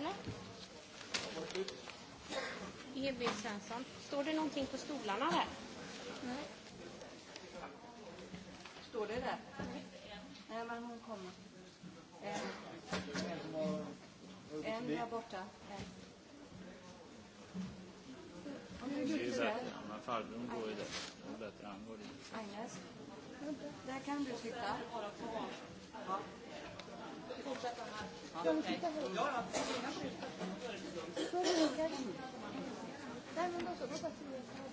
Eller? E.B. Svensson. Står det någonting på stolarna där? Nej. Står det där? Nej, men hon kommer. En, eh, en där borta. En. Det är ju bättre. ju där. Det är bättre han går dit. Agnes, där kan du sitta. Ja. Fortsätt här. Dai, non lo so, cosa significa?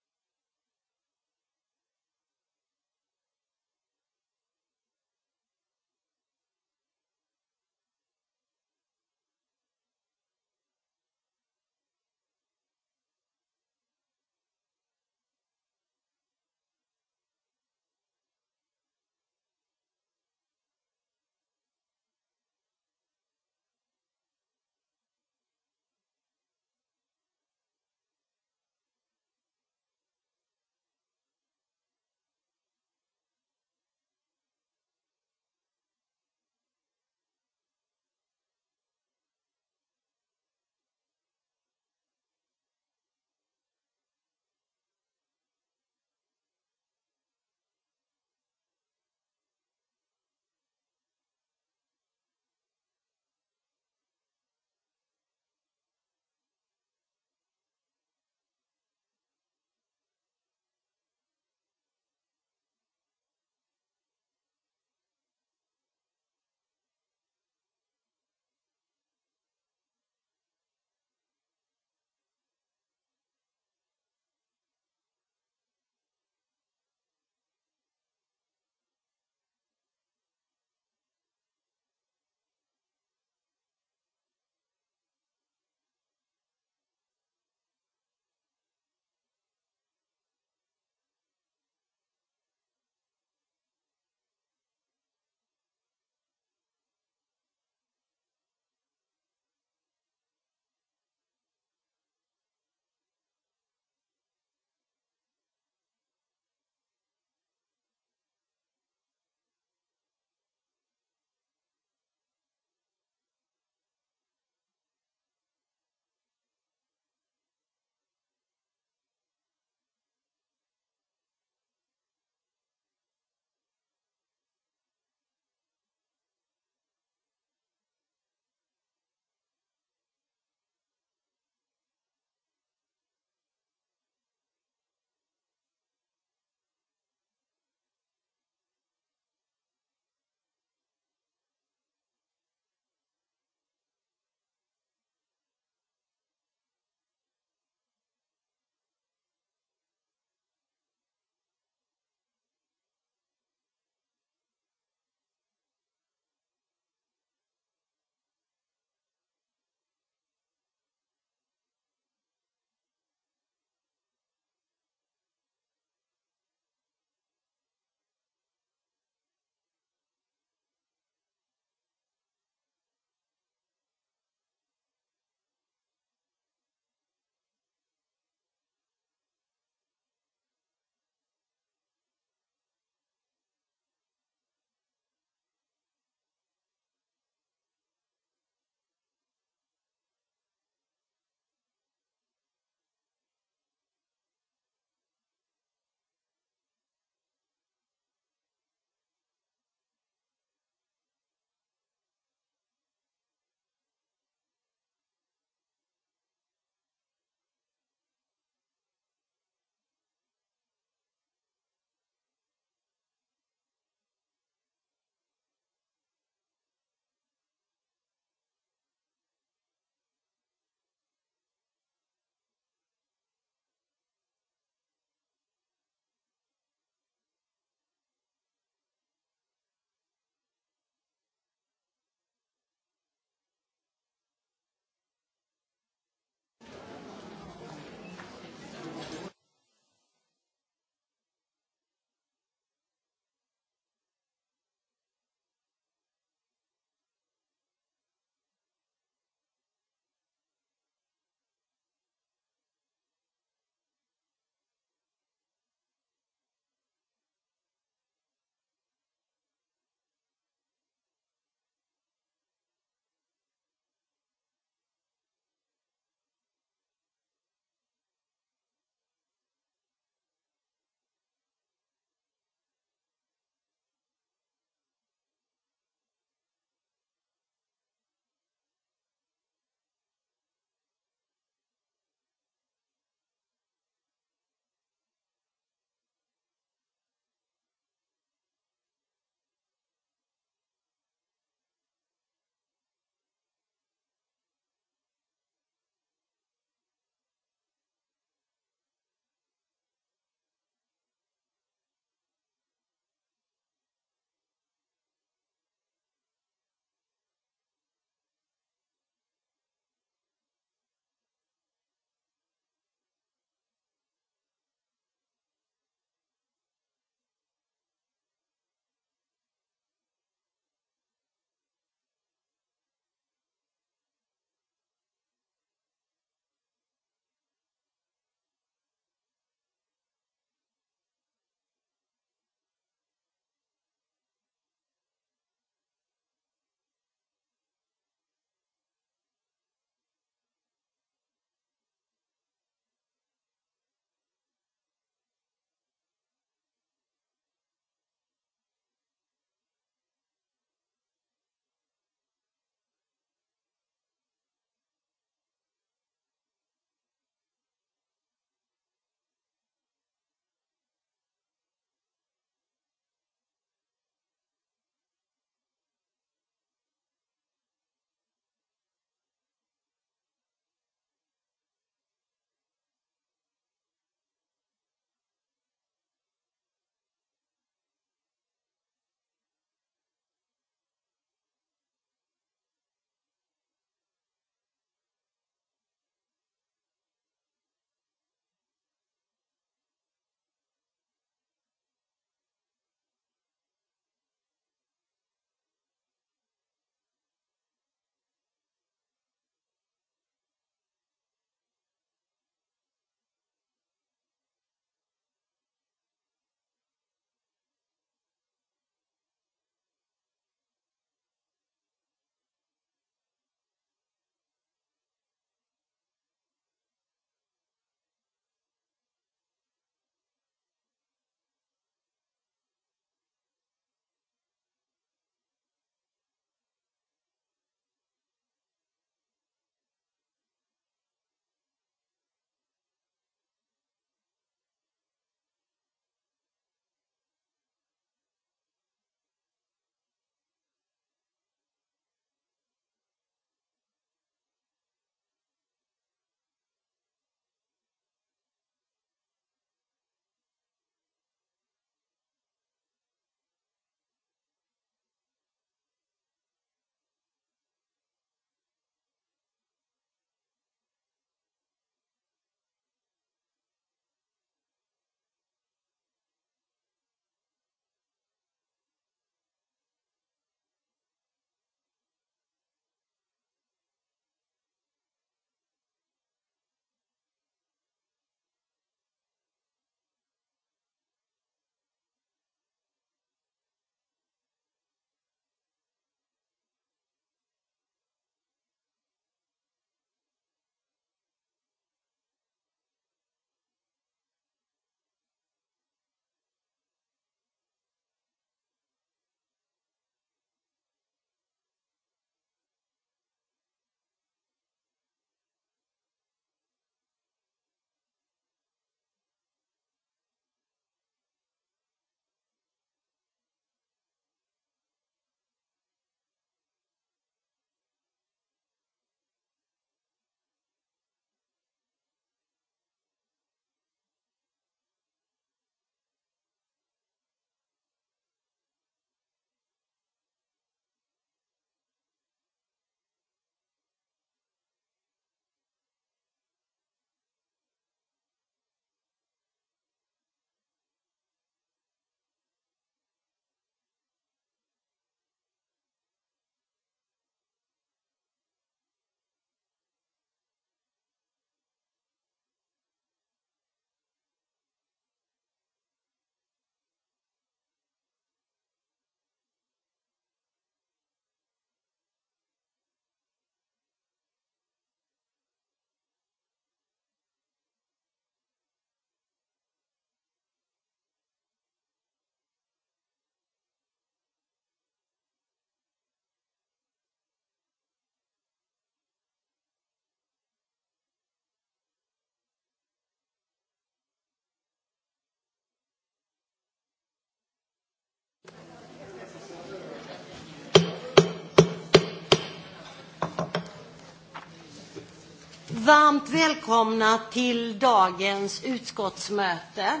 Varmt välkomna till dagens utskottsmöte.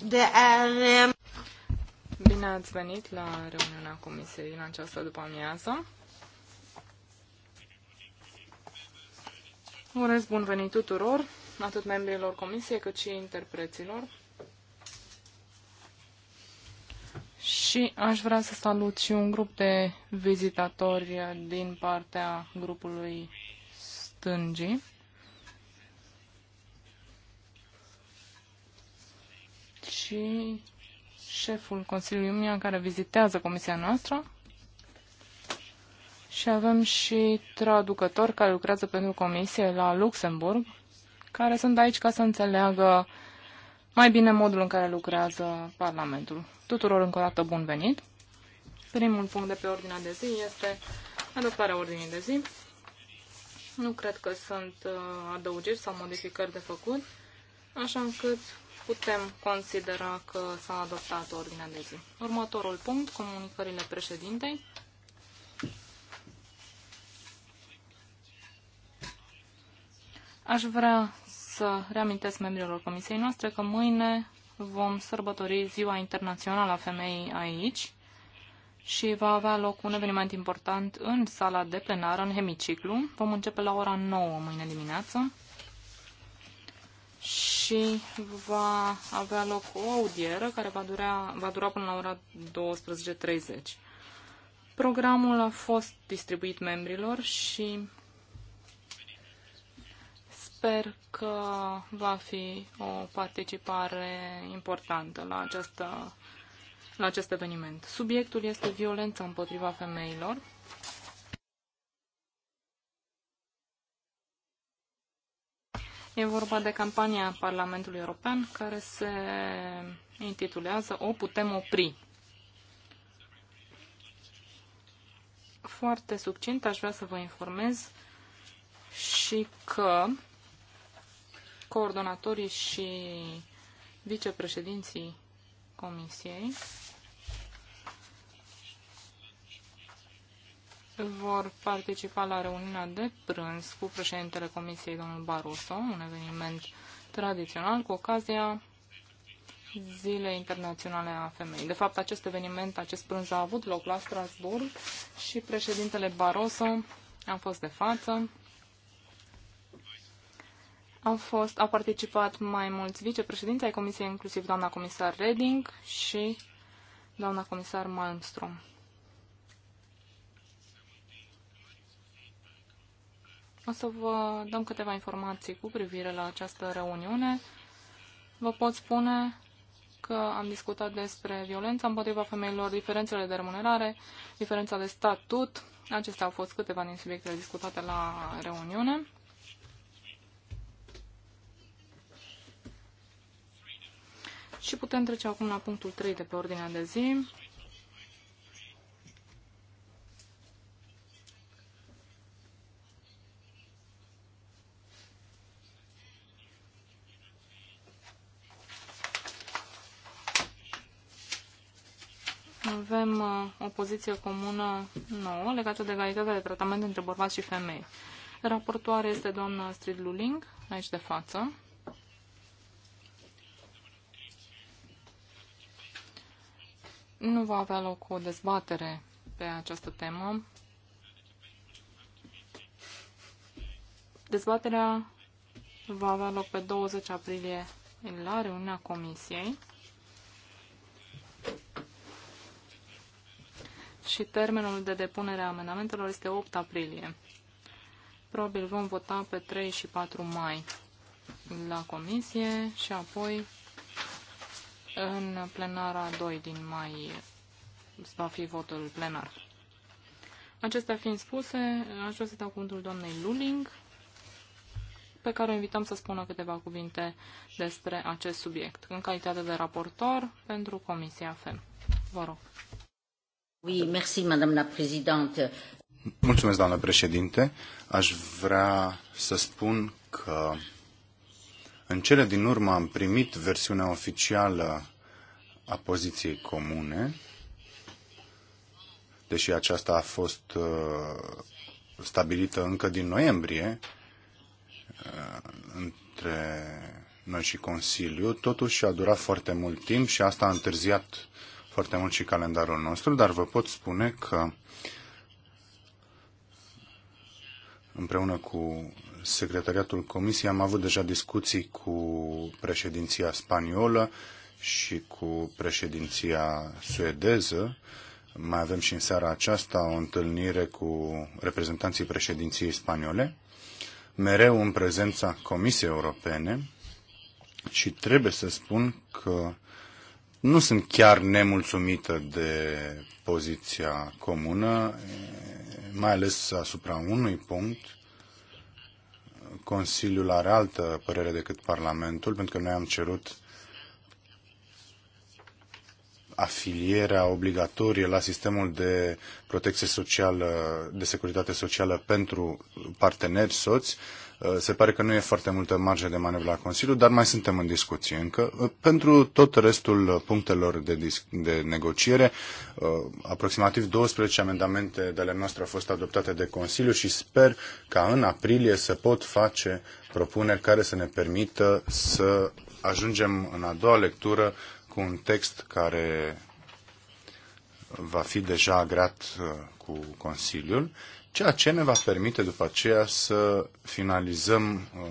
Det är... Eh, Bine ați venit la reuniunea Comisiei în această după-amiază. Urez bun venit tuturor, atât membrilor Comisiei cât și interpreților. Și aș vrea să salut și un grup de vizitatori din partea grupului stângii. și șeful Consiliului Union care vizitează comisia noastră și avem și traducători care lucrează pentru comisie la Luxemburg, care sunt aici ca să înțeleagă mai bine modul în care lucrează Parlamentul. Tuturor încă o dată bun venit! Primul punct de pe ordinea de zi este adoptarea ordinii de zi. Nu cred că sunt uh, adăugiri sau modificări de făcut, așa încât putem considera că s-a adoptat ordinea de zi. Următorul punct, comunicările președintei. Aș vrea să reamintesc membrilor comisiei noastre că mâine vom sărbători Ziua Internațională a Femeii aici și va avea loc un eveniment important în sala de plenară, în hemiciclu. Vom începe la ora 9 mâine dimineață și va avea loc o audieră care va dura, va dura până la ora 12.30. Programul a fost distribuit membrilor și sper că va fi o participare importantă la, această, la acest eveniment. Subiectul este violența împotriva femeilor E vorba de campania Parlamentului European care se intitulează O putem opri. Foarte succint aș vrea să vă informez și că coordonatorii și vicepreședinții Comisiei vor participa la reuniunea de prânz cu președintele Comisiei, domnul Barroso, un eveniment tradițional cu ocazia Zilei Internaționale a Femeii. De fapt, acest eveniment, acest prânz a avut loc la Strasburg și președintele Barroso a fost de față. Au fost, au participat mai mulți vicepreședinți ai Comisiei, inclusiv doamna comisar Reding și doamna comisar Malmström. O să vă dăm câteva informații cu privire la această reuniune. Vă pot spune că am discutat despre violența împotriva femeilor, diferențele de remunerare, diferența de statut. Acestea au fost câteva din subiectele discutate la reuniune. Și putem trece acum la punctul 3 de pe ordinea de zi. avem uh, o poziție comună nouă legată de egalitatea de tratament între bărbați și femei. Raportoare este doamna Astrid Luling, aici de față. Nu va avea loc o dezbatere pe această temă. Dezbaterea va avea loc pe 20 aprilie la reuniunea Comisiei. și termenul de depunere a amendamentelor este 8 aprilie. Probabil vom vota pe 3 și 4 mai la comisie și apoi în plenara 2 din mai va fi votul plenar. Acestea fiind spuse, aș vrea să dau cuvântul doamnei Luling, pe care o invităm să spună câteva cuvinte despre acest subiect, în calitate de raportor pentru Comisia FEM. Vă rog. Mulțumesc, doamnă președinte. Aș vrea să spun că în cele din urmă am primit versiunea oficială a poziției comune, deși aceasta a fost uh, stabilită încă din noiembrie uh, între noi și Consiliu. Totuși a durat foarte mult timp și asta a întârziat foarte mult și calendarul nostru, dar vă pot spune că împreună cu secretariatul comisiei am avut deja discuții cu președinția spaniolă și cu președinția suedeză. Mai avem și în seara aceasta o întâlnire cu reprezentanții președinției spaniole, mereu în prezența Comisiei Europene și trebuie să spun că nu sunt chiar nemulțumită de poziția comună, mai ales asupra unui punct. Consiliul are altă părere decât Parlamentul, pentru că noi am cerut afilierea obligatorie la sistemul de protecție socială, de securitate socială pentru parteneri soți Uh, se pare că nu e foarte multă marge de manevră la Consiliu, dar mai suntem în discuție încă. Uh, pentru tot restul uh, punctelor de, de negociere, aproximativ 12 amendamente de ale noastre au fost adoptate de Consiliu și sper ca în aprilie să pot face propuneri care să ne permită să ajungem în a doua lectură cu un text care va fi deja agrat cu Consiliul ceea ce ne va permite după aceea să finalizăm uh,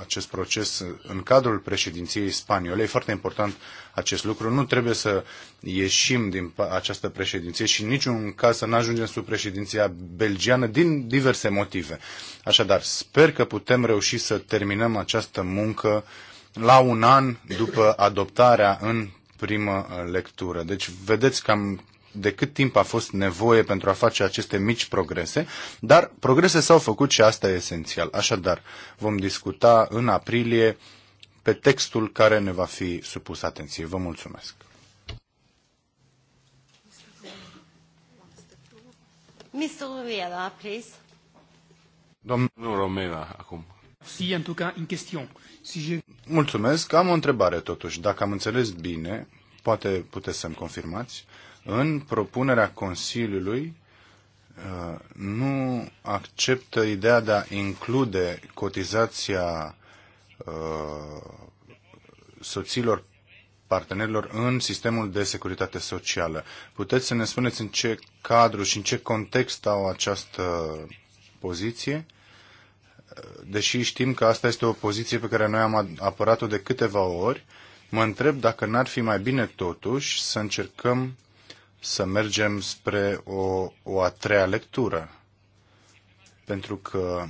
acest proces în cadrul președinției spaniole. E foarte important acest lucru. Nu trebuie să ieșim din această președinție și în niciun caz să nu ajungem sub președinția belgiană din diverse motive. Așadar, sper că putem reuși să terminăm această muncă la un an după adoptarea în primă lectură. Deci vedeți cam de cât timp a fost nevoie pentru a face aceste mici progrese, dar progrese s-au făcut și asta e esențial. Așadar, vom discuta în aprilie pe textul care ne va fi supus atenție. Vă mulțumesc! Mr. Romeva, please. Domnul Romeva, acum. Si, în tout question. Si je... Mulțumesc. Am o întrebare, totuși. Dacă am înțeles bine, poate puteți să-mi confirmați în propunerea Consiliului uh, nu acceptă ideea de a include cotizația uh, soților partenerilor în sistemul de securitate socială. Puteți să ne spuneți în ce cadru și în ce context au această poziție? Deși știm că asta este o poziție pe care noi am apărat-o de câteva ori, mă întreb dacă n-ar fi mai bine totuși să încercăm să mergem spre o, o a treia lectură. Pentru că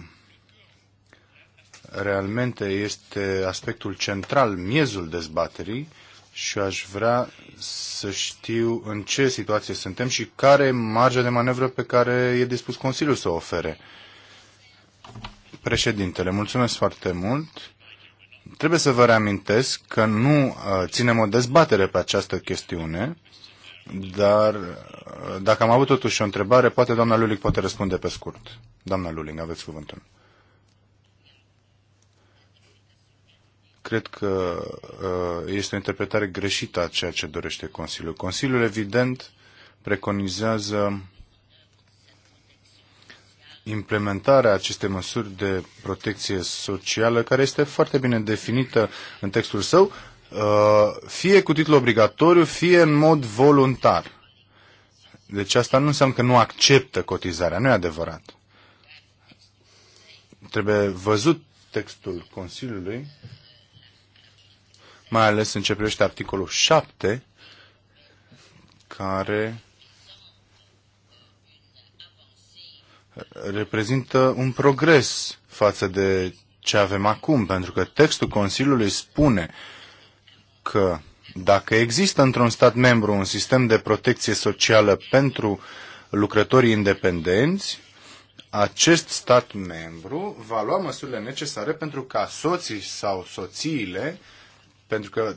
realmente este aspectul central, miezul dezbaterii și aș vrea să știu în ce situație suntem și care marja de manevră pe care e dispus Consiliul să o ofere. Președintele, mulțumesc foarte mult. Trebuie să vă reamintesc că nu uh, ținem o dezbatere pe această chestiune dar dacă am avut totuși o întrebare, poate doamna Luling poate răspunde pe scurt. Doamna Luling, aveți cuvântul. Cred că uh, este o interpretare greșită a ceea ce dorește Consiliul. Consiliul, evident, preconizează implementarea acestei măsuri de protecție socială, care este foarte bine definită în textul său, Uh, fie cu titlu obligatoriu, fie în mod voluntar. Deci asta nu înseamnă că nu acceptă cotizarea, nu e adevărat. Trebuie văzut textul Consiliului, mai ales în ce privește articolul 7, care reprezintă un progres față de ce avem acum, pentru că textul Consiliului spune uh, că dacă există într-un stat membru un sistem de protecție socială pentru lucrătorii independenți, acest stat membru va lua măsurile necesare pentru ca soții sau soțiile, pentru că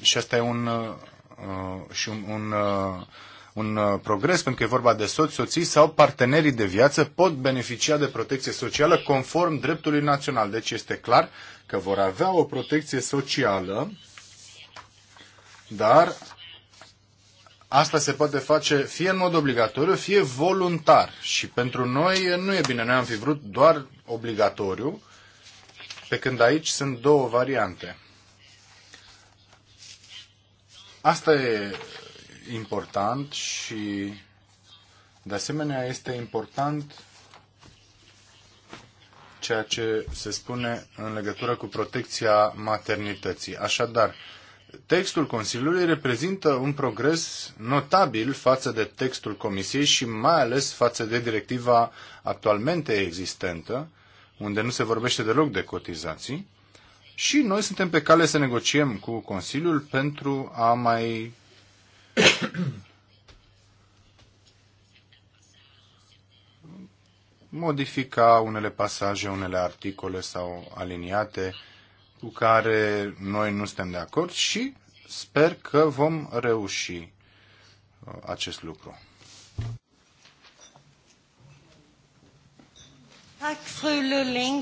și asta e un, uh, și un, un uh, un uh, progres, pentru că e vorba de soți, soții sau partenerii de viață pot beneficia de protecție socială conform dreptului național. Deci este clar că vor avea o protecție socială, dar asta se poate face fie în mod obligatoriu, fie voluntar. Și pentru noi nu e bine, noi am fi vrut doar obligatoriu, pe când aici sunt două variante. Asta e important și de asemenea este important ceea ce se spune în legătură cu protecția maternității. Așadar, textul Consiliului reprezintă un progres notabil față de textul Comisiei și mai ales față de directiva actualmente existentă, unde nu se vorbește deloc de cotizații. Și noi suntem pe cale să negociem cu Consiliul pentru a mai modifica unele pasaje, unele articole sau aliniate cu care noi nu suntem de acord și sper că vom reuși uh, acest lucru. Eh,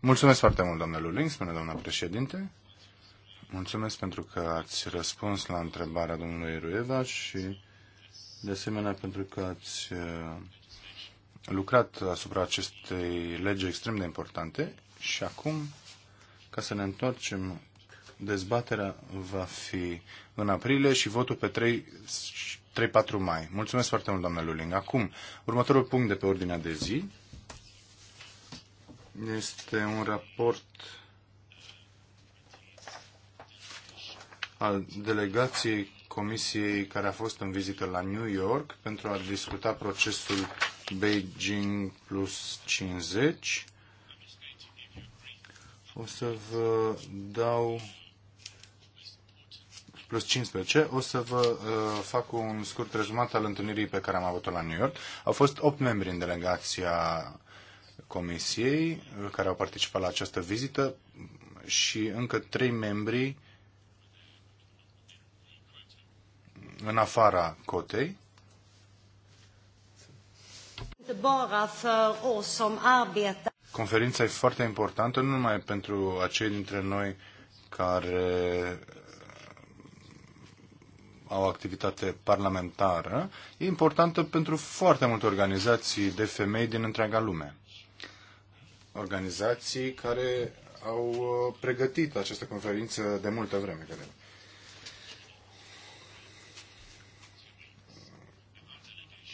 Mulțumesc foarte mult, doamnă Luling, spune doamna președinte. Mulțumesc pentru că ați răspuns la întrebarea domnului Rueva și de asemenea pentru că ați uh, lucrat asupra acestei legi extrem de importante și acum, ca să ne întoarcem, dezbaterea va fi în aprilie și votul pe 3-4 mai. Mulțumesc foarte mult, doamna Luling. Acum, următorul punct de pe ordinea de zi este un raport al delegației Comisiei care a fost în vizită la New York pentru a discuta procesul Beijing plus 50. O să vă dau plus 15, o să vă uh, fac un scurt rezumat al întâlnirii pe care am avut-o la New York. Au fost 8 membri în delegația Comisiei uh, care au participat la această vizită și încă 3 membri în afara cotei. Conferința e foarte importantă, nu numai pentru acei dintre noi care au activitate parlamentară, e importantă pentru foarte multe organizații de femei din întreaga lume. Organizații care au uh, pregătit această conferință de multă vreme, cred.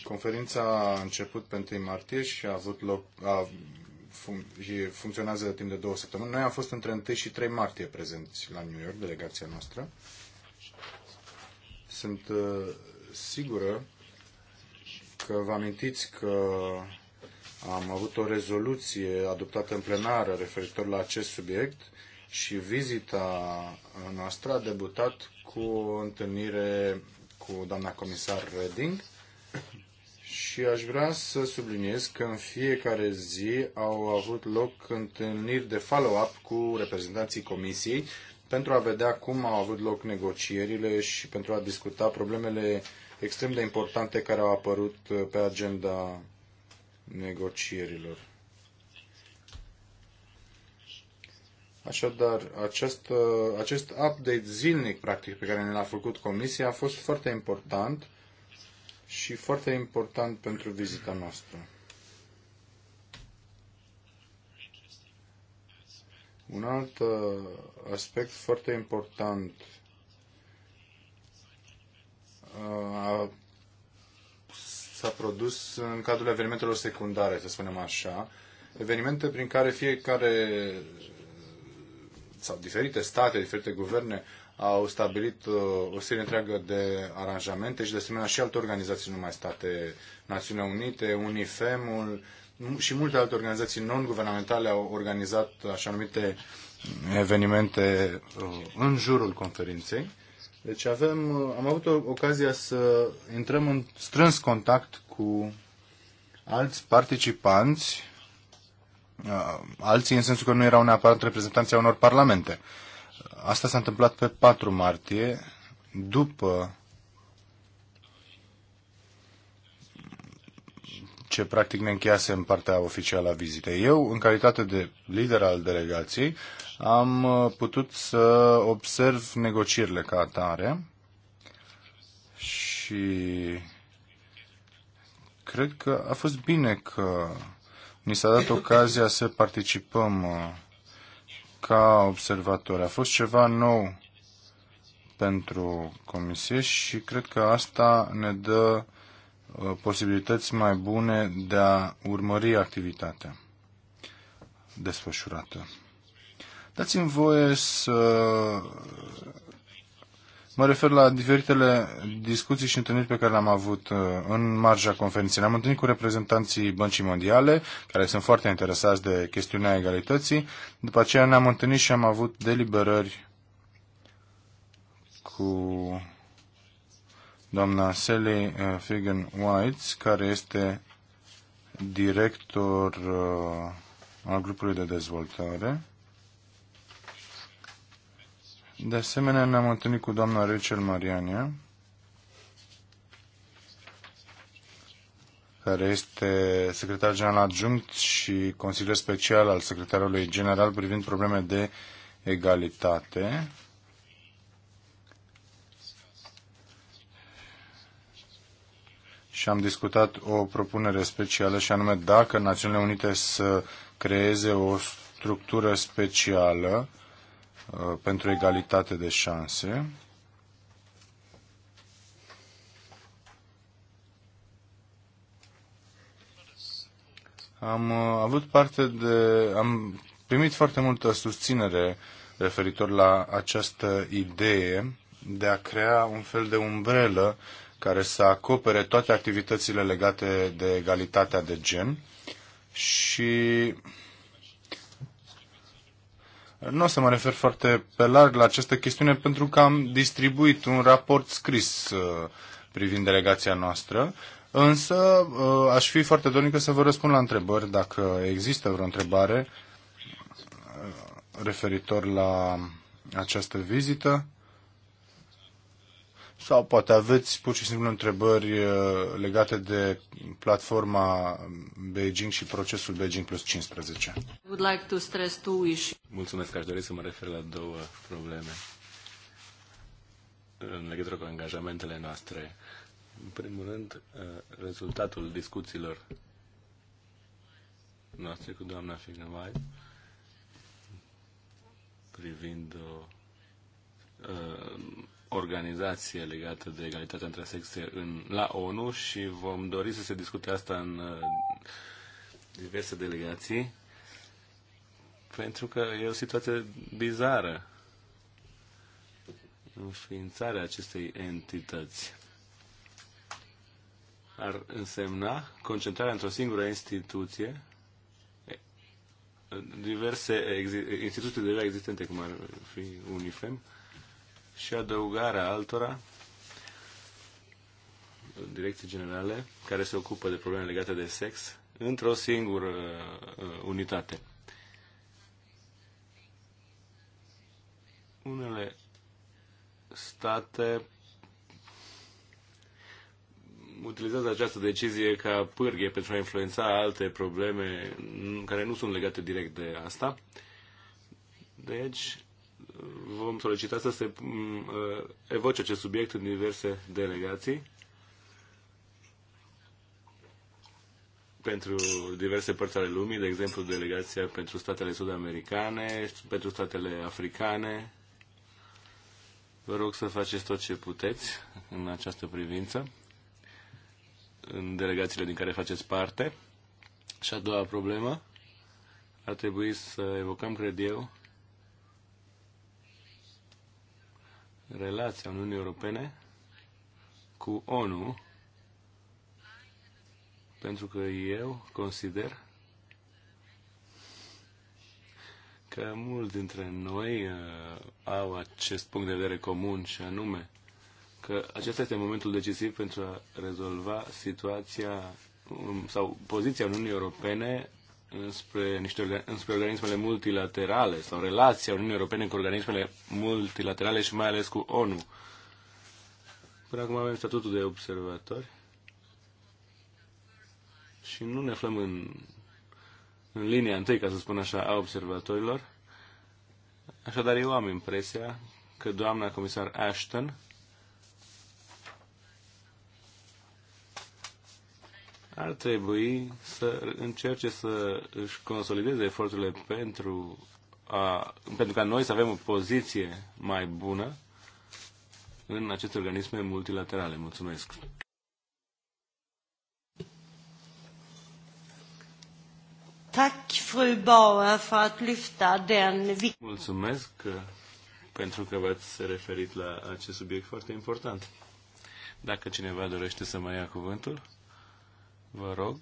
Conferința a început pe 1 martie și a avut loc, a, fun, și funcționează timp de două săptămâni. Noi am fost între 1 și 3 martie prezenți la New York, delegația noastră. Sunt uh, sigură că vă amintiți că am avut o rezoluție adoptată în plenară referitor la acest subiect și vizita noastră a debutat cu o întâlnire cu doamna comisar Reding și aș vrea să subliniez că în fiecare zi au avut loc întâlniri de follow-up cu reprezentanții comisiei pentru a vedea cum au avut loc negocierile și pentru a discuta problemele extrem de importante care au apărut uh, pe agenda negocierilor. Așadar, acest, acest update zilnic, practic, pe care ne l-a făcut Comisia a fost foarte important și foarte important pentru vizita noastră. Un alt uh, aspect foarte important uh, s-a produs în cadrul evenimentelor secundare, să spunem așa, evenimente prin care fiecare sau diferite state, diferite guverne au stabilit uh, o serie întreagă de aranjamente și de asemenea și alte organizații, numai state, Națiunile Unite, UNIFEM-ul și multe alte organizații non-guvernamentale au organizat așa numite evenimente uh, în jurul conferinței. Deci avem, uh, am avut ocazia să intrăm în strâns contact cu alți participanți, alții în sensul că nu erau neapărat reprezentanții a unor parlamente. Asta s-a întâmplat pe 4 martie, după ce practic ne încheiase în partea oficială a vizitei. Eu, în calitate de lider al delegației, am uh, putut să observ negocierile ca atare și cred că a fost bine că ni s-a dat ocazia să participăm uh, ca observatori. A fost ceva nou pentru Comisie și cred că asta ne dă uh, posibilități mai bune de a urmări activitatea desfășurată. Dați-mi voie să Mă refer la diferitele discuții și întâlniri pe care le-am avut uh, în marja conferinței. Ne-am întâlnit cu reprezentanții Băncii Mondiale, care sunt foarte interesați de chestiunea egalității. După aceea ne-am întâlnit și am avut deliberări cu doamna Sally uh, Figan White, care este director uh, al grupului de dezvoltare. De asemenea, ne-am întâlnit cu doamna Rachel Mariania, care este secretar general adjunct și consilier special al secretarului general privind probleme de egalitate. Și am discutat o propunere specială și anume dacă Națiunile Unite să creeze o structură specială Uh, pentru egalitate de șanse. Am uh, avut parte de. am primit foarte multă susținere referitor la această idee de a crea un fel de umbrelă care să acopere toate activitățile legate de egalitatea de gen și nu o să mă refer foarte pe larg la această chestiune pentru că am distribuit un raport scris uh, privind delegația noastră, însă uh, aș fi foarte dornică să vă răspund la întrebări dacă există vreo întrebare uh, referitor la această vizită sau poate aveți pur și simplu întrebări uh, legate de platforma Beijing și procesul Beijing plus 15. Would like to stress two issues. Mulțumesc, aș dori să mă refer la două probleme în legătură cu angajamentele noastre. În primul rând, uh, rezultatul discuțiilor noastre cu doamna Fignavai privind o uh, organizație legată de egalitatea între sexe în, la ONU și vom dori să se discute asta în uh, diverse delegații, pentru că e o situație bizară înființarea acestei entități ar însemna concentrarea într-o singură instituție diverse instituții deja existente, cum ar fi UNIFEM, și adăugarea altora în direcții generale care se ocupă de probleme legate de sex într-o singură uh, unitate. Unele state utilizează această decizie ca pârghie pentru a influența alte probleme care nu sunt legate direct de asta. Deci, vom solicita să se mm, uh, evoce acest subiect în diverse delegații pentru diverse părți ale lumii, de exemplu delegația pentru statele sud-americane, pentru statele africane. Vă rog să faceți tot ce puteți în această privință, în delegațiile din care faceți parte. Și a doua problemă, ar trebui să evocăm, cred eu, relația Uniunii Europene cu ONU, pentru că eu consider că mulți dintre noi uh, au acest punct de vedere comun și anume că acesta este momentul decisiv pentru a rezolva situația um, sau poziția Uniunii Europene înspre, niște, înspre organismele multilaterale sau relația Uniunii Europene cu organismele multilaterale și mai ales cu ONU. Până acum avem statutul de observatori și nu ne aflăm în, în linia întâi, ca să spun așa, a observatorilor. Așadar, eu am impresia că doamna comisar Ashton ar trebui să încerce să își consolideze eforturile pentru, a, pentru ca noi să avem o poziție mai bună în aceste organisme multilaterale. Mulțumesc! Tack, fru Bauer, för att lyfta den Mulțumesc pentru că v-ați referit la acest subiect foarte important. Dacă cineva dorește să mai ia cuvântul. Vă rog.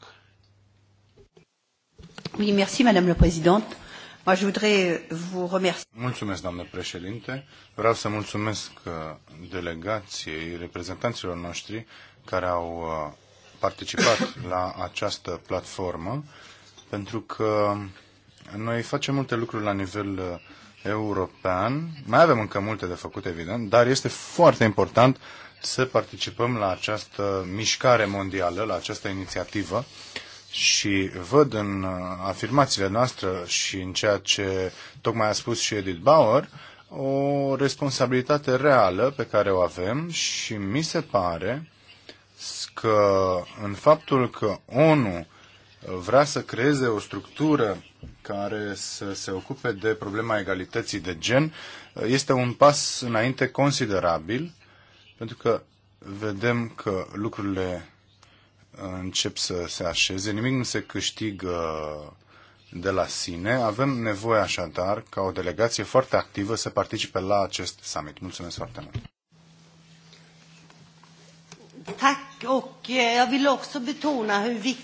Oui, merci, Madame la Présidente. Moi, je voudrais vous remercier. Mulțumesc, doamnă președinte. Vreau să mulțumesc uh, delegației, reprezentanților noștri care au uh, participat la această platformă, pentru că noi facem multe lucruri la nivel uh, european. Mai avem încă multe de făcut, evident, dar este foarte important să participăm la această mișcare mondială, la această inițiativă și văd în uh, afirmațiile noastre și în ceea ce tocmai a spus și Edith Bauer, o responsabilitate reală pe care o avem și mi se pare că în faptul că ONU vrea să creeze o structură care să se ocupe de problema egalității de gen este un pas înainte considerabil pentru că vedem că lucrurile încep să se așeze, nimic nu se câștigă de la sine. Avem nevoie așadar ca o delegație foarte activă să participe la acest summit. Mulțumesc foarte mult!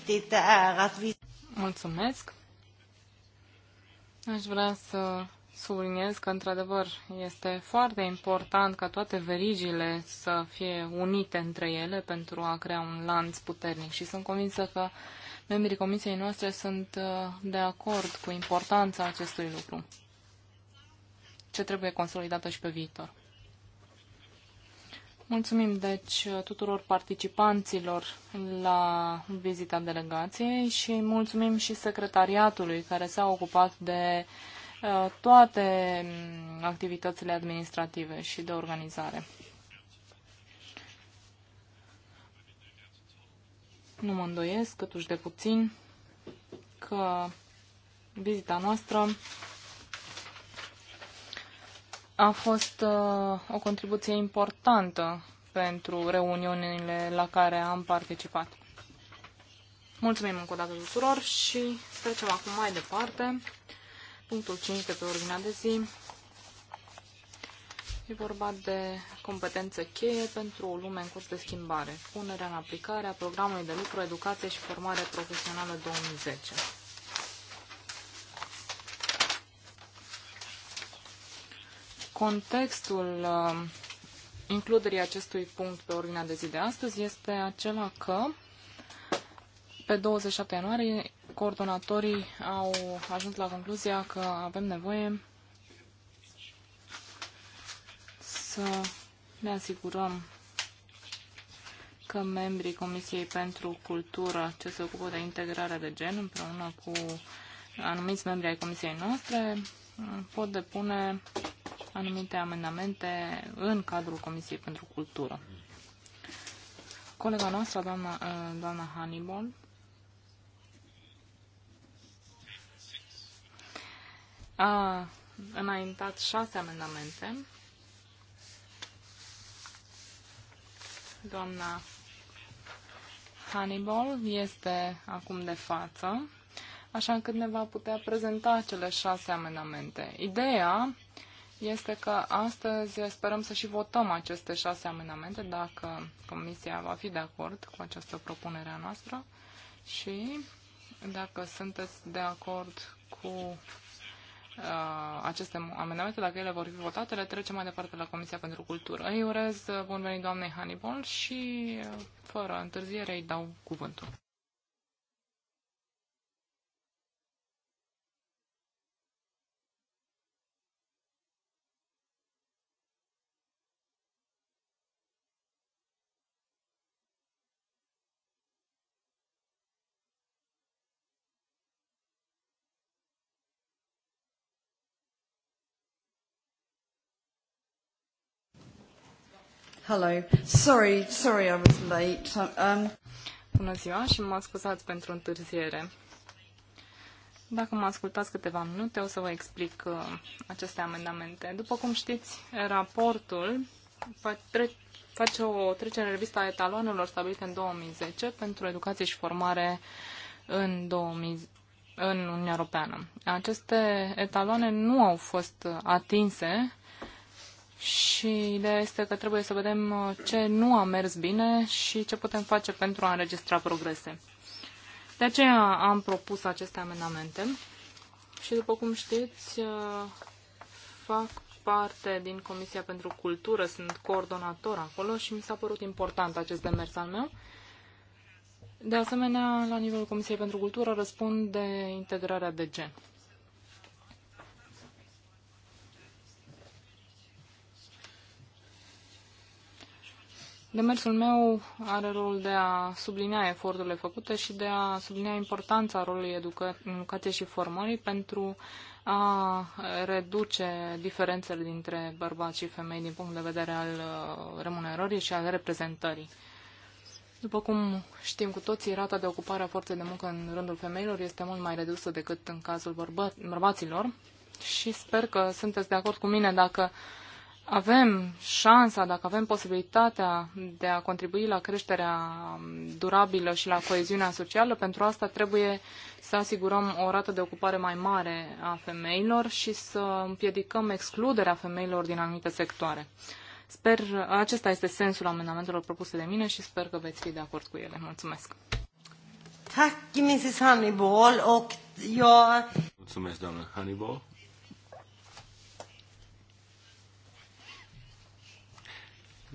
Eh, Mulțumesc! Aș vrea să subliniez că, într-adevăr, este foarte important ca toate verigile să fie unite între ele pentru a crea un lanț puternic și sunt convinsă că membrii comisiei noastre sunt uh, de acord cu importanța acestui lucru, ce trebuie consolidată și pe viitor. Mulțumim, deci, tuturor participanților la vizita delegației și mulțumim și secretariatului care s-a ocupat de uh, Uh, toate mm, activitățile administrative și de organizare. Nu mă îndoiesc, câtuși de puțin, că vizita noastră a fost uh, o contribuție importantă pentru reuniunile la care am participat. Mulțumim încă o dată tuturor și trecem acum mai departe punctul 5 de pe ordinea de zi. E vorba de competențe cheie pentru o lume în curs de schimbare. Punerea în aplicare a programului de lucru, educație și formare profesională 2010. Contextul uh, includerii acestui punct pe ordinea de zi de astăzi este acela că pe 27 ianuarie coordonatorii au ajuns la concluzia că avem nevoie să ne asigurăm că membrii Comisiei pentru Cultură, ce se ocupă de integrarea de gen, împreună cu anumiți membri ai Comisiei noastre, pot depune anumite amendamente în cadrul Comisiei pentru Cultură. Colega noastră, doamna, doamna Hannibal, a înaintat șase amendamente. Doamna Hannibal este acum de față, așa încât ne va putea prezenta cele șase amendamente. Ideea este că astăzi sperăm să și votăm aceste șase amendamente, dacă Comisia va fi de acord cu această propunere a noastră și dacă sunteți de acord cu Uh, aceste amendamente, dacă ele vor fi votate, le trecem mai departe la Comisia pentru Cultură. Îi urez uh, bun venit doamnei Hannibal și, uh, fără întârziere, îi dau cuvântul. Hello. Sorry, sorry I was late. Um... Bună ziua și mă scuzați pentru întârziere. Dacă mă ascultați câteva minute, o să vă explic uh, aceste amendamente. După cum știți, raportul face o trecere în revista etaloanelor stabilite în 2010 pentru educație și formare în 2000, în Uniunea Europeană. Aceste etaloane nu au fost atinse și ideea este că trebuie să vedem uh, ce nu a mers bine și ce putem face pentru a înregistra progrese. De aceea am propus aceste amendamente și, după cum știți, uh, fac parte din Comisia pentru Cultură, sunt coordonator acolo și mi s-a părut important acest demers al meu. De asemenea, la nivelul Comisiei pentru Cultură răspund de integrarea de gen. Demersul meu are rolul de a sublinia eforturile făcute și de a sublinia importanța rolului educa- educației și formării pentru a reduce diferențele dintre bărbați și femei din punct de vedere al uh, remunerării și al reprezentării. După cum știm cu toții, rata de ocupare a forței de muncă în rândul femeilor este mult mai redusă decât în cazul bărbă- bărbaților și sper că sunteți de acord cu mine dacă uh, avem șansa, dacă avem posibilitatea de a contribui la creșterea durabilă și la coeziunea socială, pentru asta trebuie să asigurăm o rată de ocupare mai mare a femeilor și să împiedicăm excluderea femeilor din anumite sectoare. Sper, acesta este sensul amendamentelor propuse de mine și sper că veți fi de acord cu ele. Mulțumesc! Mulțumesc, doamnă Hannibal.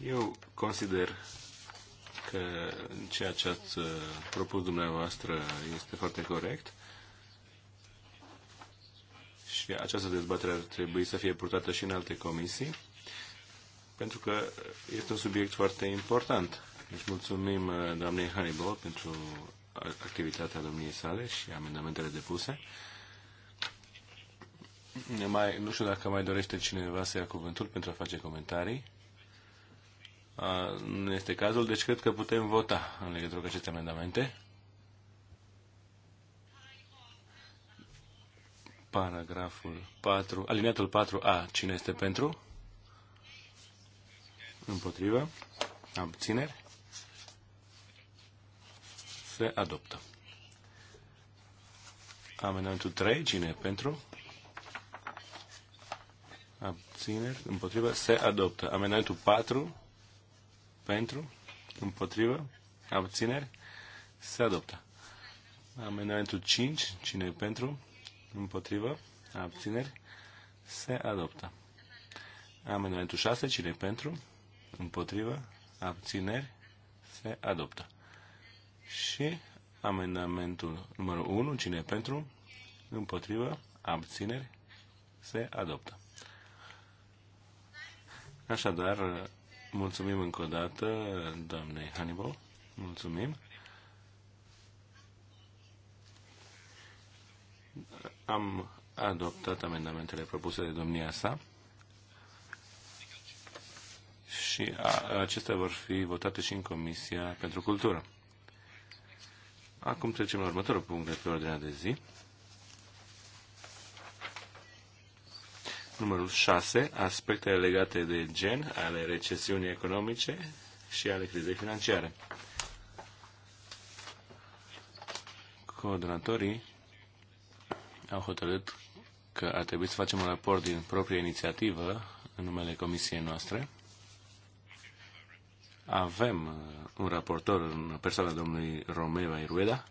Eu consider că ceea ce ați uh, propus dumneavoastră este foarte corect și această dezbatere ar trebui să fie purtată și în alte comisii, pentru că este un subiect foarte important. Deci mulțumim uh, doamnei Hannibal pentru activitatea domniei sale și amendamentele depuse. Mai, nu știu dacă mai dorește cineva să ia cuvântul pentru a face comentarii nu este cazul, deci cred că putem vota în legătură cu aceste amendamente. Paragraful 4, alineatul 4A, cine este pentru? Împotrivă? Abțineri? Se adoptă. Amendamentul 3, cine pentru? Abțineri? Împotrivă? Se adoptă. Amendamentul 4, pentru? Împotrivă? Abțineri? Se adoptă. Amendamentul 5. Cine e pentru? Împotrivă? Abțineri? Se adoptă. Amendamentul 6. Cine e pentru? Împotrivă? Abțineri? Se adoptă. Și amendamentul numărul 1. Cine e pentru? Împotrivă? Abțineri? Se adoptă. Așadar, Mulțumim încă o dată, doamne Hannibal. Mulțumim. Am adoptat amendamentele propuse de domnia sa și acestea vor fi votate și în Comisia pentru Cultură. Acum trecem la următorul punct de pe ordinea de zi. Numărul 6. Aspectele legate de gen ale recesiunii economice și ale crizei financiare. Coordonatorii au hotărât că ar trebui să facem un raport din proprie inițiativă în numele comisiei noastre. Avem uh, un raportor în persoana domnului Romeva Irueda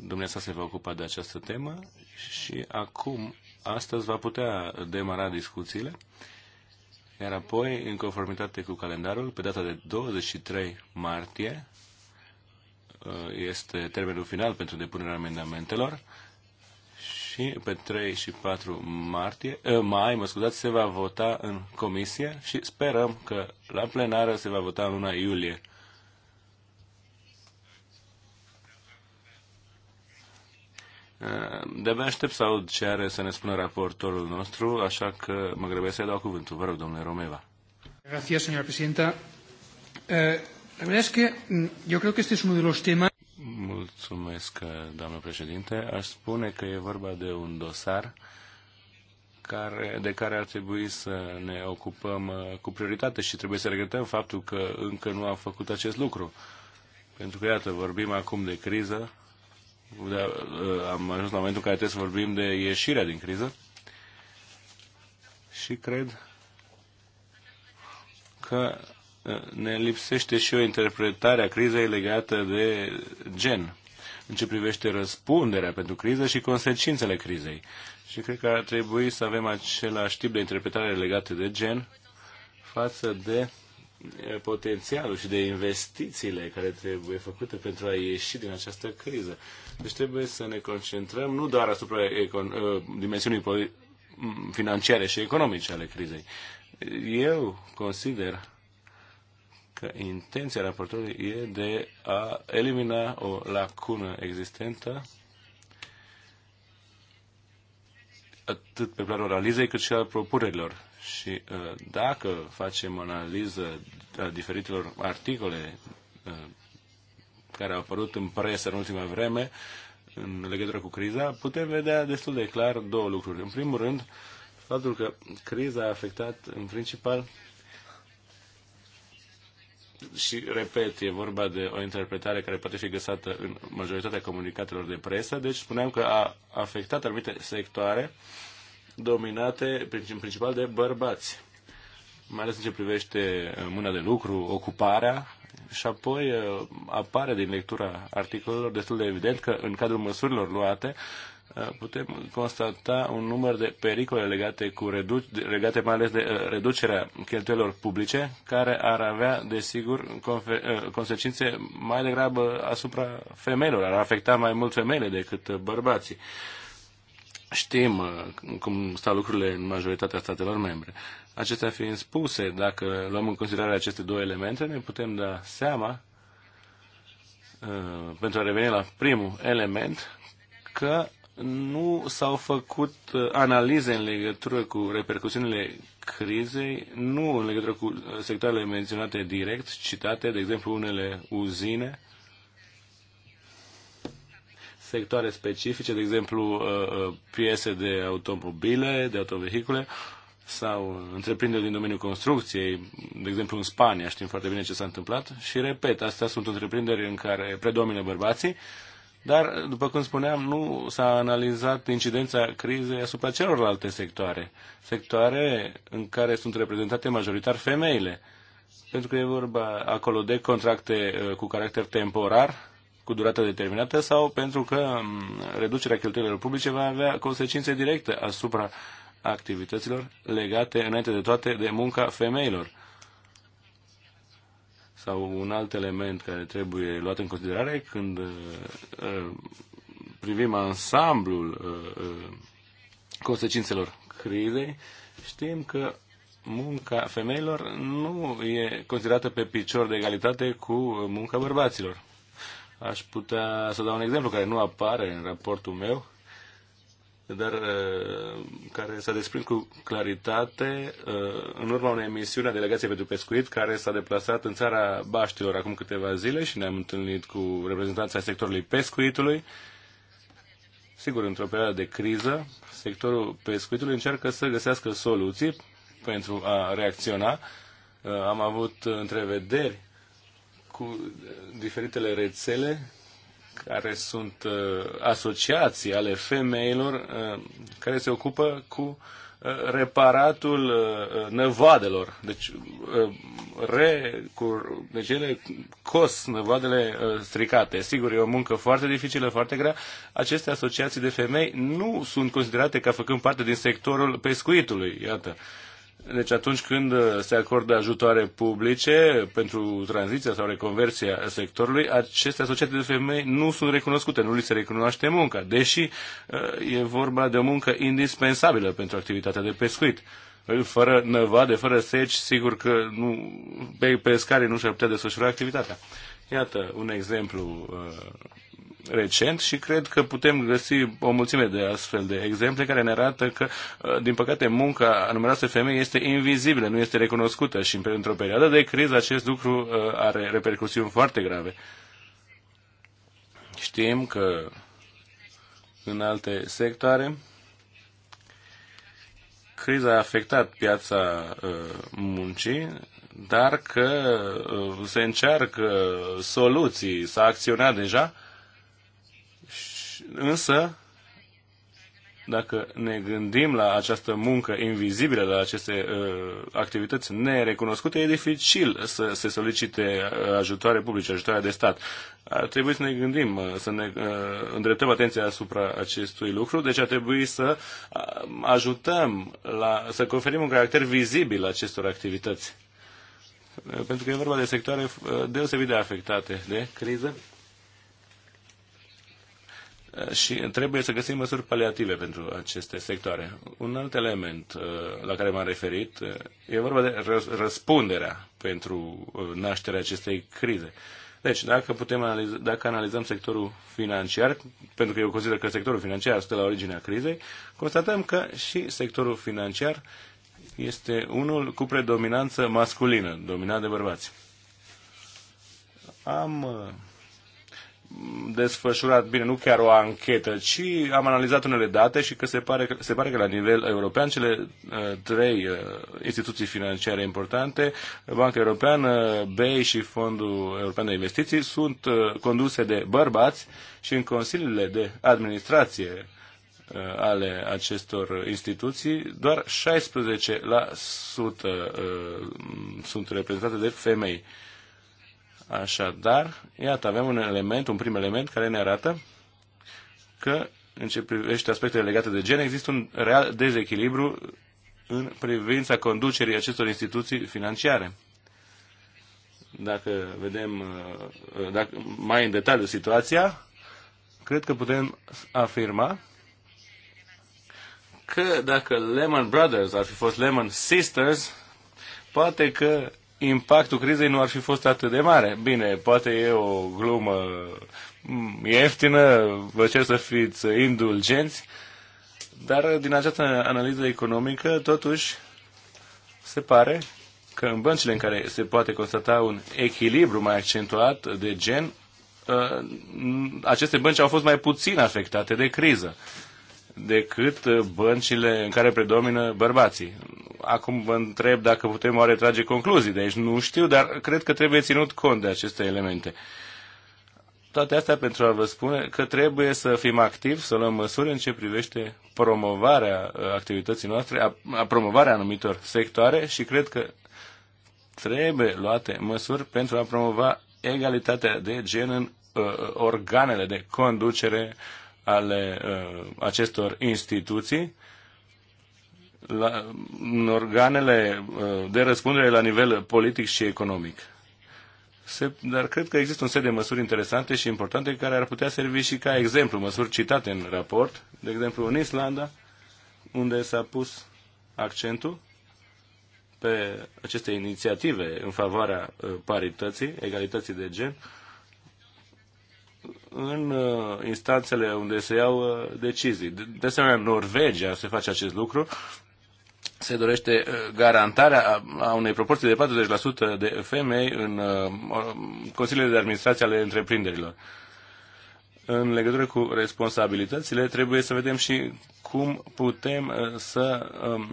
dumneavoastră se va ocupa de această temă și acum, astăzi, va putea demara discuțiile, iar apoi, în conformitate cu calendarul, pe data de 23 martie, uh, este termenul final pentru depunerea amendamentelor și pe 3 și 4 martie, uh, mai, mă scuzați, se va vota în comisie și sperăm că la plenară se va vota în luna iulie. Eh, de-abia aștept să aud ce are să ne spună raportorul nostru, așa că mă grăbesc să-i dau cuvântul. Vă rog, domnule Romeva. Gracias, señora presidenta. Eh, la verdad es que mm, yo creo que este es uno de los temas... Mulțumesc, eh, doamnă președinte. Aș spune că e vorba de un dosar care, de care ar trebui să ne ocupăm cu prioritate și trebuie să regretăm faptul că încă nu am făcut acest lucru. Pentru că, iată, vorbim acum de criză, Uh, am ajuns la momentul în care trebuie să vorbim de ieșirea din criză și cred că uh, ne lipsește și o interpretare a crizei legată de gen în ce privește răspunderea pentru criză și consecințele crizei. Și cred că ar trebui să avem același tip de interpretare legată de gen față de potențialul și de investițiile care trebuie făcute pentru a ieși din această criză. Deci trebuie să ne concentrăm nu doar asupra econ- uh, dimensiunii financiare și economice ale crizei. Eu consider că intenția raportorului e de a elimina o lacună existentă atât pe planul analizei cât și al propunerilor și uh, dacă facem analiză a diferitelor articole uh, care au apărut în presă în ultima vreme în legătură cu criza, putem vedea destul de clar două lucruri. În primul rând, faptul că criza a afectat în principal și repet, e vorba de o interpretare care poate fi găsată în majoritatea comunicatelor de presă, deci spuneam că a afectat anumite sectoare uh, dominate în principal de bărbați, mai ales în ce privește uh, mâna de lucru, ocuparea, și apoi uh, apare din lectura articolelor destul de evident că în cadrul măsurilor luate uh, putem constata un număr de pericole legate, cu redu- legate mai ales de reducerea cheltuielor publice, care ar avea, desigur, consecințe mai degrabă asupra femeilor, ar afecta mai mult femeile decât bărbații. Știm uh, cum stau lucrurile în majoritatea statelor membre. Acestea fiind spuse, dacă luăm în considerare aceste două elemente, ne putem da seama, uh, pentru a reveni la primul element, că nu s-au făcut uh, analize în legătură cu repercusiunile crizei, nu în legătură cu sectoarele menționate direct, citate, de exemplu unele uzine sectoare specifice, de exemplu uh, uh, piese de automobile, de autovehicule, sau întreprinderi din domeniul construcției, de exemplu în Spania, știm foarte bine ce s-a întâmplat, și repet, astea sunt întreprinderi în care predomină bărbații, dar, după cum spuneam, nu s-a analizat incidența crizei asupra celorlalte sectoare, sectoare în care sunt reprezentate majoritar femeile, pentru că e vorba acolo de contracte uh, cu caracter temporar, cu durată determinată sau pentru că reducerea cheltuielilor publice va avea consecințe directe asupra activităților legate înainte de toate de munca femeilor. Sau un alt element care trebuie luat în considerare când uh, uh privim ansamblul uh, uh, consecințelor crizei, știm că munca femeilor nu e considerată pe picior de egalitate cu munca bărbaților. Aș putea să dau un exemplu care nu apare în raportul meu, dar uh, care s-a desprins cu claritate uh, în urma unei emisiuni a Delegației pentru Pescuit care s-a deplasat în țara Baștilor acum câteva zile și ne-am întâlnit cu reprezentanța sectorului pescuitului. Sigur, într-o perioadă de criză, sectorul pescuitului încearcă să găsească soluții pentru a reacționa. Uh, am avut întrevederi cu diferitele rețele care sunt uh, asociații ale femeilor uh, care se ocupă cu uh, reparatul năvadelor. Deci, re, cu, deci ele cos năvadele stricate. Sigur, e o muncă foarte dificilă, foarte grea. Aceste asociații de femei nu sunt considerate ca făcând parte din sectorul pescuitului. Iată. Uh, deci atunci când uh, se acordă ajutoare publice pentru tranziția sau reconversia sectorului, aceste asociații de femei nu sunt recunoscute, nu li se recunoaște munca, deși uh, e vorba de o muncă indispensabilă pentru activitatea de pescuit. Fără năvade, fără seci, sigur că nu, pe pescarii nu și-ar putea desfășura activitatea. Iată un exemplu uh, recent și cred că putem găsi o mulțime de astfel de exemple care ne arată că, uh, din păcate, munca a numeroase femei este invizibilă, nu este recunoscută și într-o perioadă de criză acest lucru uh, are repercusiuni foarte grave. Știm că în alte sectoare criza a afectat piața uh, muncii, dar că se încearcă soluții, s-a acționat deja Însă, dacă ne gândim la această muncă invizibilă, la aceste uh, activități nerecunoscute, e dificil să se solicite uh, ajutoare publice, ajutoare de stat. Ar trebui să ne gândim, uh, să ne uh, îndreptăm atenția asupra acestui lucru, deci ar trebui să uh, ajutăm, la, să conferim un caracter vizibil acestor activități. Pentru că e vorba de sectoare deosebit de afectate de criză și trebuie să găsim măsuri paliative pentru aceste sectoare. Un alt element uh, la care m-am referit uh, e vorba de răspunderea pentru uh, nașterea acestei crize. Deci, dacă, putem analiza, dacă analizăm sectorul financiar, pentru că eu consider că sectorul financiar stă la originea crizei, constatăm că și sectorul financiar este unul cu predominanță masculină, dominat de bărbați. Am desfășurat, bine, nu chiar o anchetă, ci am analizat unele date și că se pare că, se pare că la nivel european cele uh, trei uh, instituții financiare importante, Banca Europeană, BEI și Fondul European de Investiții, sunt uh, conduse de bărbați și în consiliile de administrație ale acestor instituții, doar 16% sunt reprezentate de femei. Așadar, iată, avem un element, un prim element care ne arată că în ce privește aspectele legate de gen există un real dezechilibru în privința conducerii acestor instituții financiare. Dacă vedem uh, dacă, mai în detaliu situația, cred că putem afirma că dacă Lehman Brothers ar fi fost Lehman Sisters, poate că impactul crizei nu ar fi fost atât de mare. Bine, poate e o glumă mm, ieftină, vă cer să fiți indulgenți, dar din această analiză economică, totuși, se pare că în băncile în care se poate constata un echilibru mai accentuat de gen, ă, aceste bănci au fost mai puțin afectate de criză decât uh, băncile în care predomină bărbații. Acum vă întreb dacă putem oare trage concluzii de aici. Nu știu, dar cred că trebuie ținut cont de aceste elemente. Toate astea pentru a vă spune că trebuie să fim activi, să luăm măsuri în ce privește promovarea uh, activității noastre, a, a promovarea anumitor sectoare și cred că trebuie luate măsuri pentru a promova egalitatea de gen în uh, organele de conducere uh, ale uh, acestor instituții la, în organele uh, de răspundere la nivel politic și economic. Se, dar cred că există un set de măsuri interesante și importante care ar putea servi și ca exemplu, măsuri citate în raport, de exemplu în Islanda, unde s-a pus accentul pe aceste inițiative în favoarea uh, parității, egalității de gen, uh, în uh, instanțele unde se iau uh, decizii. De asemenea, în Norvegia se face acest lucru, se dorește uh, garantarea a unei proporții de 40% de femei în consiliile de administrație ale întreprinderilor. În legătură cu responsabilitățile, trebuie să vedem și cum putem să um,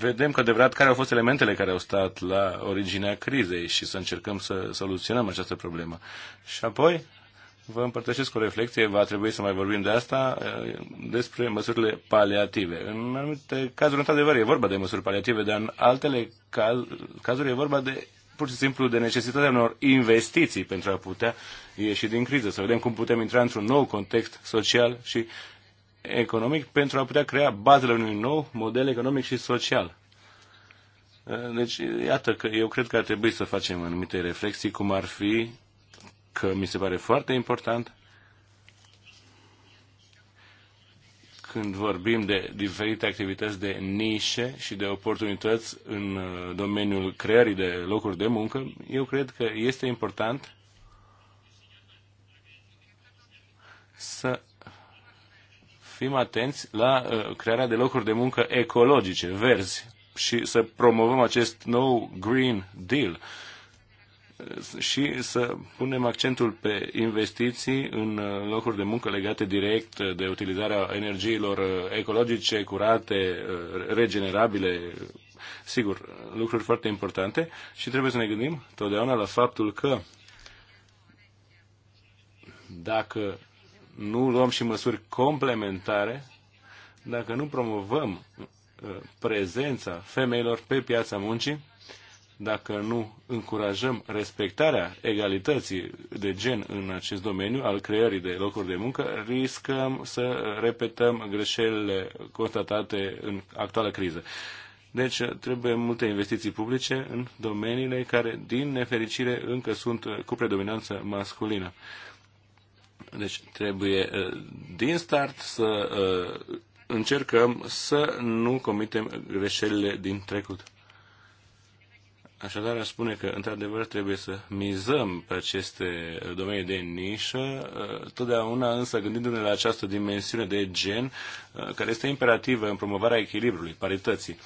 vedem că adevărat care au fost elementele care au stat la originea crizei și să încercăm să soluționăm această problemă. Și apoi vă împărtășesc o reflexie, va trebui să mai vorbim de asta, eh, despre măsurile paliative. În anumite cazuri, într-adevăr, e vorba de măsuri paliative, dar în altele caz, cazuri e vorba de pur și simplu de necesitatea unor investiții pentru a putea ieși din criză, să vedem cum putem intra într-un nou context social și economic pentru a putea crea bazele unui nou model economic și social. Uh, deci, iată că eu cred că ar trebui să facem anumite reflexii, cum ar fi că mi se pare foarte important când vorbim de diferite activități de nișe și de oportunități în uh, domeniul creării de locuri de muncă, eu cred că este important să fim atenți la uh, crearea de locuri de muncă ecologice, verzi, și să promovăm acest nou Green Deal uh, și să punem accentul pe investiții în uh, locuri de muncă legate direct de utilizarea energiilor ecologice, curate, regenerabile, sigur, lucruri foarte importante și trebuie să ne gândim totdeauna la faptul că dacă nu luăm și măsuri complementare dacă nu promovăm uh, prezența femeilor pe piața muncii, dacă nu încurajăm respectarea egalității de gen în acest domeniu al creării de locuri de muncă, riscăm să repetăm greșelile constatate în actuala criză. Deci uh, trebuie multe investiții publice în domeniile care, din nefericire, încă sunt uh, cu predominanță masculină. Deci trebuie uh, din start să uh, încercăm să nu comitem greșelile din trecut. Așadar, aș spune că, într-adevăr, trebuie să mizăm pe aceste domenii de nișă, uh, totdeauna însă gândindu-ne la această dimensiune de gen, care este imperativă în promovarea echilibrului, parității.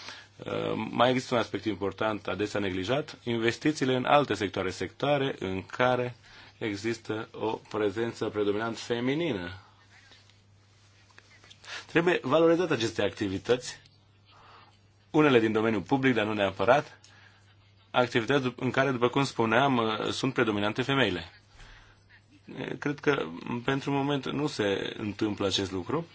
Mai există un aspect important, adesea neglijat, investițiile în alte sectoare, sectoare în care există o prezență predominant feminină. Trebuie valorizate aceste activități, unele din domeniul public, dar nu neapărat, activități în care, după cum spuneam, uh, sunt predominante femeile. Cred că pentru moment nu se întâmplă acest lucru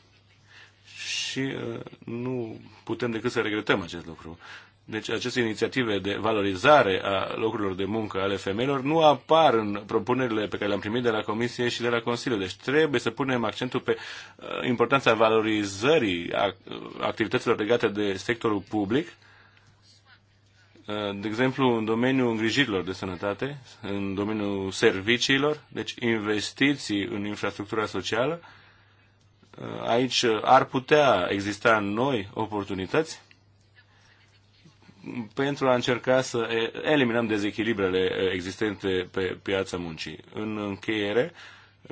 și uh, nu putem decât să regretăm acest lucru. Deci aceste inițiative de valorizare a locurilor de muncă ale femeilor nu apar în propunerile pe care le-am primit de la Comisie și de la Consiliu. Deci trebuie să punem accentul pe uh, importanța valorizării activităților legate de sectorul public, uh, de exemplu, în domeniul îngrijirilor de sănătate, în domeniul serviciilor, deci investiții în infrastructura socială, uh, aici ar putea exista noi oportunități pentru a încerca să eliminăm dezechilibrele existente pe piața muncii. În încheiere,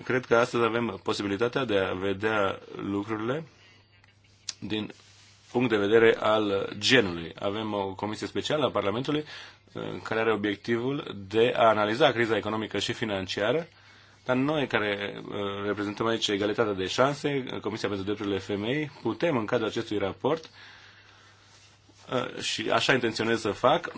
cred că astăzi avem posibilitatea de a vedea lucrurile din punct de vedere al genului. Avem o comisie specială a Parlamentului uh, care are obiectivul de a analiza criza economică și financiară, dar noi care uh, reprezentăm aici egalitatea de șanse, Comisia pentru Drepturile Femei, putem în cadrul acestui raport Uh, și așa intenționez să fac,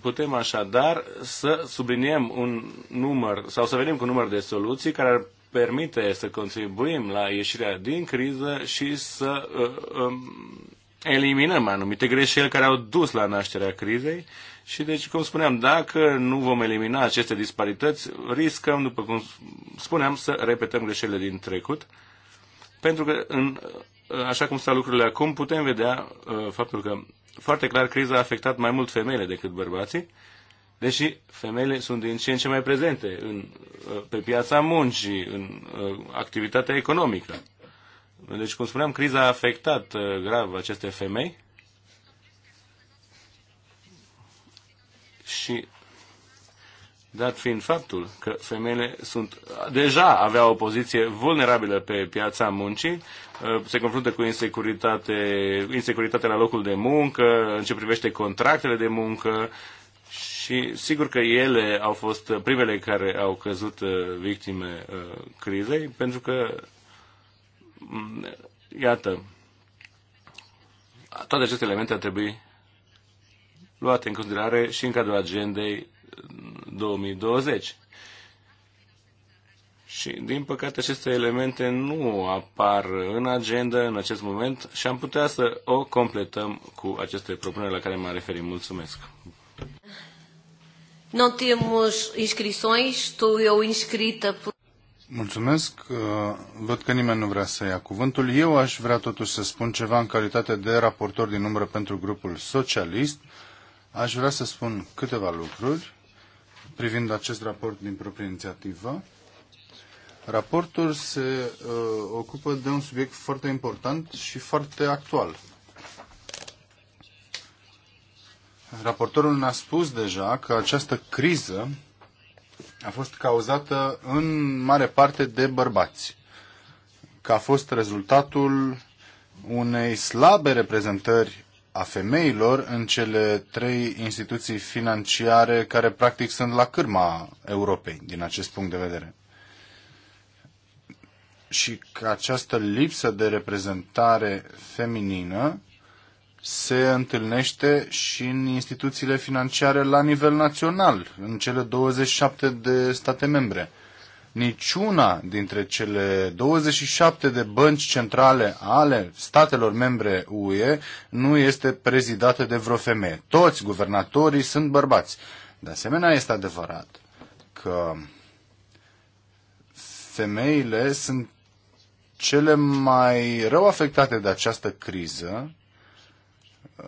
putem așadar să subliniem un număr sau să venim cu un număr de soluții care ar permite să contribuim la ieșirea din criză și să uh, um, eliminăm anumite greșeli care au dus la nașterea crizei. Și deci, cum spuneam, dacă nu vom elimina aceste disparități, riscăm, după cum spuneam, să repetăm greșelile din trecut. Pentru că, în, uh, așa cum stau lucrurile acum, putem vedea uh, faptul că foarte clar criza a afectat mai mult femeile decât bărbații, deși femeile sunt din ce în ce mai prezente în, uh, pe piața muncii, în uh, activitatea economică. Deci, cum spuneam, criza a afectat uh, grav aceste femei și dat fiind faptul că femeile sunt, deja aveau o poziție vulnerabilă pe piața muncii, uh, se confruntă cu insecuritate, insecuritate la locul de muncă, în ce privește contractele de muncă și sigur că ele au fost primele care au căzut uh, victime uh, crizei, pentru că, mm, iată, toate aceste elemente ar trebui luate în considerare și în cadrul agendei 2020. Și, din păcate, aceste elemente nu apar în agenda în acest moment și am putea să o completăm cu aceste propuneri la care m-am referit. Mulțumesc! Nu avem inscrições, tu eu inscrită. Mulțumesc. Uh, văd că nimeni nu vrea să ia cuvântul. Eu aș vrea totuși să spun ceva în calitate de raportor din umbră pentru grupul socialist. Aș vrea să spun câteva lucruri privind acest raport din proprie inițiativă. Raportul se uh, ocupă de un subiect foarte important și foarte actual. Raportorul ne-a spus deja că această criză a fost cauzată în mare parte de bărbați, că a fost rezultatul unei slabe reprezentări a femeilor în cele trei instituții financiare care practic sunt la cârma Europei din acest punct de vedere. Și că această lipsă de reprezentare feminină se întâlnește și în instituțiile financiare la nivel național, în cele 27 de state membre niciuna dintre cele 27 de bănci centrale ale statelor membre UE nu este prezidată de vreo femeie. Toți guvernatorii sunt bărbați. De asemenea, este adevărat că femeile sunt cele mai rău afectate de această criză.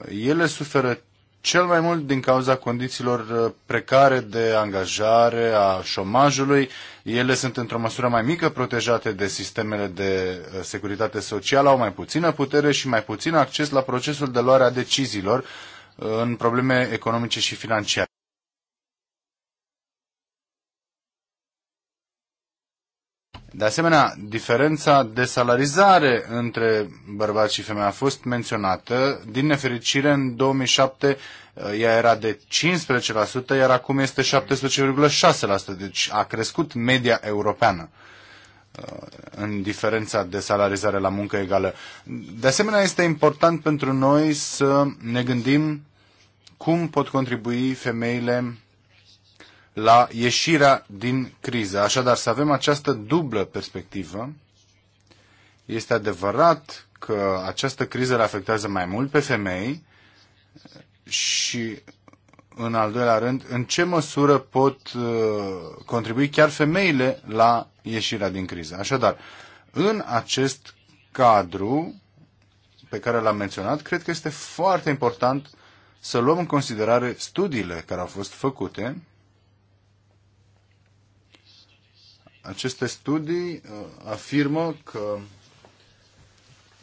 Ele suferă cel mai mult din cauza condițiilor uh, precare de angajare a șomajului. Ele sunt într-o măsură mai mică protejate de sistemele de uh, securitate socială, au mai puțină putere și mai puțin acces la procesul de luare a deciziilor uh, în probleme economice și financiare. De asemenea, diferența de salarizare între bărbați și femei a fost menționată. Din nefericire, în 2007 uh, ea era de 15%, iar acum este 17,6%, deci a crescut media europeană uh, în diferența de salarizare la muncă egală. De asemenea, este important pentru noi să ne gândim cum pot contribui femeile la ieșirea din criză. Așadar, să avem această dublă perspectivă. Este adevărat că această criză le afectează mai mult pe femei și, în al doilea rând, în ce măsură pot uh, contribui chiar femeile la ieșirea din criză. Așadar, în acest cadru pe care l-am menționat, cred că este foarte important să luăm în considerare studiile care au fost făcute Aceste studii uh, afirmă că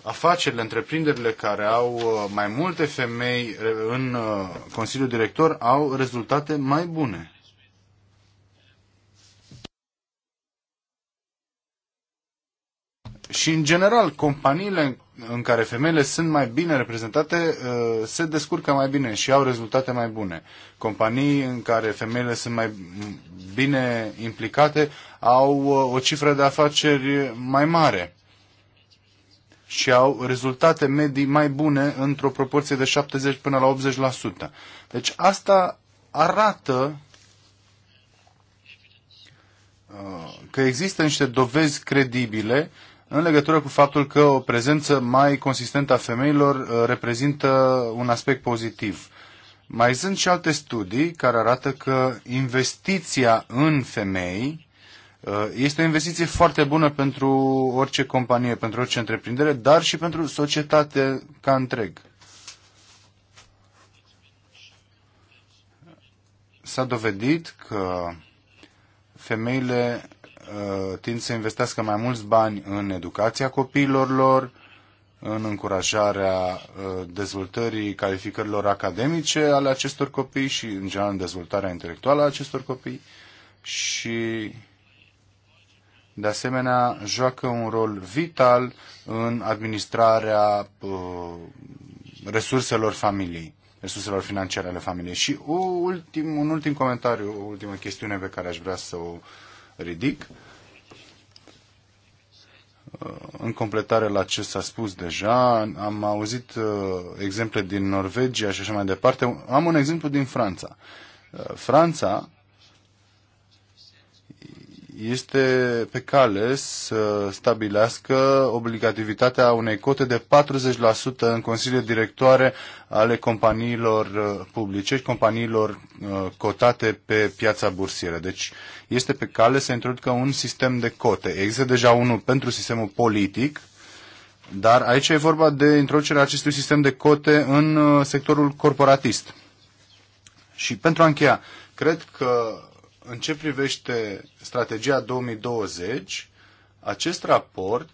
afacerile, întreprinderile care au uh, mai multe femei uh, în Consiliul Director au rezultate mai bune. Și, în general, companiile în care femeile sunt mai bine reprezentate se descurcă mai bine și au rezultate mai bune. Companii în care femeile sunt mai bine implicate au uh, o cifră de afaceri mai mare și au rezultate medii mai bune într-o proporție de 70 până la 80%. Deci asta arată uh, că există niște dovezi credibile în legătură cu faptul că o prezență mai consistentă a femeilor uh, reprezintă un aspect pozitiv. Mai sunt și alte studii care arată că investiția în femei Uh, este o investiție foarte bună pentru orice companie, pentru orice întreprindere, dar și pentru societate ca întreg. S-a dovedit că femeile uh, tind să investească mai mulți bani în educația copiilor lor, în încurajarea uh, dezvoltării calificărilor academice ale acestor copii și, în general, în dezvoltarea intelectuală a acestor copii și de asemenea, joacă un rol vital în administrarea uh, resurselor familiei, resurselor financiare ale familiei. Și ultim, un ultim comentariu, o ultimă chestiune pe care aș vrea să o ridic, uh, în completare la ce s-a spus deja, am auzit uh, exemple din Norvegia și așa mai departe. Am un exemplu din Franța. Uh, Franța este pe cale să stabilească obligativitatea unei cote de 40% în consiliile directoare ale companiilor uh, publice și companiilor uh, cotate pe piața bursieră. Deci este pe cale să introducă un sistem de cote. Există deja unul pentru sistemul politic, dar aici e vorba de introducerea acestui sistem de cote în uh, sectorul corporatist. Și pentru a încheia, cred că în ce privește strategia 2020, acest raport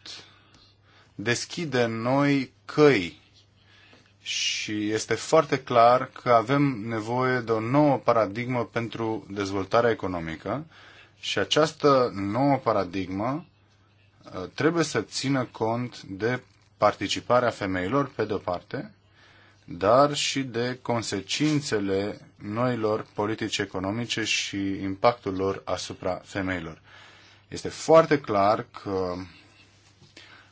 deschide noi căi și este foarte clar că avem nevoie de o nouă paradigmă pentru dezvoltarea economică și această nouă paradigmă uh, trebuie să țină cont de participarea femeilor, pe de-o parte, dar și de consecințele noilor politici economice și impactul lor asupra femeilor. Este foarte clar că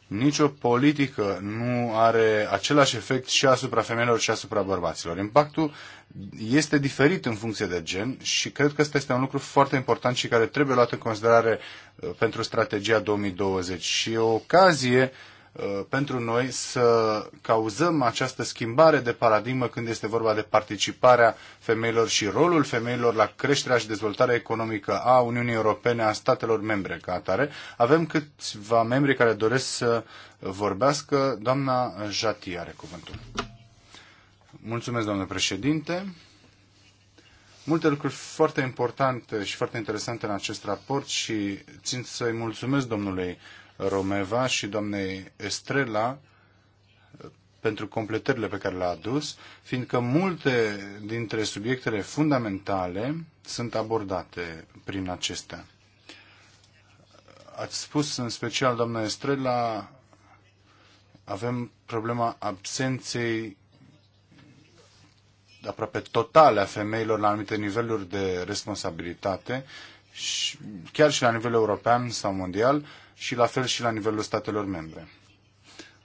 nicio politică nu are același efect și asupra femeilor și asupra bărbaților. Impactul este diferit în funcție de gen și cred că ăsta este un lucru foarte important și care trebuie luat în considerare uh, pentru strategia 2020 și e o ocazie Uh, pentru noi să cauzăm această schimbare de paradigmă când este vorba de participarea femeilor și rolul femeilor la creșterea și dezvoltarea economică a Uniunii Europene, a statelor membre ca atare. Avem câțiva membri care doresc să vorbească. Doamna Jati are cuvântul. Mulțumesc, doamnă președinte. Multe lucruri foarte importante și foarte interesante în acest raport și țin să-i mulțumesc domnului Romeva și doamnei Estrela pentru completările pe care le-a adus, fiindcă multe dintre subiectele fundamentale sunt abordate prin acestea. Ați spus în special, doamna Estrela, avem problema absenței aproape totale a femeilor la anumite niveluri de responsabilitate și, chiar și la nivel european sau mondial și la fel și la nivelul statelor membre.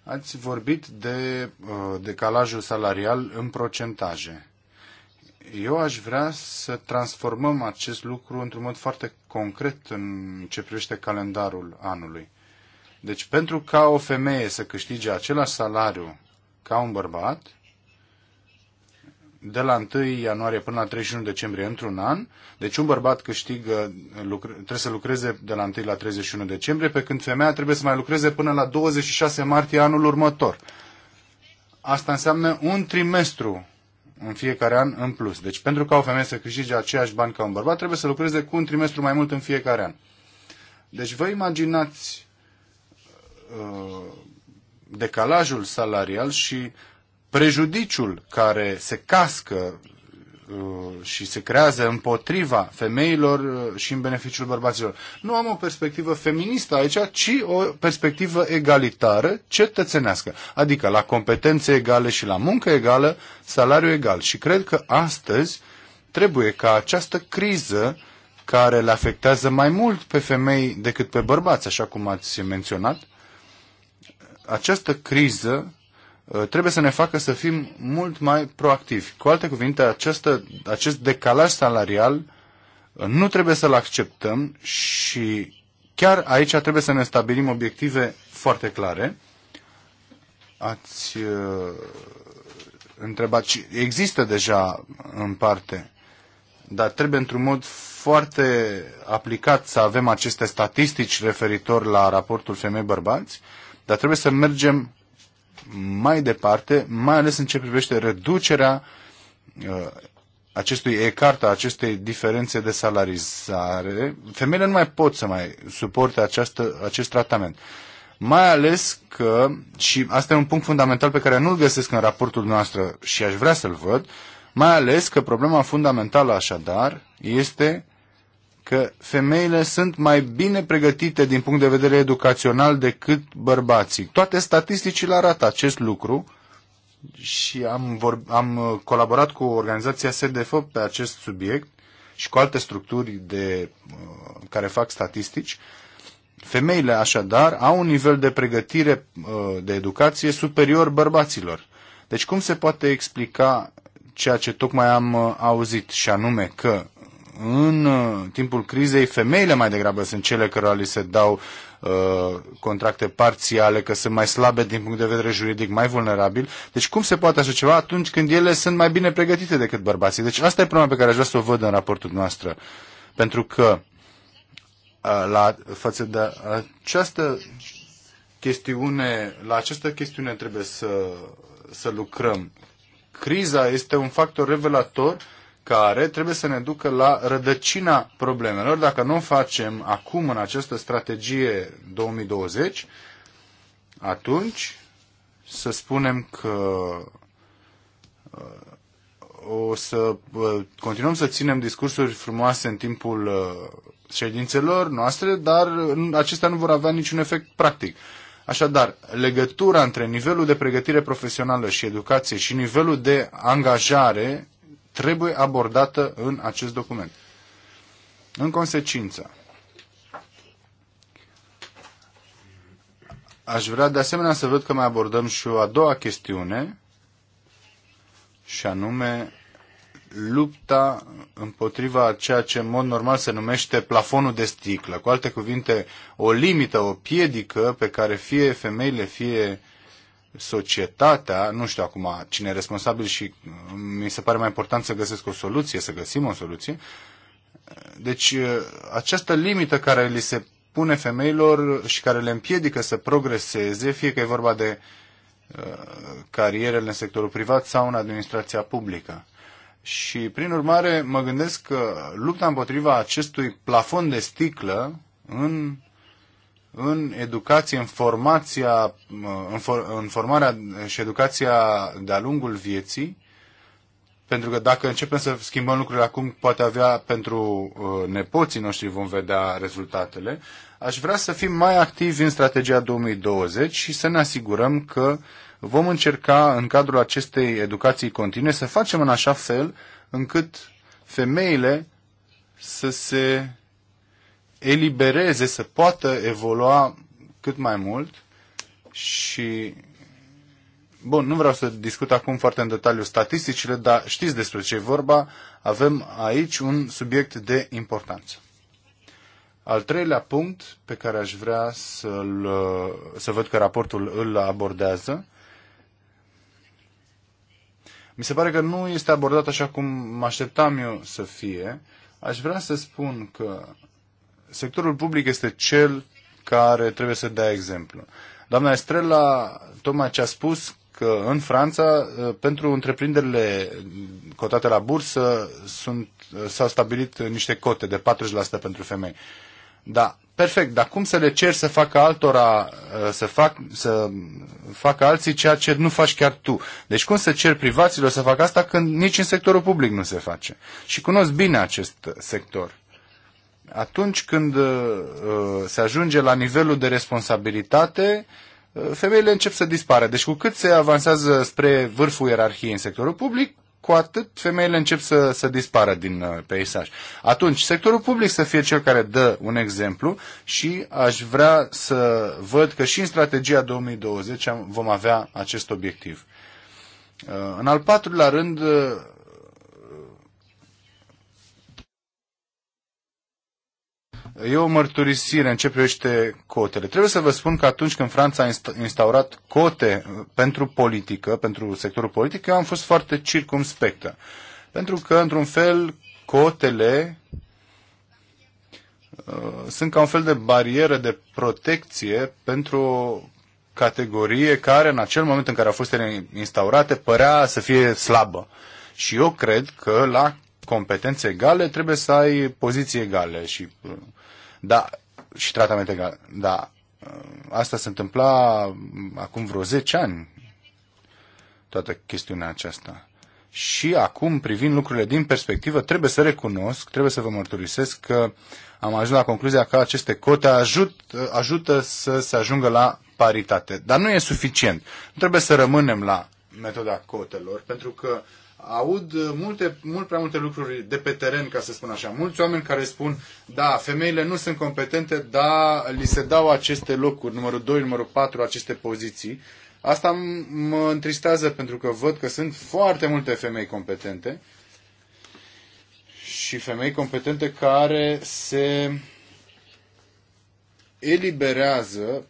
Ați vorbit de uh, decalajul salarial în procentaje. Eu aș vrea să transformăm acest lucru într-un mod foarte concret în ce privește calendarul anului. Deci pentru ca o femeie să câștige același salariu ca un bărbat, de la 1 ianuarie până la 31 decembrie într-un an. Deci un bărbat câștigă, trebuie să lucreze de la 1 la 31 decembrie, pe când femeia trebuie să mai lucreze până la 26 martie anul următor. Asta înseamnă un trimestru în fiecare an în plus. Deci pentru ca o femeie să câștige aceiași bani ca un bărbat, trebuie să lucreze cu un trimestru mai mult în fiecare an. Deci vă imaginați uh, decalajul salarial și prejudiciul care se cască uh, și se creează împotriva femeilor uh, și în beneficiul bărbaților. Nu am o perspectivă feministă aici, ci o perspectivă egalitară, cetățenească, adică la competențe egale și la muncă egală, salariu egal. Și cred că astăzi trebuie ca această criză care le afectează mai mult pe femei decât pe bărbați, așa cum ați menționat, această criză Uh, trebuie să ne facă să fim mult mai proactivi. Cu alte cuvinte, această, acest decalaj salarial uh, nu trebuie să-l acceptăm și chiar aici trebuie să ne stabilim obiective foarte clare. Ați uh, întrebat, există deja în parte, dar trebuie într-un mod foarte aplicat să avem aceste statistici referitor la raportul femei-bărbați, dar trebuie să mergem mai departe, mai ales în ce privește reducerea uh, acestui ecarta, acestei diferențe de salarizare, femeile nu mai pot să mai suporte această, acest tratament. Mai ales că, și asta e un punct fundamental pe care nu-l găsesc în raportul noastră și aș vrea să-l văd, mai ales că problema fundamentală așadar este că femeile sunt mai bine pregătite din punct de vedere educațional decât bărbații. Toate statisticile arată acest lucru și am, vorb- am uh, colaborat cu organizația SDF pe acest subiect și cu alte structuri de, uh, care fac statistici. Femeile, așadar, au un nivel de pregătire uh, de educație superior bărbaților. Deci cum se poate explica ceea ce tocmai am auzit, și anume că în uh, timpul crizei, femeile mai degrabă sunt cele care li se dau uh, contracte parțiale, că sunt mai slabe din punct de vedere juridic, mai vulnerabil. Deci cum se poate așa ceva atunci când ele sunt mai bine pregătite decât bărbații? Deci asta e problema pe care aș vrea să o văd în raportul noastră. Pentru că uh, la, față de această chestiune, la această chestiune trebuie să, să lucrăm. Criza este un factor revelator uh, care trebuie să ne ducă la rădăcina problemelor. Dacă nu facem acum în această strategie 2020, atunci să spunem că uh, o să uh, continuăm să ținem discursuri frumoase în timpul uh, ședințelor noastre, dar acestea nu vor avea niciun efect practic. Așadar, legătura între nivelul de pregătire profesională și educație și nivelul de angajare trebuie abordată în acest document. În consecință, aș vrea de asemenea să văd că mai abordăm și o a doua chestiune, și anume lupta împotriva ceea ce în mod normal se numește plafonul de sticlă. Cu alte cuvinte, o limită, o piedică pe care fie femeile, fie societatea, nu știu acum cine e responsabil și uh, mi se pare mai important să găsesc o soluție, să găsim o soluție. Deci uh, această limită care li se pune femeilor și care le împiedică să progreseze, fie că e vorba de uh, carierele în sectorul privat sau în administrația publică. Și, prin urmare, mă gândesc că lupta împotriva acestui plafon de sticlă în în educație, în, formația, în, for, în formarea și educația de-a lungul vieții, pentru că dacă începem să schimbăm lucrurile acum, poate avea pentru uh, nepoții noștri vom vedea rezultatele. Aș vrea să fim mai activi în strategia 2020 și să ne asigurăm că vom încerca în cadrul acestei educații continue să facem în așa fel încât femeile să se elibereze, să poată evolua cât mai mult și Bun, nu vreau să discut acum foarte în detaliu statisticile, dar știți despre ce e vorba. Avem aici un subiect de importanță. Al treilea punct pe care aș vrea să-l, să văd că raportul îl abordează, mi se pare că nu este abordat așa cum mă așteptam eu să fie. Aș vrea să spun că sectorul public este cel care trebuie să dea exemplu. Doamna Estrela tocmai ce a spus că în Franța, ă, pentru întreprinderile cotate la bursă, sunt, ă, s-au stabilit niște cote de 40% pentru femei. Da, perfect, dar cum să le ceri să facă altora, ă, să, fac, să facă alții ceea ce nu faci chiar tu? Deci cum să ceri privaților să facă asta când nici în sectorul public nu se face? Și cunosc bine acest sector atunci când uh, uh, se ajunge la nivelul de responsabilitate, uh, femeile încep să dispară. Deci cu cât se avansează spre vârful ierarhiei în sectorul public, cu atât femeile încep să, să dispară din peisaj. Atunci, sectorul public să fie cel care dă un exemplu și aș vrea să văd că și în strategia 2020 vom avea acest obiectiv. În al patrulea rând, E o mărturisire în ce privește cotele. Trebuie să vă spun că atunci când Franța a instaurat cote pentru politică, pentru sectorul politic, eu am fost foarte circumspectă. Pentru că, într-un fel, cotele uh, sunt ca un fel de barieră de protecție pentru o categorie care, în acel moment în care au fost instaurate, părea să fie slabă. Și eu cred că la competențe egale trebuie să ai poziții egale și uh, da, și tratament egal. Da, asta se întâmpla acum vreo 10 ani, toată chestiunea aceasta. Și acum, privind lucrurile din perspectivă, trebuie să recunosc, trebuie să vă mărturisesc că am ajuns la concluzia că aceste cote ajut, ajută să se ajungă la paritate. Dar nu e suficient. Nu trebuie să rămânem la metoda cotelor, pentru că aud multe, mult prea multe lucruri de pe teren, ca să spun așa. Mulți oameni care spun, da, femeile nu sunt competente, da, li se dau aceste locuri, numărul 2, numărul 4, aceste poziții. Asta mă întristează pentru că văd că sunt foarte multe femei competente și femei competente care se eliberează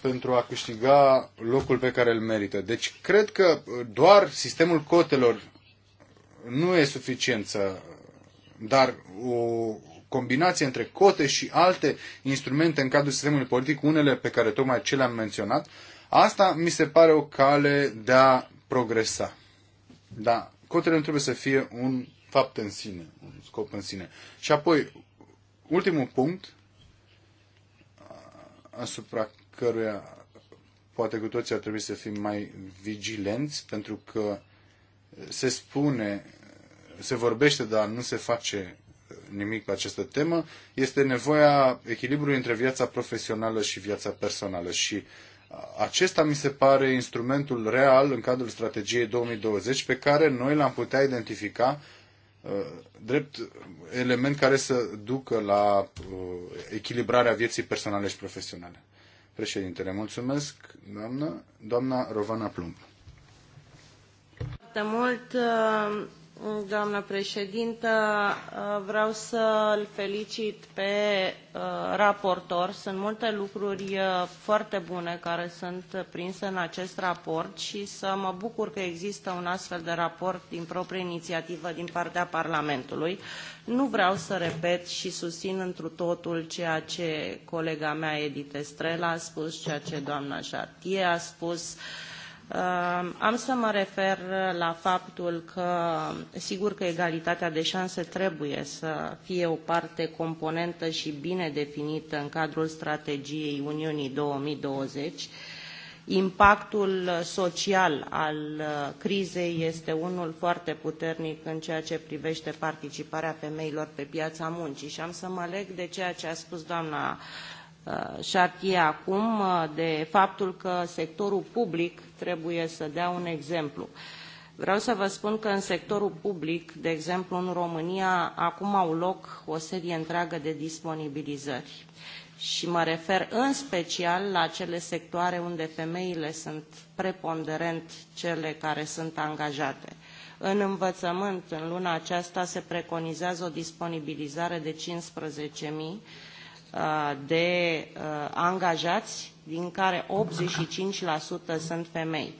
pentru a câștiga locul pe care îl merită. Deci cred că doar sistemul cotelor nu e suficiență, Dar o combinație între cote și alte instrumente în cadrul sistemului politic, unele pe care tocmai ce le-am menționat, asta mi se pare o cale de a progresa. Da, cotele nu trebuie să fie un fapt în sine, un scop în sine. Și apoi, ultimul punct asupra căruia poate cu toții ar trebui să fim mai vigilenți, pentru că se spune se vorbește, dar nu se face nimic pe această temă, este nevoia echilibrului între viața profesională și viața personală. Și acesta mi se pare instrumentul real în cadrul strategiei 2020 pe care noi l-am putea identifica drept element care să ducă la echilibrarea vieții personale și profesionale. Președintele, mulțumesc, doamnă, doamna Rovana Plumb. Foarte mult Doamnă președintă, vreau să îl felicit pe uh, raportor. Sunt multe lucruri uh, foarte bune care sunt prinse în acest raport și să mă bucur că există un astfel de raport din proprie inițiativă din partea Parlamentului. Nu vreau să repet și susțin întru totul ceea ce colega mea Edith Estrela a spus, ceea ce doamna Chartier a spus, uh, am să mă refer la faptul că, sigur că egalitatea de șanse trebuie să fie o parte componentă și bine definită în cadrul strategiei Uniunii 2020. Impactul social al uh, crizei este unul foarte puternic în ceea ce privește participarea femeilor pe piața muncii și am să mă leg de ceea ce a spus doamna Uh, șartie acum uh, de faptul că sectorul public trebuie să dea un exemplu. Vreau să vă spun că în sectorul public, de exemplu în România, acum au loc o serie întreagă de disponibilizări. Și mă refer în special la cele sectoare unde femeile sunt preponderent cele care sunt angajate. În învățământ, în luna aceasta, se preconizează o disponibilizare de 15.000 Uh, de uh, angajați, din care 85% sunt femei.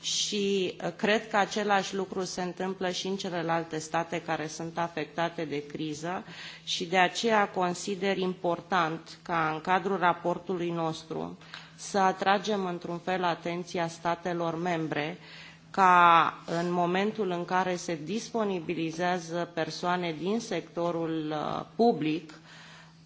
Și uh, cred că același lucru se întâmplă și în celelalte state care sunt afectate de criză și de aceea consider important ca în cadrul raportului nostru să atragem într-un fel atenția statelor membre ca în momentul în care se disponibilizează persoane din sectorul public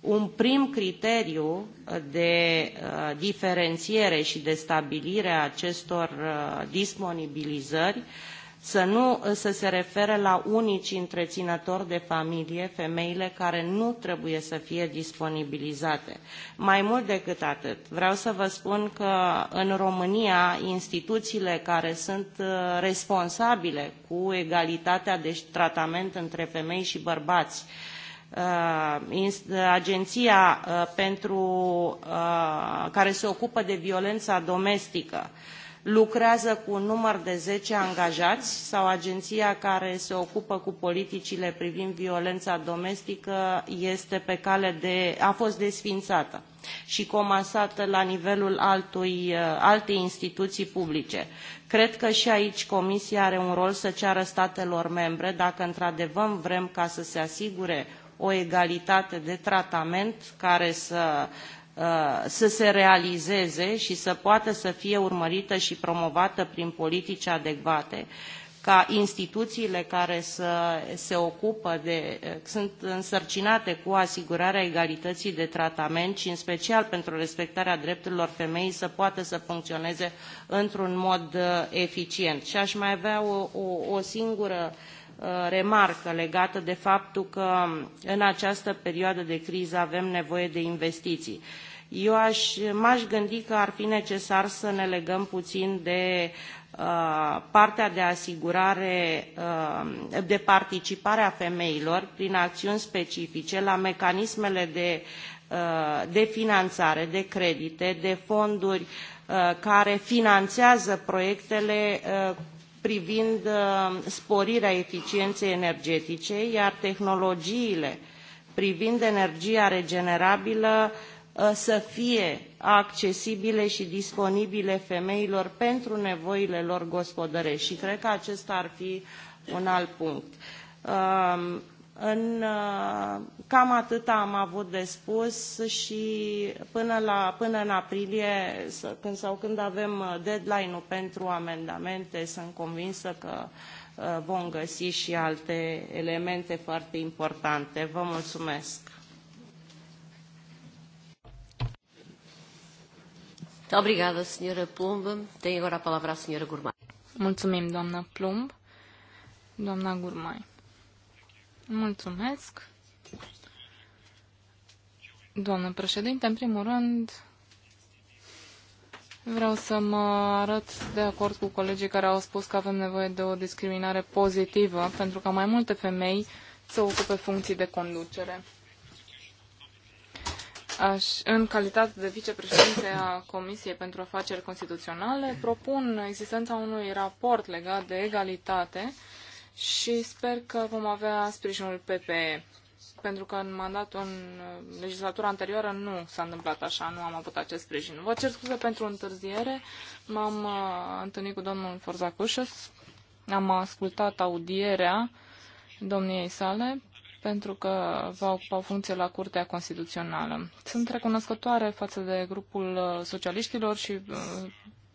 un prim criteriu uh, de uh, diferențiere și de stabilire a acestor uh, disponibilizări să, nu, să se refere la unici întreținători de familie, femeile care nu trebuie să fie disponibilizate. Mai mult decât atât, vreau să vă spun că în România instituțiile care sunt responsabile cu egalitatea de tratament între femei și bărbați, uh, Uh, agenția uh, pentru, uh, care se ocupă de violența domestică lucrează cu un număr de zece angajați sau agenția care se ocupă cu politicile privind violența domestică este pe cale de, a fost desfințată și comasată la nivelul altui, altei instituții publice. Cred că și aici Comisia are un rol să ceară statelor membre, dacă într-adevăr vrem ca să se asigure o egalitate de tratament care să, uh, să se realizeze și să poată să fie urmărită și promovată prin politici adecvate ca instituțiile care să se ocupă de, uh, sunt însărcinate cu asigurarea egalității de tratament și în special pentru respectarea drepturilor femeii să poată să funcționeze într-un mod uh, eficient. Și aș mai avea o, o, o singură Uh, remarcă legată de faptul că în această perioadă de criză avem nevoie de investiții. Eu aș, m-aș gândi că ar fi necesar să ne legăm puțin de uh, partea de asigurare, uh, de participare a femeilor prin acțiuni specifice la mecanismele de, uh, de finanțare, de credite, de fonduri uh, care finanțează proiectele uh, privind uh, sporirea eficienței energetice, iar tehnologiile privind energia regenerabilă uh, să fie accesibile și disponibile femeilor pentru nevoile lor gospodărești. Și cred că acesta ar fi un alt punct. Um, în, uh, cam atât am avut de spus și până, la, până în aprilie când, sau când avem uh, deadline-ul pentru amendamente, sunt convinsă că uh, vom găsi și alte elemente foarte importante. Vă mulțumesc! Obrigada, senhora Plumb. Tem agora a palavra a senhora Gourmay. Mulțumim, doamna Plumb. Doamna Gourmay. Mulțumesc. Doamnă președinte, în primul rând vreau să mă arăt de acord cu colegii care au spus că avem nevoie de o discriminare pozitivă pentru ca mai multe femei să ocupe funcții de conducere. Aș, în calitate de vicepreședinte a Comisiei pentru Afaceri Constituționale, propun existența unui raport legat de egalitate uh, și sper că vom avea sprijinul PPE, pentru că în mandatul, în legislatura anterioară nu s-a întâmplat așa, nu am avut acest sprijin. Vă cer scuze pentru întârziere, m-am uh, întâlnit cu domnul Forzacușes, am ascultat audierea domniei sale, pentru că va ocupa funcție la Curtea Constituțională. Sunt recunoscătoare față de grupul uh, socialiștilor și uh,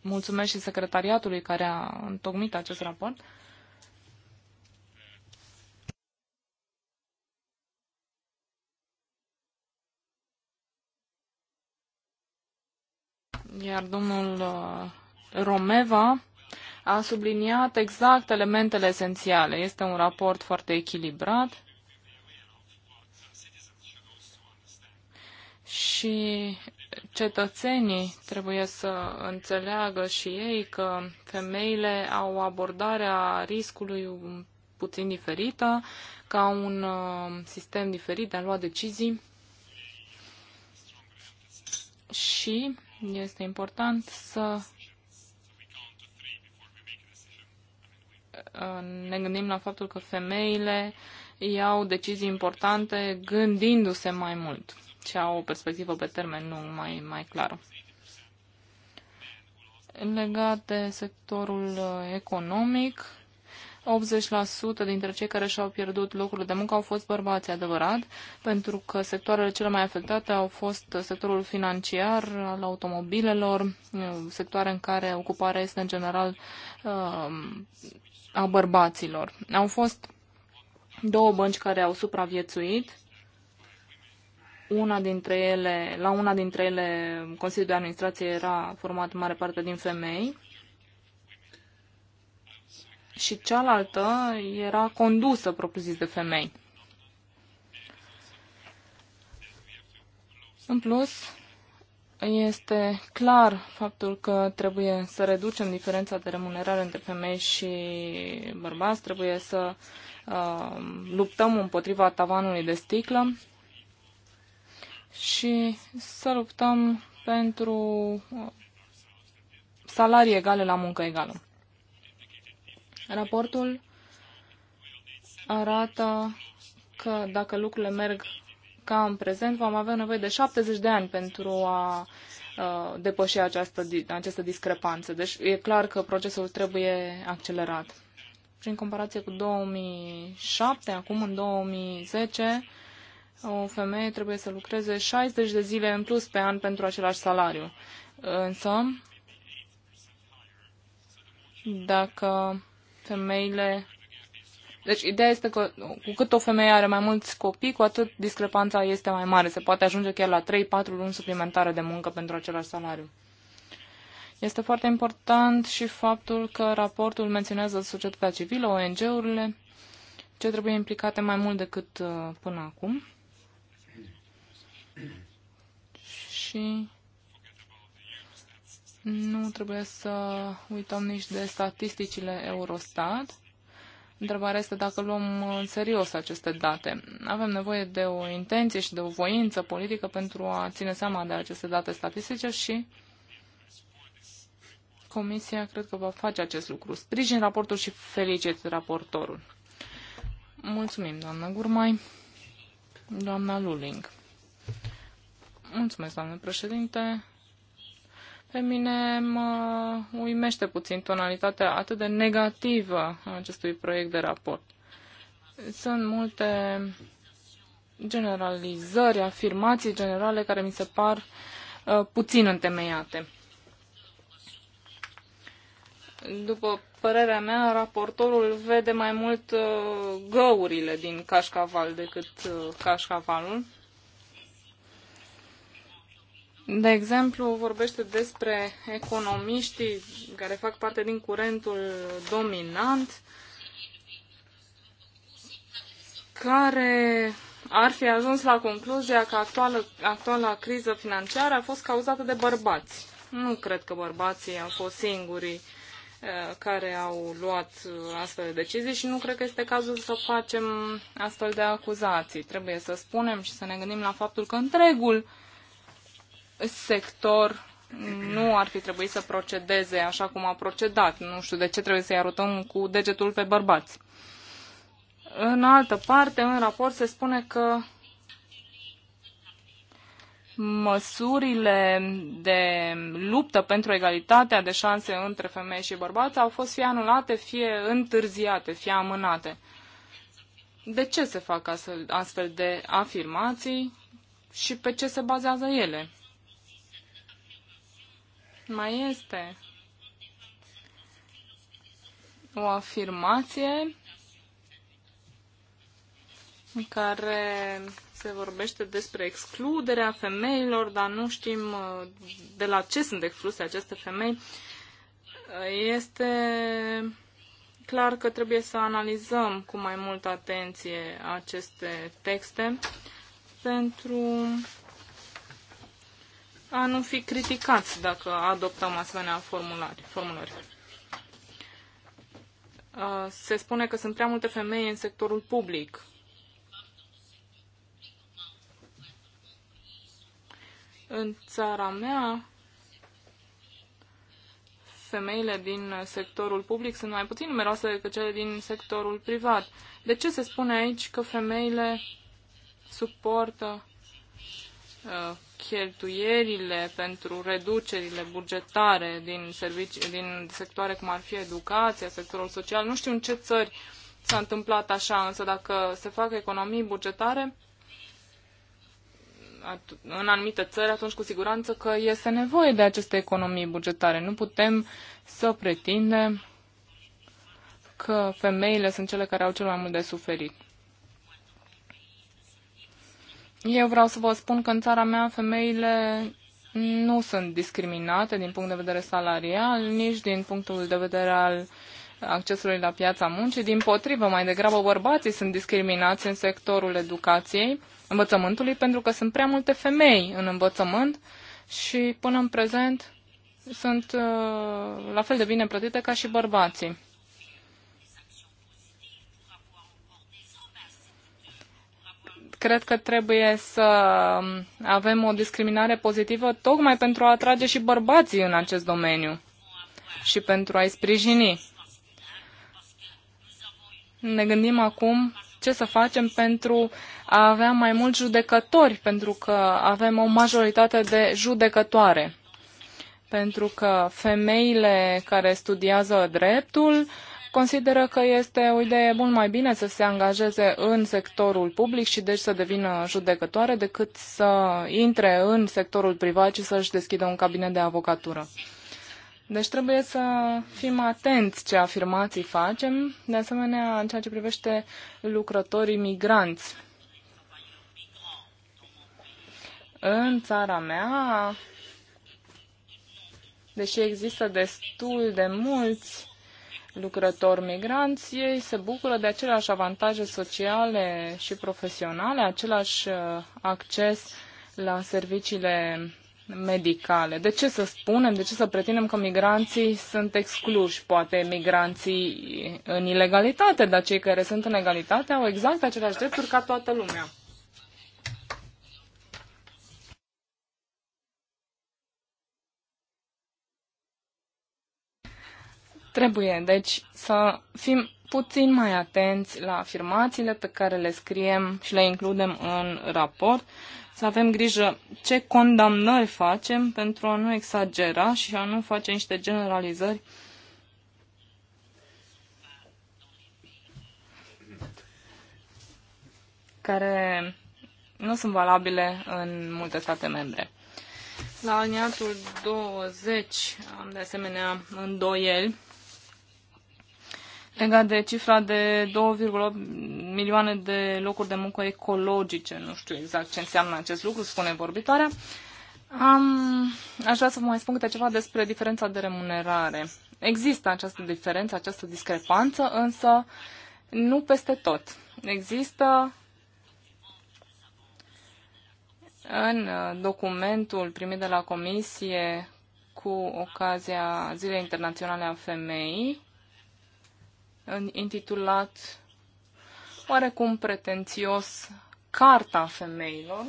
mulțumesc și secretariatului care a întocmit acest raport. Iar domnul uh, Romeva a subliniat exact elementele esențiale. Este un raport foarte echilibrat și cetățenii trebuie să înțeleagă și ei că femeile au abordarea riscului puțin diferită, ca un uh, sistem diferit de a lua decizii și este important să uh, ne gândim la faptul că femeile iau decizii importante gândindu-se mai mult și au o perspectivă pe termen lung mai, mai clară. Legat de sectorul uh, economic, 80% dintre cei care și-au pierdut locurile de muncă au fost bărbați, adevărat, pentru că sectoarele cele mai afectate au fost sectorul financiar, al automobilelor, sectoare în care ocuparea este în general um, a bărbaților. Au fost două bănci care au supraviețuit, una dintre ele, la una dintre ele, Consiliul de Administrație era format în mare parte din femei și cealaltă era condusă, propriu-zis, de femei. În plus, este clar faptul că trebuie să reducem diferența de remunerare între femei și bărbați, trebuie să uh, luptăm împotriva tavanului de sticlă și să luptăm pentru uh, salarii egale la muncă egală. Raportul arată că dacă lucrurile merg ca în prezent, vom avea nevoie de 70 de ani pentru a uh, depăși această, această discrepanță. Deci e clar că procesul trebuie accelerat. Prin comparație cu 2007, acum în 2010, o femeie trebuie să lucreze 60 de zile în plus pe an pentru același salariu. Însă, dacă femeile... Deci ideea este că cu cât o femeie are mai mulți copii, cu atât discrepanța este mai mare. Se poate ajunge chiar la 3-4 luni suplimentare de muncă pentru același salariu. Este foarte important și faptul că raportul menționează societatea civilă, ONG-urile, ce trebuie implicate mai mult decât uh, până acum. Și nu trebuie să uităm nici de statisticile Eurostat. Întrebarea este dacă luăm în serios aceste date. Avem nevoie de o intenție și de o voință politică pentru a ține seama de aceste date statistice și Comisia cred că va face acest lucru. Sprijin raportul și felicit raportorul. Mulțumim, doamna Gurmai. Doamna Luling. Mulțumesc, doamne președinte. Pe mine mă uimește puțin tonalitatea atât de negativă a acestui proiect de raport. Sunt multe generalizări, afirmații generale care mi se par uh, puțin întemeiate. După părerea mea, raportorul vede mai mult uh, găurile din cașcaval decât uh, cașcavalul. De exemplu, vorbește despre economiștii care fac parte din curentul dominant, care ar fi ajuns la concluzia că actuală, actuala criză financiară a fost cauzată de bărbați. Nu cred că bărbații au fost singurii uh, care au luat uh, astfel de decizii și nu cred că este cazul să facem astfel de acuzații. Trebuie să spunem și să ne gândim la faptul că întregul uh, sector nu ar fi trebuit să procedeze așa cum a procedat. Nu știu de ce trebuie să-i arătăm cu degetul pe bărbați. În altă parte, în raport se spune că măsurile de luptă pentru egalitatea de șanse între femei și bărbați au fost fie anulate, fie întârziate, fie amânate. De ce se fac astfel de afirmații și pe ce se bazează ele? mai este o afirmație în care se vorbește despre excluderea femeilor, dar nu știm uh, de la ce sunt excluse aceste femei. Uh, este clar că trebuie să analizăm cu mai multă atenție aceste texte pentru a nu fi criticați dacă adoptăm asemenea formulari. formulări. Se spune că sunt prea multe femei în sectorul public. În țara mea, femeile din sectorul public sunt mai puțin numeroase decât cele din sectorul privat. De ce se spune aici că femeile suportă Uh, cheltuierile pentru reducerile bugetare din, servici, din sectoare cum ar fi educația, sectorul social. Nu știu în ce țări s-a întâmplat așa, însă dacă se fac economii bugetare în anumite țări, atunci cu siguranță că este nevoie de aceste economii bugetare. Nu putem să pretindem că femeile sunt cele care au cel mai mult de suferit. Eu vreau să vă spun că în țara mea femeile nu sunt discriminate din punct de vedere salarial, nici din punctul de vedere al accesului la piața muncii. Din potrivă, mai degrabă bărbații sunt discriminați în sectorul educației, învățământului, pentru că sunt prea multe femei în învățământ și până în prezent sunt uh, la fel de bine plătite ca și bărbații. cred că trebuie să um, avem o discriminare pozitivă tocmai pentru a atrage și bărbații în acest domeniu și pentru a-i sprijini. Ne gândim acum ce să facem pentru a avea mai mulți judecători, pentru că avem o majoritate de judecătoare. Pentru că femeile care studiază dreptul uh, consideră că este o idee mult mai bine să se angajeze în sectorul public și deci să devină judecătoare decât să intre în sectorul privat și să-și deschidă un cabinet de avocatură. Deci trebuie să fim atenți ce afirmații facem, de asemenea în ceea ce privește lucrătorii migranți. În țara mea, deși există destul de mulți lucrători migranți, ei se bucură de aceleași avantaje sociale și profesionale, același uh, acces la serviciile medicale. De ce să spunem, de ce să pretindem că migranții sunt excluși? Poate migranții în ilegalitate, dar cei care sunt în egalitate au exact aceleași drepturi ca toată lumea. Trebuie, deci, să fim puțin mai atenți la afirmațiile pe care le scriem și le includem în raport, să avem grijă ce condamnări facem pentru a nu exagera și a nu face niște generalizări care nu sunt valabile în multe state membre. La aliniatul 20 am de asemenea îndoieli legat de cifra de 2,8 milioane de locuri de muncă ecologice, nu știu exact ce înseamnă acest lucru, spune vorbitoarea, am, aș vrea să vă mai spun câte ceva despre diferența de remunerare. Există această diferență, această discrepanță, însă nu peste tot. Există în documentul primit de la Comisie cu ocazia Zilei Internaționale a Femeii, intitulat oarecum pretențios Carta Femeilor.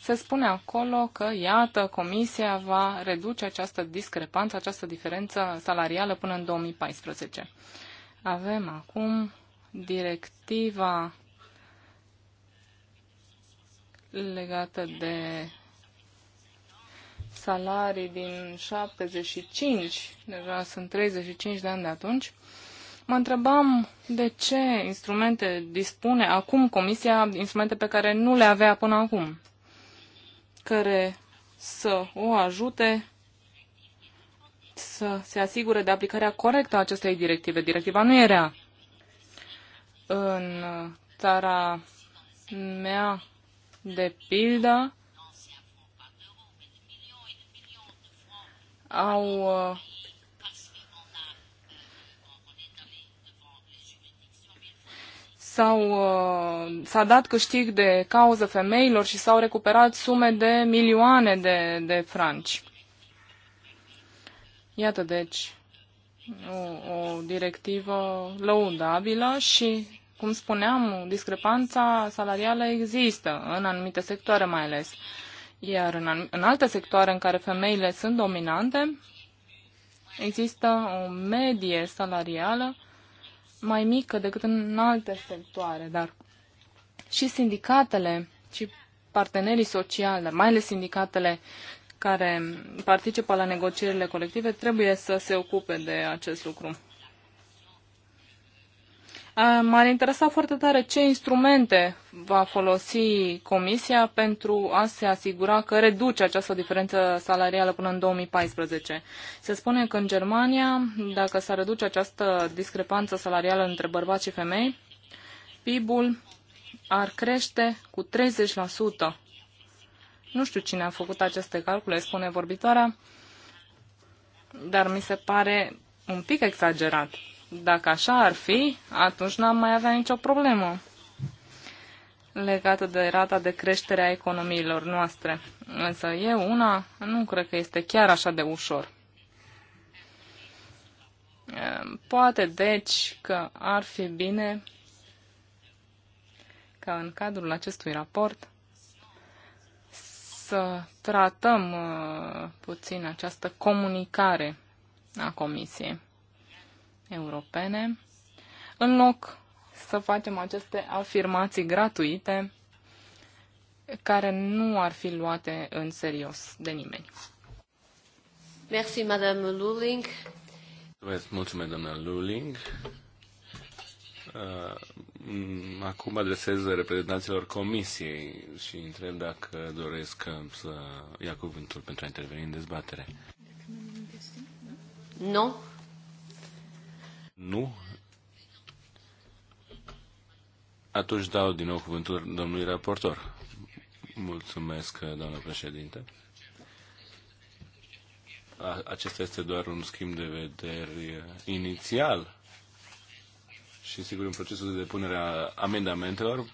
Se spune acolo că, iată, Comisia va reduce această discrepanță, această diferență salarială până în 2014. Avem acum directiva legată de salarii din 75, deja sunt 35 de ani de atunci, mă întrebam de ce instrumente dispune acum Comisia, instrumente pe care nu le avea până acum, care să o ajute să se asigure de aplicarea corectă a acestei directive. Directiva nu era în țara mea, de pildă, au uh, s-au, uh, s-a dat câștig de cauză femeilor și s-au recuperat sume de milioane de, de franci. Iată, deci, o, o directivă lăudabilă și, cum spuneam, discrepanța salarială există în anumite sectoare mai ales. Iar în, în alte sectoare în care femeile sunt dominante, există o medie salarială mai mică decât în alte sectoare, dar și sindicatele și partenerii sociali, dar mai ales sindicatele care participă la negocierile colective, trebuie să se ocupe de acest lucru. Eh, m-ar interesa foarte tare ce instrumente va folosi Comisia pentru a se asigura că reduce această diferență salarială până în 2014. Se spune că în Germania, dacă s-ar reduce această discrepanță salarială între bărbați și femei, PIB-ul ar crește cu 30%. Nu știu cine a făcut aceste calcule, spune vorbitoarea, dar mi se pare un pic exagerat. Dacă așa ar fi, atunci n-am mai avea nicio problemă legată de rata de creștere a economiilor noastre. Însă eu, una, nu cred că este chiar așa de ușor. Ehm, poate, deci, că ar fi bine ca în cadrul acestui raport să tratăm uh, puțin această comunicare a Comisiei europene, în loc să facem aceste afirmații gratuite care nu ar fi luate în serios de nimeni. Merci, Madame Luling. Mulțumesc, doamna Luling. Uh, acum adresez reprezentanților comisiei și întreb dacă doresc să ia cuvântul pentru a interveni în dezbatere. Nu? No? Nu? Atunci dau din nou cuvântul domnului raportor. Mulțumesc, doamnă președinte. Acesta este doar un schimb de vederi inițial și sigur în procesul de depunere a amendamentelor,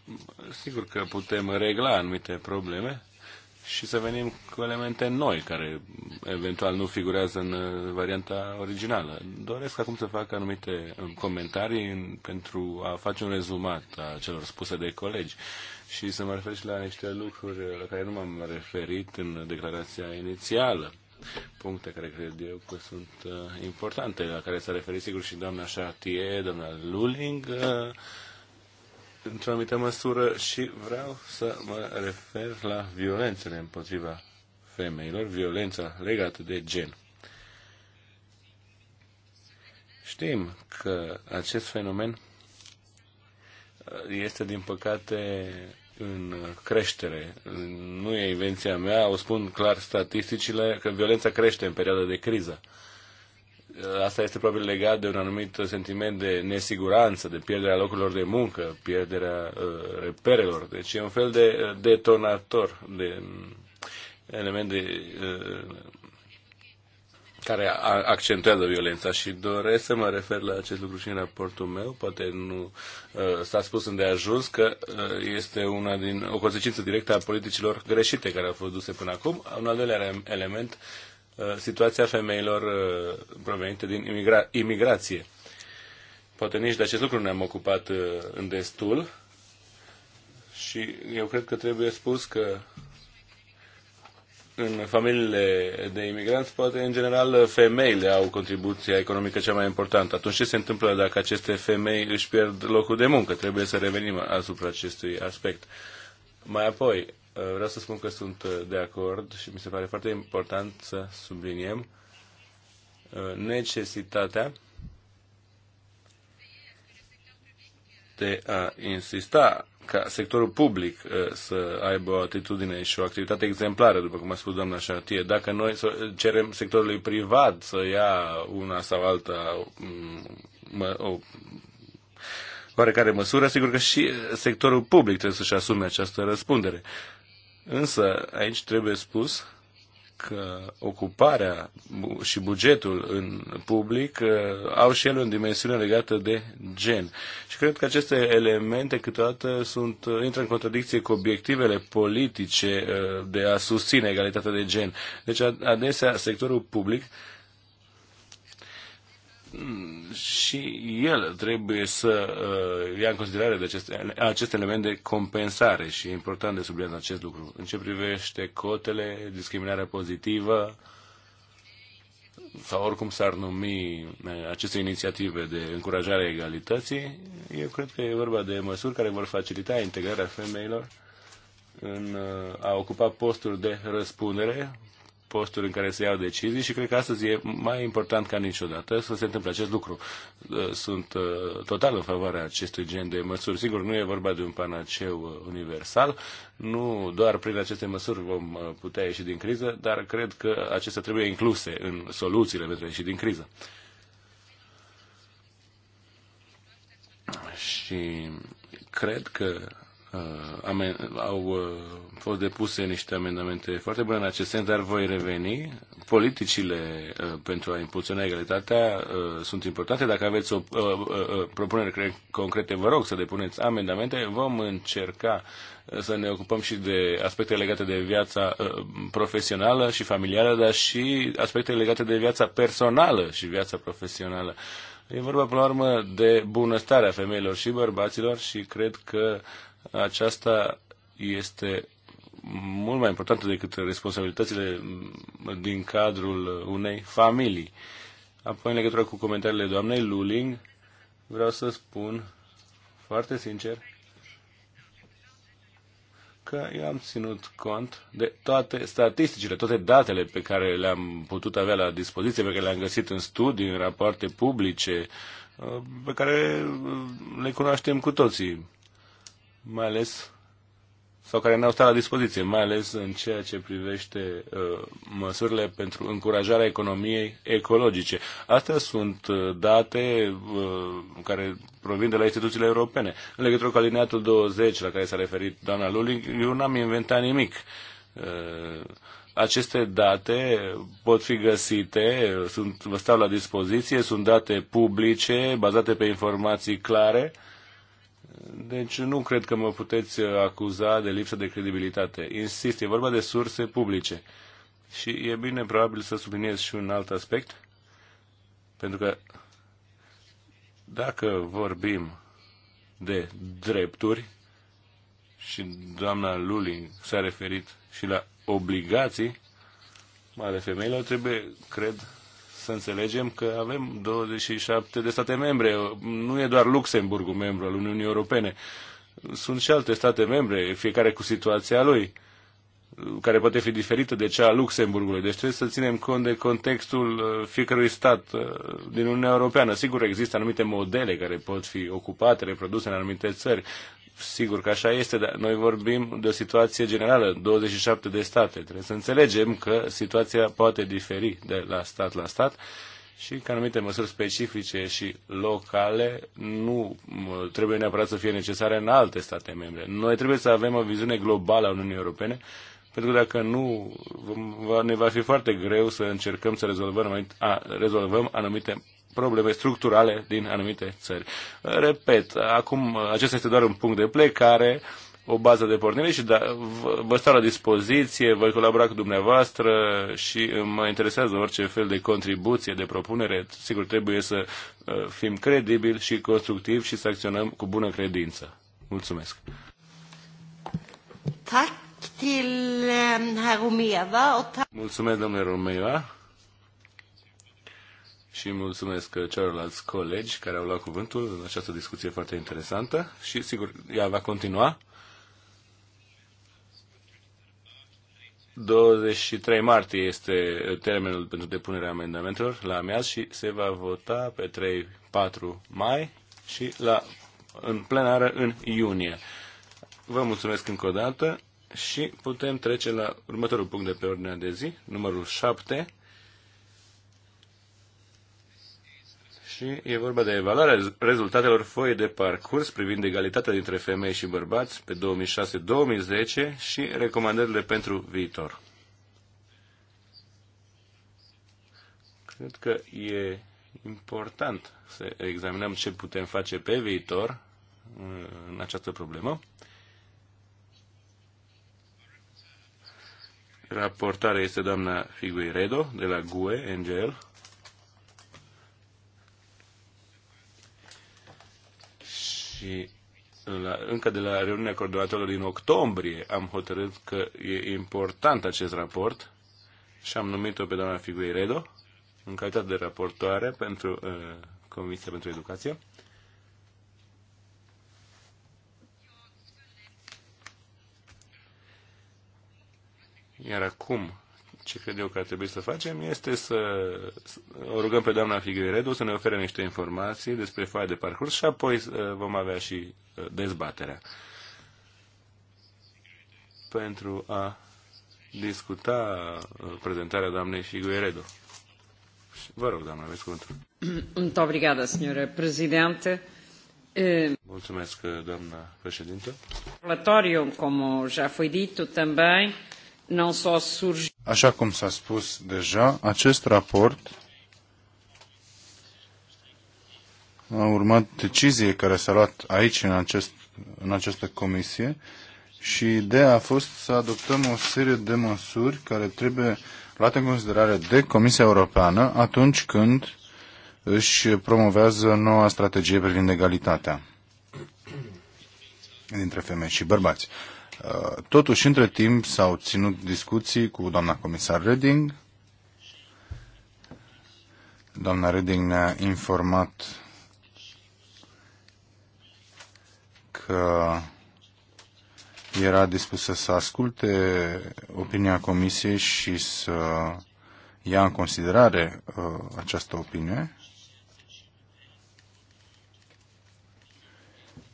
sigur că putem regla anumite probleme și să venim cu elemente noi care eventual nu figurează în uh, varianta originală. Doresc acum să fac anumite um, comentarii în, pentru a face un rezumat a celor spuse de colegi și să mă refer și la niște lucruri la care nu m-am referit în declarația inițială. Puncte care cred eu că sunt uh, importante, la care s-a referit sigur și doamna Chartier, doamna Luling, uh, într-o anumită măsură și vreau să mă refer la violențele împotriva femeilor, violența legată de gen. Știm că acest fenomen uh, este, din păcate, în creștere. Nu e invenția mea, o spun clar statisticile, că violența crește în perioada de criză. Uh, asta este probabil legat de un anumit sentiment de nesiguranță, de pierderea locurilor de muncă, pierderea uh, reperelor. Deci e un fel de uh, detonator, de element de, uh, care accentuează violența și doresc să mă refer la acest lucru și în raportul meu. Poate nu uh, s-a spus unde ajuns că uh, este una din, o consecință directă a politicilor greșite care au fost duse până acum. Un al doilea element, situația femeilor provenite din imigra- imigrație. Poate nici de acest lucru nu ne-am ocupat în destul și eu cred că trebuie spus că în familiile de imigranți, poate în general femeile au contribuția economică cea mai importantă. Atunci ce se întâmplă dacă aceste femei își pierd locul de muncă? Trebuie să revenim asupra acestui aspect. Mai apoi, vreau să spun că sunt de acord și mi se pare foarte important să subliniem necesitatea de a insista ca sectorul public uh, să aibă o atitudine și o activitate exemplară, după cum a spus doamna Șartie. Dacă noi cerem sectorului privat să ia una sau alta mm, o oarecare măsură, sigur că și sectorul public trebuie să-și asume această răspundere. Însă, aici trebuie spus ocuparea și bugetul în public uh, au și ele o dimensiune legată de gen. Și cred că aceste elemente câteodată sunt, uh, intră în contradicție cu obiectivele politice uh, de a susține egalitatea de gen. Deci adesea sectorul public și el trebuie să uh, ia în considerare de aceste, acest element de compensare și e important de subliniat acest lucru. În ce privește cotele, discriminarea pozitivă sau oricum s-ar numi uh, aceste inițiative de încurajare a egalității, eu cred că e vorba de măsuri care vor facilita integrarea femeilor în uh, a ocupa posturi de răspundere postul în care se iau decizii și cred că astăzi e mai important ca niciodată să se întâmple acest lucru. Uh, sunt uh, total în favoarea acestui gen de măsuri. Sigur, nu e vorba de un panaceu uh, universal, nu doar prin aceste măsuri vom putea ieși din criză, dar cred că acestea trebuie incluse în soluțiile pentru a ieși din criză. Și cred că Uh, au uh, fost depuse niște amendamente foarte bune în acest sens, dar voi reveni. Politicile uh, pentru a impulsiona egalitatea sunt importante. Dacă aveți o propunere concrete, vă rog să depuneți amendamente. Vom încerca să ne ocupăm și de aspecte legate de viața profesională și familială, dar și aspecte legate de viața personală și viața profesională. E vorba, până la urmă, de bunăstarea femeilor și bărbaților și cred că uh, aceasta este mult mai importantă decât responsabilitățile din cadrul unei familii. Apoi, în legătură cu comentariile doamnei Luling, vreau să spun foarte sincer că eu am ținut cont de toate statisticile, toate datele pe care le-am putut avea la dispoziție, pe care le-am găsit în studii, în rapoarte publice, pe care le cunoaștem cu toții mai ales sau care ne-au stat la dispoziție, mai ales în ceea ce privește uh, măsurile pentru încurajarea economiei ecologice. Astea sunt uh, date uh, care provin de la instituțiile europene. În legătură cu alineatul 20 la care s-a referit doamna Luling, eu n-am inventat nimic. Uh, aceste date pot fi găsite, sunt, vă stau la dispoziție, sunt date publice, bazate pe informații clare, uh, deci nu cred că mă puteți uh, acuza de lipsă de credibilitate. Insist, e vorba de surse publice. Și e bine probabil să subliniez și un alt aspect, pentru că dacă vorbim de drepturi, și doamna Luling s-a referit și la obligații, ale femeilor, trebuie, cred, să înțelegem că avem 27 de state membre. Nu e doar Luxemburgul membru al Uniunii Europene. Sunt și alte state membre, fiecare cu situația lui care poate fi diferită de cea a Luxemburgului. Deci trebuie să ținem cont de contextul uh, fiecărui stat uh, din Uniunea Europeană. Sigur, există anumite modele care pot fi ocupate, reproduse în anumite țări, sigur că așa este, dar noi vorbim de o situație generală, 27 de state. Trebuie să înțelegem că situația poate diferi de la stat la stat și că anumite măsuri specifice și locale nu trebuie neapărat să fie necesare în alte state membre. Noi trebuie să avem o viziune globală a Uniunii Europene, pentru că dacă nu, ne va fi foarte greu să încercăm să rezolvăm, rezolvăm anumite probleme structurale din anumite țări. Repet, acum acesta este doar un punct de plecare, o bază de pornire și da, vă stau la dispoziție, voi colabora cu dumneavoastră și mă interesează orice fel de contribuție, de propunere. Sigur, trebuie să uh, fim credibili și constructivi și să acționăm cu bună credință. Mulțumesc! Um, herr Romeva Mulțumesc, domnule Romeva și mulțumesc celorlalți colegi care au luat cuvântul în această discuție foarte interesantă și, sigur, ea va continua. 23 martie este termenul pentru depunerea amendamentelor la amiaz și se va vota pe 3-4 mai și la, în plenară în iunie. Vă mulțumesc încă o dată și putem trece la următorul punct de pe ordinea de zi, numărul 7, și e vorba de evaluarea rezultatelor foie de parcurs privind egalitatea dintre femei și bărbați pe 2006-2010 și recomandările pentru viitor. Cred că e important să examinăm ce putem face pe viitor uh, în această problemă. Raportarea este doamna Figuiredo de la GUE, NGL. și la, încă de la reuniunea coordonatorilor din octombrie am hotărât că e important acest raport și am numit-o pe doamna Figueiredo în calitate de raportoare pentru uh, Comisia pentru Educație. Iar acum ce cred eu că ar trebui să facem este să o rugăm pe doamna Figueredo să ne ofere niște informații despre foaia de parcurs și apoi uh, vom avea și uh, dezbaterea pentru a discuta uh, prezentarea doamnei Figueredo. Vă rog, doamna, aveți cuvântul. Muito obrigada, senhora Presidente. Eh, Mulțumesc, doamna președinte. Relatório, como já foi dito também, Așa cum s-a spus deja, acest raport a urmat decizie care s-a luat aici, în, acest, în această comisie, și ideea a fost să adoptăm o serie de măsuri care trebuie luate în considerare de Comisia Europeană atunci când își promovează noua strategie privind egalitatea dintre femei și bărbați. Uh, totuși, între timp, s-au ținut discuții cu doamna comisar Reding. Doamna Reding ne-a informat că era dispusă să asculte opinia comisiei și să ia în considerare uh, această opinie.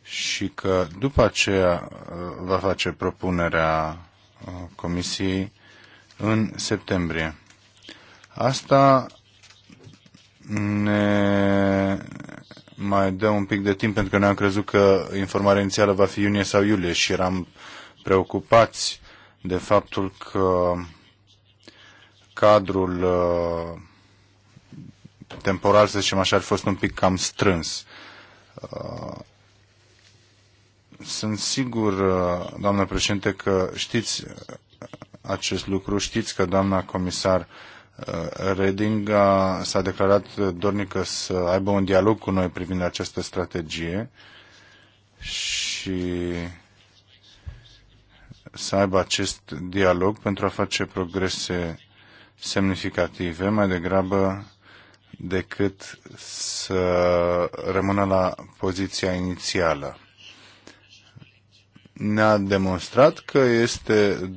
și că după aceea uh, va face propunerea uh, Comisiei în septembrie. Asta ne mai dă un pic de timp pentru că noi am crezut că informarea inițială va fi iunie sau iulie și eram preocupați de faptul că cadrul uh, temporal, să zicem așa, ar fost un pic cam strâns. Sunt sigur, uh, doamnă președinte, că știți uh, acest lucru, știți că doamna comisar uh, Reding s-a declarat dornică să aibă un dialog cu noi privind această strategie și să aibă acest dialog pentru a face progrese semnificative, mai degrabă decât să rămână la poziția inițială ne-a demonstrat că este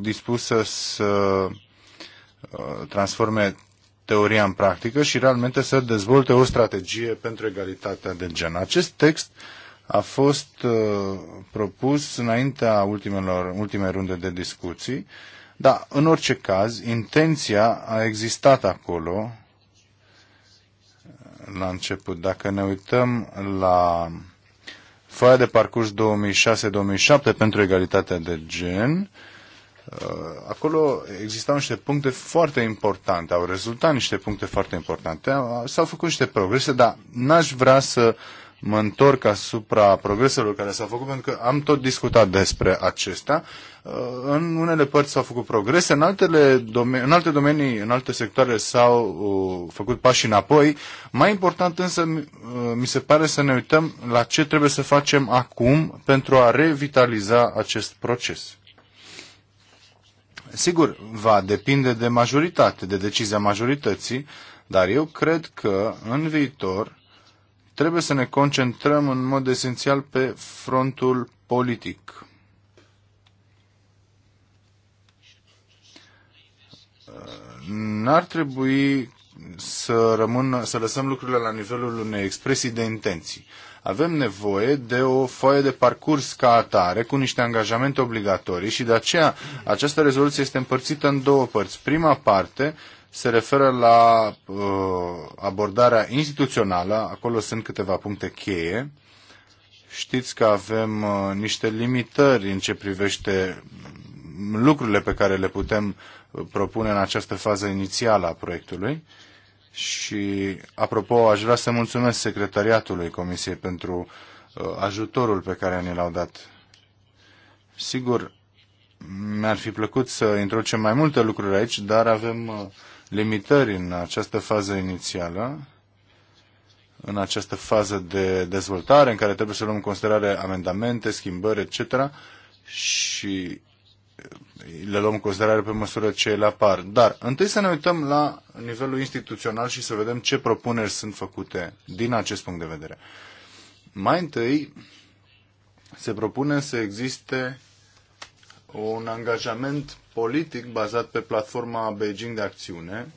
dispusă să uh, transforme teoria în practică și realmente să dezvolte o strategie pentru egalitatea de gen. Acest text a fost uh, propus înaintea ultimelor, ultime runde de discuții, dar în orice caz, intenția a existat acolo uh, la început. Dacă ne uităm la foaia de parcurs 2006-2007 pentru egalitatea de gen, uh, acolo existau niște puncte foarte importante, au rezultat niște puncte foarte importante, s-au făcut niște progrese, dar n-aș vrea să uh, mă întorc asupra progreselor care s-au făcut, pentru că am tot discutat despre acestea. Uh, în unele părți s-au făcut progrese, în, altele în alte domenii, în alte sectoare s-au uh, făcut pași înapoi. Mai important însă uh, mi se pare să ne uităm la ce trebuie să facem acum pentru a revitaliza acest proces. Sigur, va depinde de majoritate, de decizia majorității, dar eu cred că în viitor trebuie să ne concentrăm în mod esențial pe frontul politic. N-ar trebui să, rămână, să lăsăm lucrurile la nivelul unei expresii de intenții. Avem nevoie de o foaie de parcurs ca atare, cu niște angajamente obligatorii și de aceea această rezoluție este împărțită în două părți. Prima parte se referă la uh, abordarea instituțională. Acolo sunt câteva puncte cheie. Știți că avem uh, niște limitări în ce privește lucrurile pe care le putem uh, propune în această fază inițială a proiectului. Și, apropo, aș vrea să mulțumesc secretariatului Comisiei pentru uh, ajutorul pe care ne l-au dat. Sigur, mi-ar fi plăcut să introducem mai multe lucruri aici, dar avem uh, limitări în această fază inițială, în această fază de dezvoltare în care trebuie să luăm în considerare amendamente, schimbări, etc. și le luăm în considerare pe măsură ce le apar. Dar întâi să ne uităm la nivelul instituțional și să vedem ce propuneri sunt făcute din acest punct de vedere. Mai întâi se propune să existe un angajament politic bazat pe platforma Beijing de acțiune.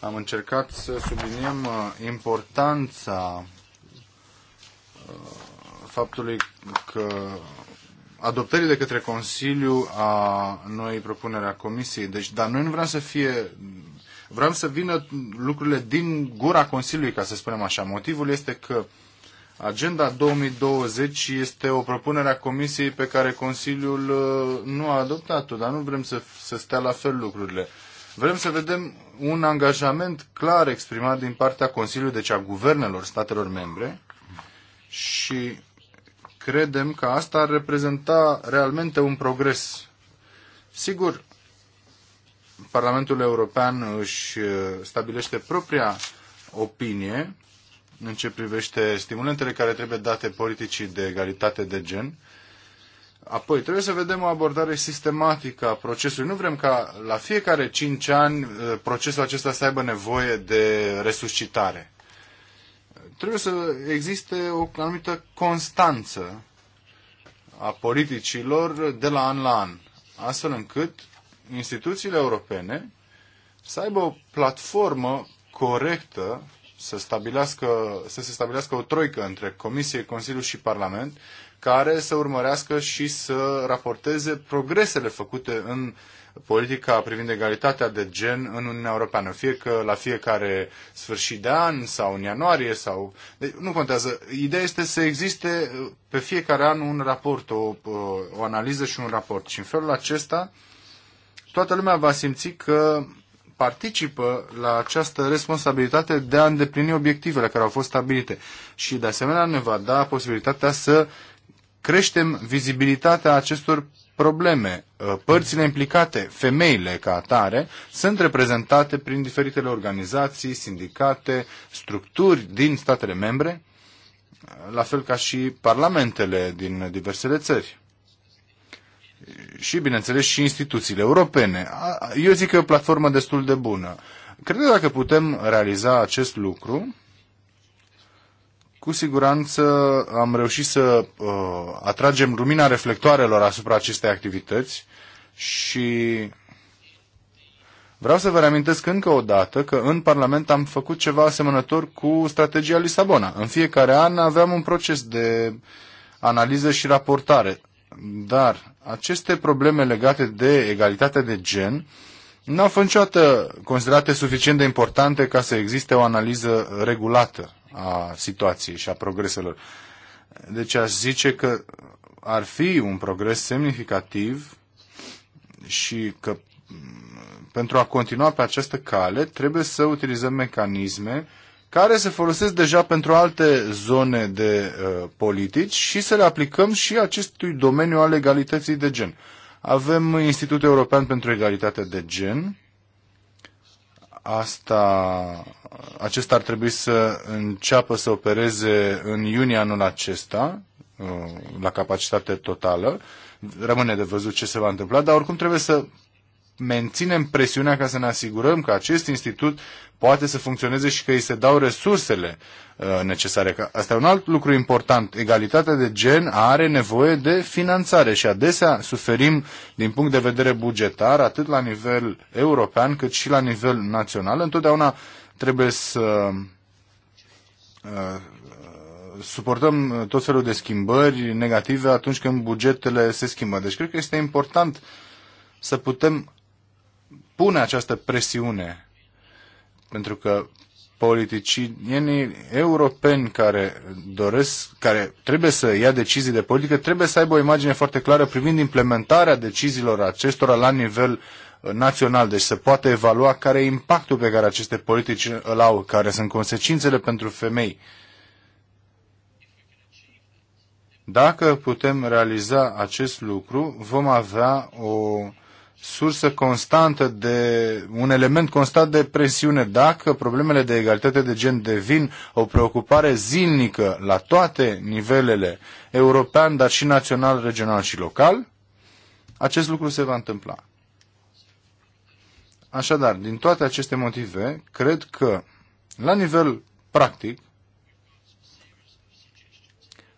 Am încercat să subliniem uh, importanța uh, faptului că adoptării de către Consiliu a noi propunerea Comisiei. Deci, dar noi nu vrem să fie Vreau să vină lucrurile din gura Consiliului, ca să spunem așa. Motivul este că Agenda 2020 este o propunere a Comisiei pe care Consiliul uh, nu a adoptat-o, dar nu vrem să, să stea la fel lucrurile. Vrem să vedem un angajament clar exprimat din partea Consiliului, deci a guvernelor statelor membre și credem că asta ar reprezenta realmente un progres. Sigur, Parlamentul European își uh, stabilește propria opinie în ce privește stimulentele care trebuie date politicii de egalitate de gen. Apoi, trebuie să vedem o abordare sistematică a procesului. Nu vrem ca la fiecare 5 ani uh, procesul acesta să aibă nevoie de resuscitare. Trebuie să existe o anumită constanță a politicilor de la an la an, astfel încât instituțiile europene să aibă o platformă corectă să, stabilească, să se stabilească o troică între Comisie, Consiliu și Parlament, care să urmărească și să raporteze progresele făcute în politica privind egalitatea de gen în Uniunea Europeană, fie că la fiecare sfârșit de an sau în ianuarie sau... Deci, nu contează. Ideea este să existe uh, pe fiecare an un raport, o, uh, o analiză și un raport. Și în felul acesta toată lumea va simți că participă la această responsabilitate de a îndeplini obiectivele care au fost stabilite. Și de asemenea ne va da posibilitatea să creștem vizibilitatea acestor probleme. Uh, părțile implicate, femeile ca atare, sunt reprezentate prin diferitele organizații, sindicate, structuri din statele membre, la fel ca și parlamentele din diversele țări și, bineînțeles, și instituțiile europene. Eu zic că e o platformă destul de bună. Cred că dacă putem realiza acest lucru, cu siguranță am reușit să uh, atragem lumina reflectoarelor asupra acestei activități și vreau să vă reamintesc încă o dată că în Parlament am făcut ceva asemănător cu strategia Lisabona. În fiecare an aveam un proces de analiză și raportare. Dar aceste probleme legate de egalitatea de gen nu au fost niciodată considerate suficient de importante ca să existe o analiză regulată a situației și a progreselor. Deci aș zice că ar fi un progres semnificativ și că pentru a continua pe această cale trebuie să utilizăm mecanisme uh, care se folosesc deja pentru alte zone de uh, politici și să le aplicăm și acestui domeniu al egalității de gen. Avem Institutul European pentru Egalitate de Gen. Asta, acesta ar trebui să înceapă să opereze în iunie anul acesta, uh, la capacitate totală. Rămâne de văzut ce se va întâmpla, dar oricum trebuie să menținem presiunea ca să ne asigurăm că acest institut poate să funcționeze și că îi se dau resursele uh, necesare. Asta e un alt lucru important. Egalitatea de gen are nevoie de finanțare și adesea suferim din punct de vedere bugetar, atât la nivel european cât și la nivel național. Întotdeauna trebuie să uh, suportăm tot felul de schimbări negative atunci când bugetele se schimbă. Deci cred că este important să putem pune această presiune. Pentru că politicienii europeni care doresc, care trebuie să ia decizii de politică, trebuie să aibă o imagine foarte clară privind implementarea deciziilor acestora la nivel uh, național, deci să poate evalua care e impactul pe care aceste politici îl au, care sunt consecințele pentru femei. Dacă putem realiza acest lucru, vom avea o sursă constantă de un element constant de presiune. Dacă problemele de egalitate de gen devin o preocupare zilnică la toate nivelele, european, dar și național, regional și local, acest lucru se va întâmpla. Așadar, din toate aceste motive, cred că la nivel practic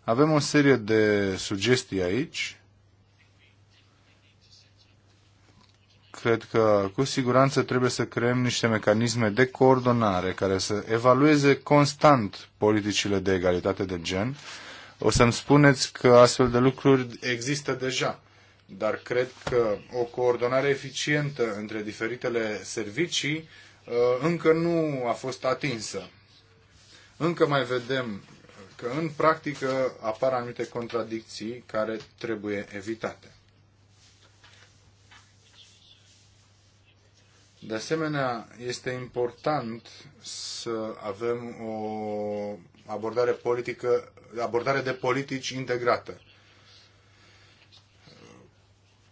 avem o serie de sugestii aici cred că cu siguranță trebuie să creăm niște mecanisme de coordonare care să evalueze constant politicile de egalitate de gen. O să-mi spuneți că astfel de lucruri există deja, dar cred că o coordonare eficientă între diferitele servicii uh, încă nu a fost atinsă. Încă mai vedem că în practică apar anumite contradicții care trebuie evitate. De asemenea, este important să avem o abordare politică, abordare de politici integrată.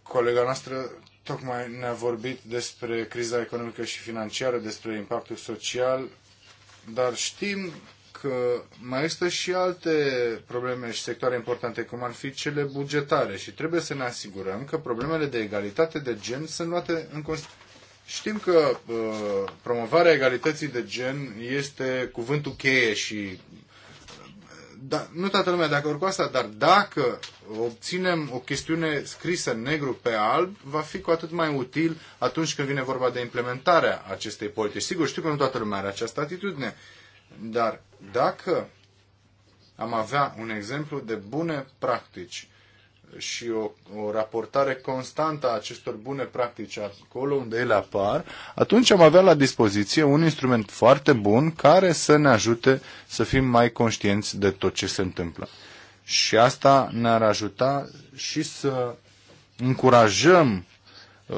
Colega noastră tocmai ne-a vorbit despre criza economică și financiară, despre impactul social, dar știm că mai există și alte probleme și sectoare importante, cum ar fi cele bugetare și trebuie să ne asigurăm că problemele de egalitate de gen sunt luate în considerare Știm că uh, promovarea egalității de gen este cuvântul cheie și uh, da, nu toată lumea de acord cu asta, dar dacă obținem o chestiune scrisă negru pe alb, va fi cu atât mai util atunci când vine vorba de implementarea acestei politici. Sigur, știu că nu toată lumea are această atitudine, dar dacă am avea un exemplu de bune practici și o, o raportare constantă a acestor bune practici acolo unde ele apar, atunci am avea la dispoziție un instrument foarte bun care să ne ajute să fim mai conștienți de tot ce se întâmplă. Și asta ne-ar ajuta și să încurajăm uh,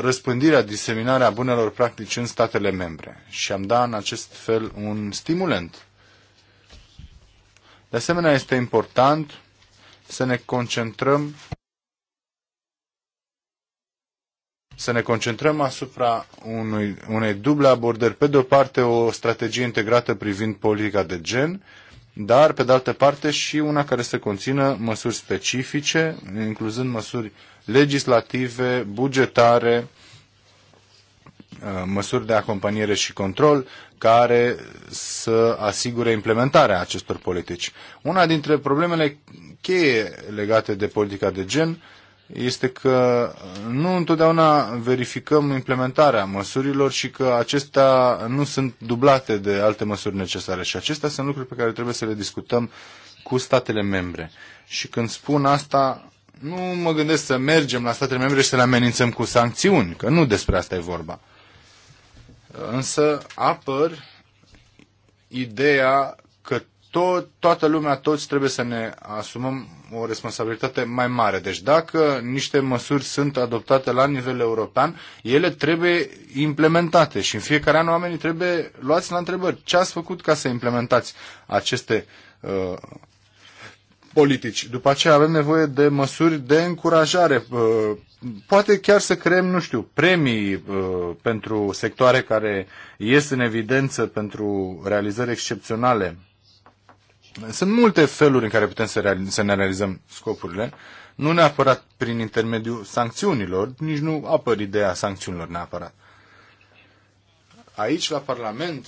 răspândirea, diseminarea bunelor practici în statele membre și am dat, în acest fel un stimulant. De asemenea, este important să ne concentrăm să ne concentrăm asupra unui, unei duble abordări. Pe de o parte, o strategie integrată privind politica de gen, dar, pe de altă parte, și una care să conțină măsuri specifice, incluzând măsuri legislative, bugetare, uh, măsuri de acompaniere și control, care să asigure implementarea acestor politici. Una dintre problemele cheie legate de politica de gen este că nu întotdeauna verificăm implementarea măsurilor și că acestea nu sunt dublate de alte măsuri necesare. Și acestea sunt lucruri pe care trebuie să le discutăm cu statele membre. Și când spun asta, nu mă gândesc să mergem la statele membre și să le amenințăm cu sancțiuni, că nu despre asta e vorba însă apăr ideea că tot, toată lumea, toți trebuie să ne asumăm o responsabilitate mai mare. Deci dacă niște măsuri sunt adoptate la nivel european, ele trebuie implementate și în fiecare an oamenii trebuie luați la întrebări ce ați făcut ca să implementați aceste uh, politici. După aceea avem nevoie de măsuri de încurajare, uh, poate chiar să creăm, nu știu, premii uh, pentru sectoare care ies în evidență pentru realizări excepționale. Sunt multe feluri în care putem să, reali- să ne realizăm scopurile, nu neapărat prin intermediul sancțiunilor, nici nu apăr ideea sancțiunilor neapărat. Aici, la Parlament,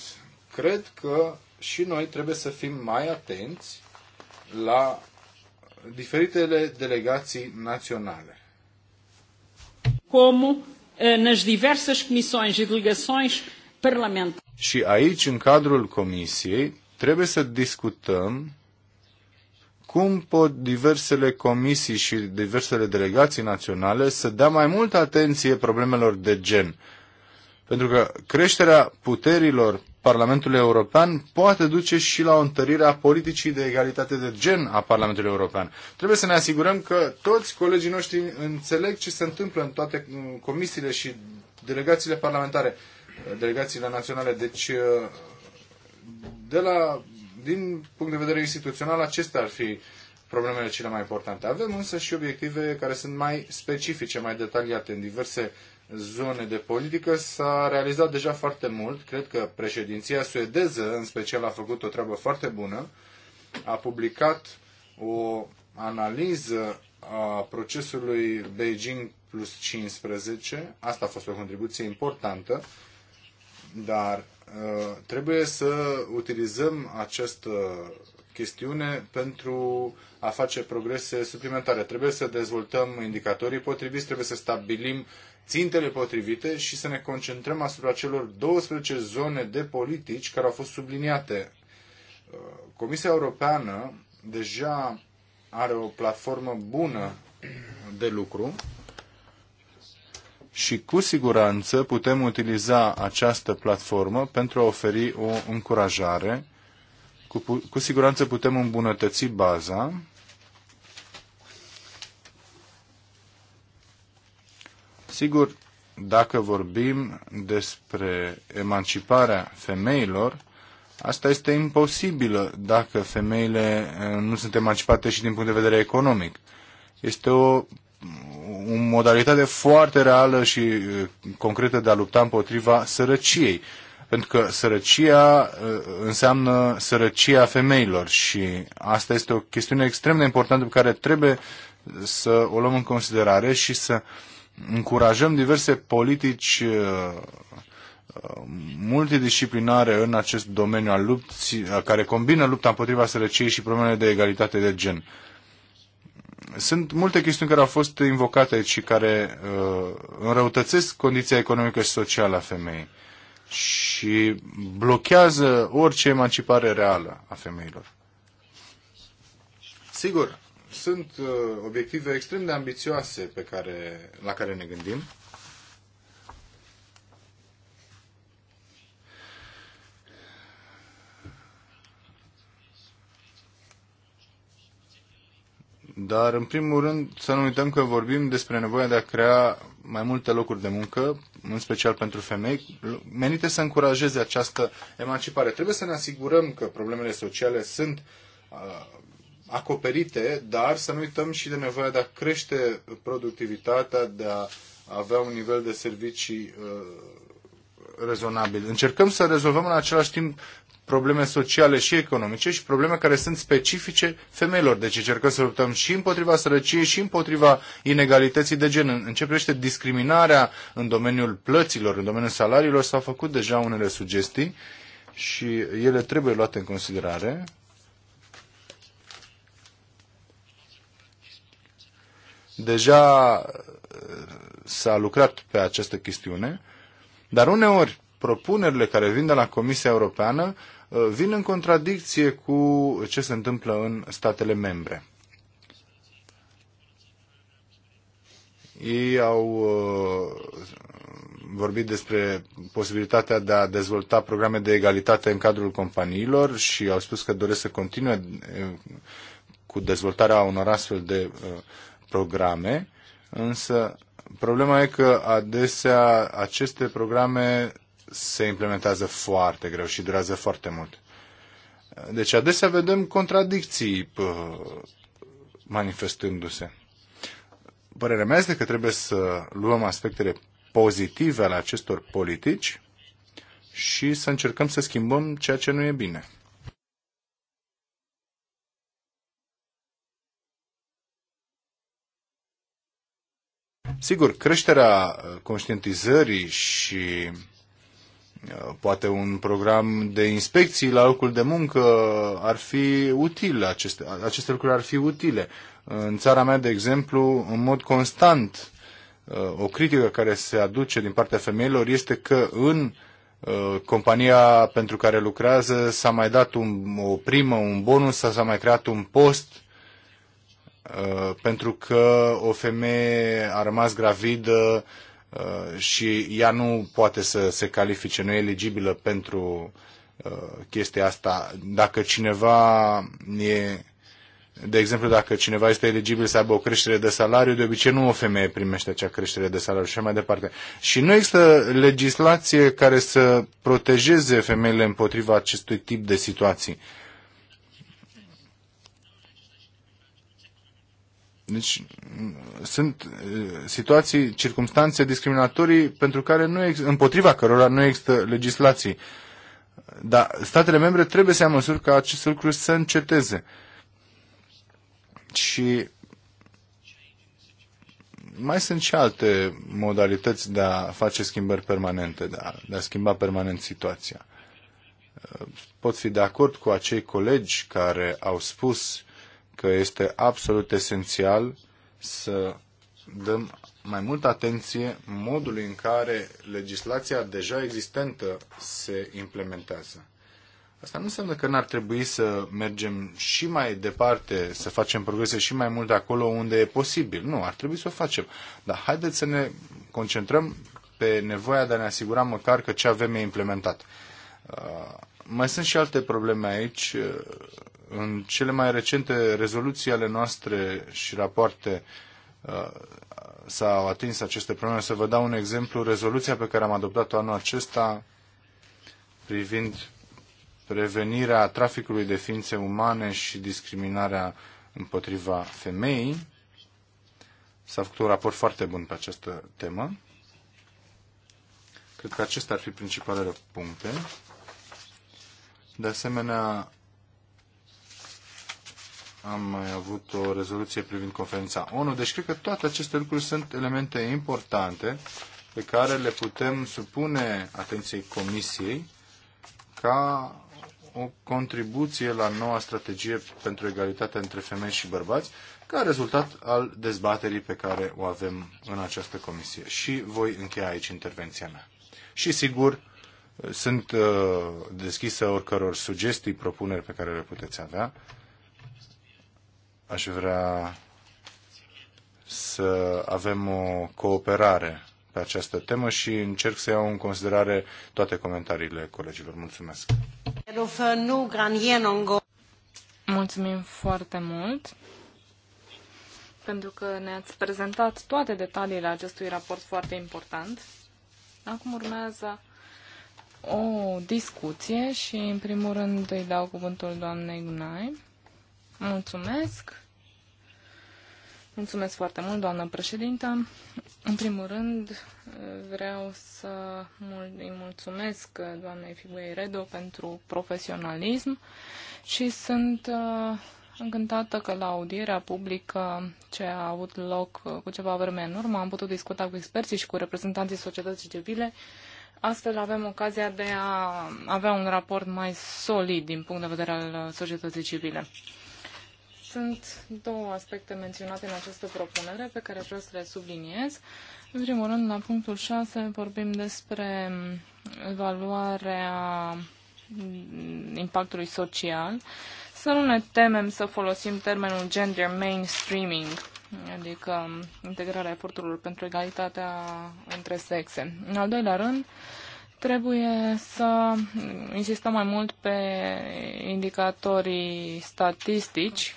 cred că și noi trebuie să fim mai atenți la diferitele delegații naționale como eh, nas diversas comissões și delegações parlamentares. Și aici, în cadrul comisiei, trebuie să discutăm cum pot diversele comisii și diversele delegații naționale să dea mai multă atenție problemelor de gen. Pentru că creșterea puterilor Parlamentul European poate duce și la o întărire a politicii de egalitate de gen a Parlamentului European. Trebuie să ne asigurăm că toți colegii noștri înțeleg ce se întâmplă în toate comisiile și delegațiile parlamentare, delegațiile naționale. Deci, de la, din punct de vedere instituțional, acestea ar fi problemele cele mai importante. Avem însă și obiective care sunt mai specifice, mai detaliate în diverse zone de politică s-a realizat deja foarte mult. Cred că președinția suedeză, în special, a făcut o treabă foarte bună. A publicat o analiză a procesului Beijing plus 15. Asta a fost o contribuție importantă, dar uh, trebuie să utilizăm această chestiune pentru a face progrese suplimentare. Trebuie să dezvoltăm indicatorii potriviți, trebuie să stabilim țintele potrivite și să ne concentrăm asupra celor 12 zone de politici care au fost subliniate. Uh, Comisia Europeană deja are o platformă bună de lucru și cu siguranță putem utiliza această platformă pentru a oferi o încurajare. Cu, cu siguranță putem îmbunătăți baza Sigur, dacă vorbim despre emanciparea femeilor, asta este imposibilă dacă femeile eh, nu sunt emancipate și din punct de vedere economic. Este o, o modalitate foarte reală și eh, concretă de a lupta împotriva sărăciei. Pentru că sărăcia eh, înseamnă sărăcia femeilor și asta este o chestiune extrem de importantă pe care trebuie să o luăm în considerare și să uh, încurajăm diverse politici uh, uh, multidisciplinare în acest domeniu al lupții, uh, care combină lupta împotriva sărăciei și problemele de egalitate de gen. Sunt multe chestiuni care au fost invocate și care uh, înrăutățesc condiția economică și socială a femeii și blochează orice emancipare reală a femeilor. Sigur, sunt uh, obiective extrem de ambițioase pe care, la care ne gândim. Dar, în primul rând, să nu uităm că vorbim despre nevoia de a crea mai multe locuri de muncă, în special pentru femei, menite să încurajeze această emancipare. Trebuie să ne asigurăm că problemele sociale sunt uh, acoperite, dar să nu uităm și de nevoia de a crește productivitatea, de a avea un nivel de servicii uh, rezonabil. Încercăm să rezolvăm în același timp probleme sociale și economice și probleme care sunt specifice femeilor. Deci încercăm să luptăm și împotriva sărăciei și împotriva inegalității de gen. Începește discriminarea în domeniul plăților, în domeniul salariilor, s-au făcut deja unele sugestii și ele trebuie luate în considerare. Deja uh, s-a lucrat pe această chestiune, dar uneori propunerile care vin de la Comisia Europeană uh, vin în contradicție cu ce se întâmplă în statele membre. Ei au uh, vorbit despre posibilitatea de a dezvolta programe de egalitate în cadrul companiilor și au spus că doresc să continue cu dezvoltarea unor astfel de programe, însă problema e că adesea aceste programe se implementează foarte greu și durează foarte mult. Deci adesea vedem contradicții manifestându-se. Părerea mea este că trebuie să luăm aspectele pozitive ale acestor politici și să încercăm să schimbăm ceea ce nu e bine. Sigur, creșterea uh, conștientizării și uh, poate un program de inspecții la locul de muncă ar fi util, aceste, aceste lucruri ar fi utile. În țara mea, de exemplu, în mod constant, uh, o critică care se aduce din partea femeilor este că în compania pentru care lucrează s-a mai dat un, o primă, un bonus, s-a mai creat un post Uh, pentru că o femeie a rămas gravidă uh, și ea nu poate să se califice, nu e eligibilă pentru uh, chestia asta. Dacă cineva e de exemplu, dacă cineva este eligibil să aibă o creștere de salariu, de obicei nu o femeie primește acea creștere de salariu și mai departe. Și nu există legislație care să protejeze femeile împotriva acestui tip de situații. Uh, Deci sunt uh, situații, circumstanțe discriminatorii pentru care nu ex- împotriva cărora nu există legislații. Dar statele membre trebuie să ia măsuri ca acest lucru să înceteze. Și mai sunt și alte modalități de a face schimbări permanente, de a, de a schimba permanent situația. Uh, pot fi de acord cu acei colegi care au spus că este absolut esențial să dăm mai multă atenție modului în care legislația deja existentă se implementează. Asta nu înseamnă că n-ar trebui să mergem și mai departe, să facem progrese și mai mult acolo unde e posibil. Nu, ar trebui să o facem. Dar haideți să ne concentrăm pe nevoia de a ne asigura măcar că ce avem e implementat. Uh, mai sunt și alte probleme aici uh, în cele mai recente rezoluții ale noastre și rapoarte uh, s-au atins aceste probleme. să vă dau un exemplu. Rezoluția pe care am adoptat-o anul acesta privind prevenirea traficului de ființe umane și discriminarea împotriva femeii. S-a făcut un raport foarte bun pe această temă. Cred că acestea ar fi principalele puncte. De asemenea, am mai avut o rezoluție privind conferința ONU. Deci cred că toate aceste lucruri sunt elemente importante pe care le putem supune atenției Comisiei ca o contribuție la noua strategie pentru egalitatea între femei și bărbați, ca rezultat al dezbaterii pe care o avem în această comisie. Și voi încheia aici intervenția mea. Și sigur, sunt uh, deschisă oricăror sugestii, propuneri pe care le puteți avea Aș vrea să avem o cooperare pe această temă și încerc să iau în considerare toate comentariile colegilor. Mulțumesc! Mulțumim foarte mult pentru că ne-ați prezentat toate detaliile acestui raport foarte important. Acum urmează o discuție și, în primul rând, îi dau cuvântul doamnei Gunai. Mulțumesc. Mulțumesc foarte mult, doamnă președintă. În primul rând, vreau să îi mulțumesc doamnei Figuei Redo pentru profesionalism și sunt uh, încântată că la audierea publică ce a avut loc uh, cu ceva vreme în urmă am putut discuta cu experții și cu reprezentanții societății civile. Astfel avem ocazia de a avea un raport mai solid din punct de vedere al uh, societății civile. Sunt două aspecte menționate în această propunere pe care vreau să le subliniez. În primul rând, la punctul 6 vorbim despre evaluarea impactului social. Să nu ne temem să folosim termenul gender mainstreaming, adică integrarea eforturilor pentru egalitatea între sexe. În al doilea rând, trebuie să insistăm mai mult pe indicatorii statistici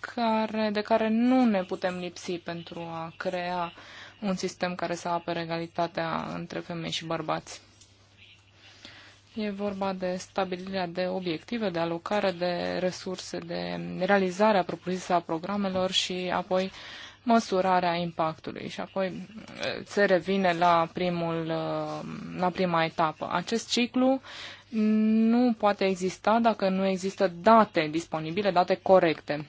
care, de care nu ne putem lipsi pentru a crea un sistem care să apere egalitatea între femei și bărbați. E vorba de stabilirea de obiective, de alocare de resurse, de realizarea propriu-zisă a programelor și apoi măsurarea impactului și apoi eh, se revine la, primul, eh, la prima etapă. Acest ciclu nu poate exista dacă nu există date disponibile, date corecte.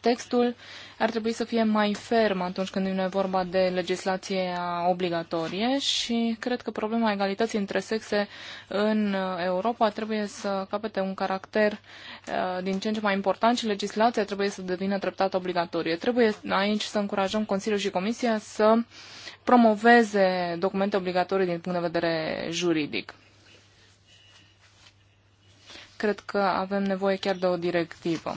Textul ar trebui să fie mai ferm atunci când vine e vorba de legislație obligatorie și cred că problema egalității între sexe în uh, Europa trebuie să capete un caracter uh, din ce în ce mai important și legislația trebuie să devină treptată obligatorie. Trebuie aici să încurajăm Consiliul și Comisia să promoveze documente obligatorii din punct de vedere juridic cred că avem nevoie chiar de o directivă.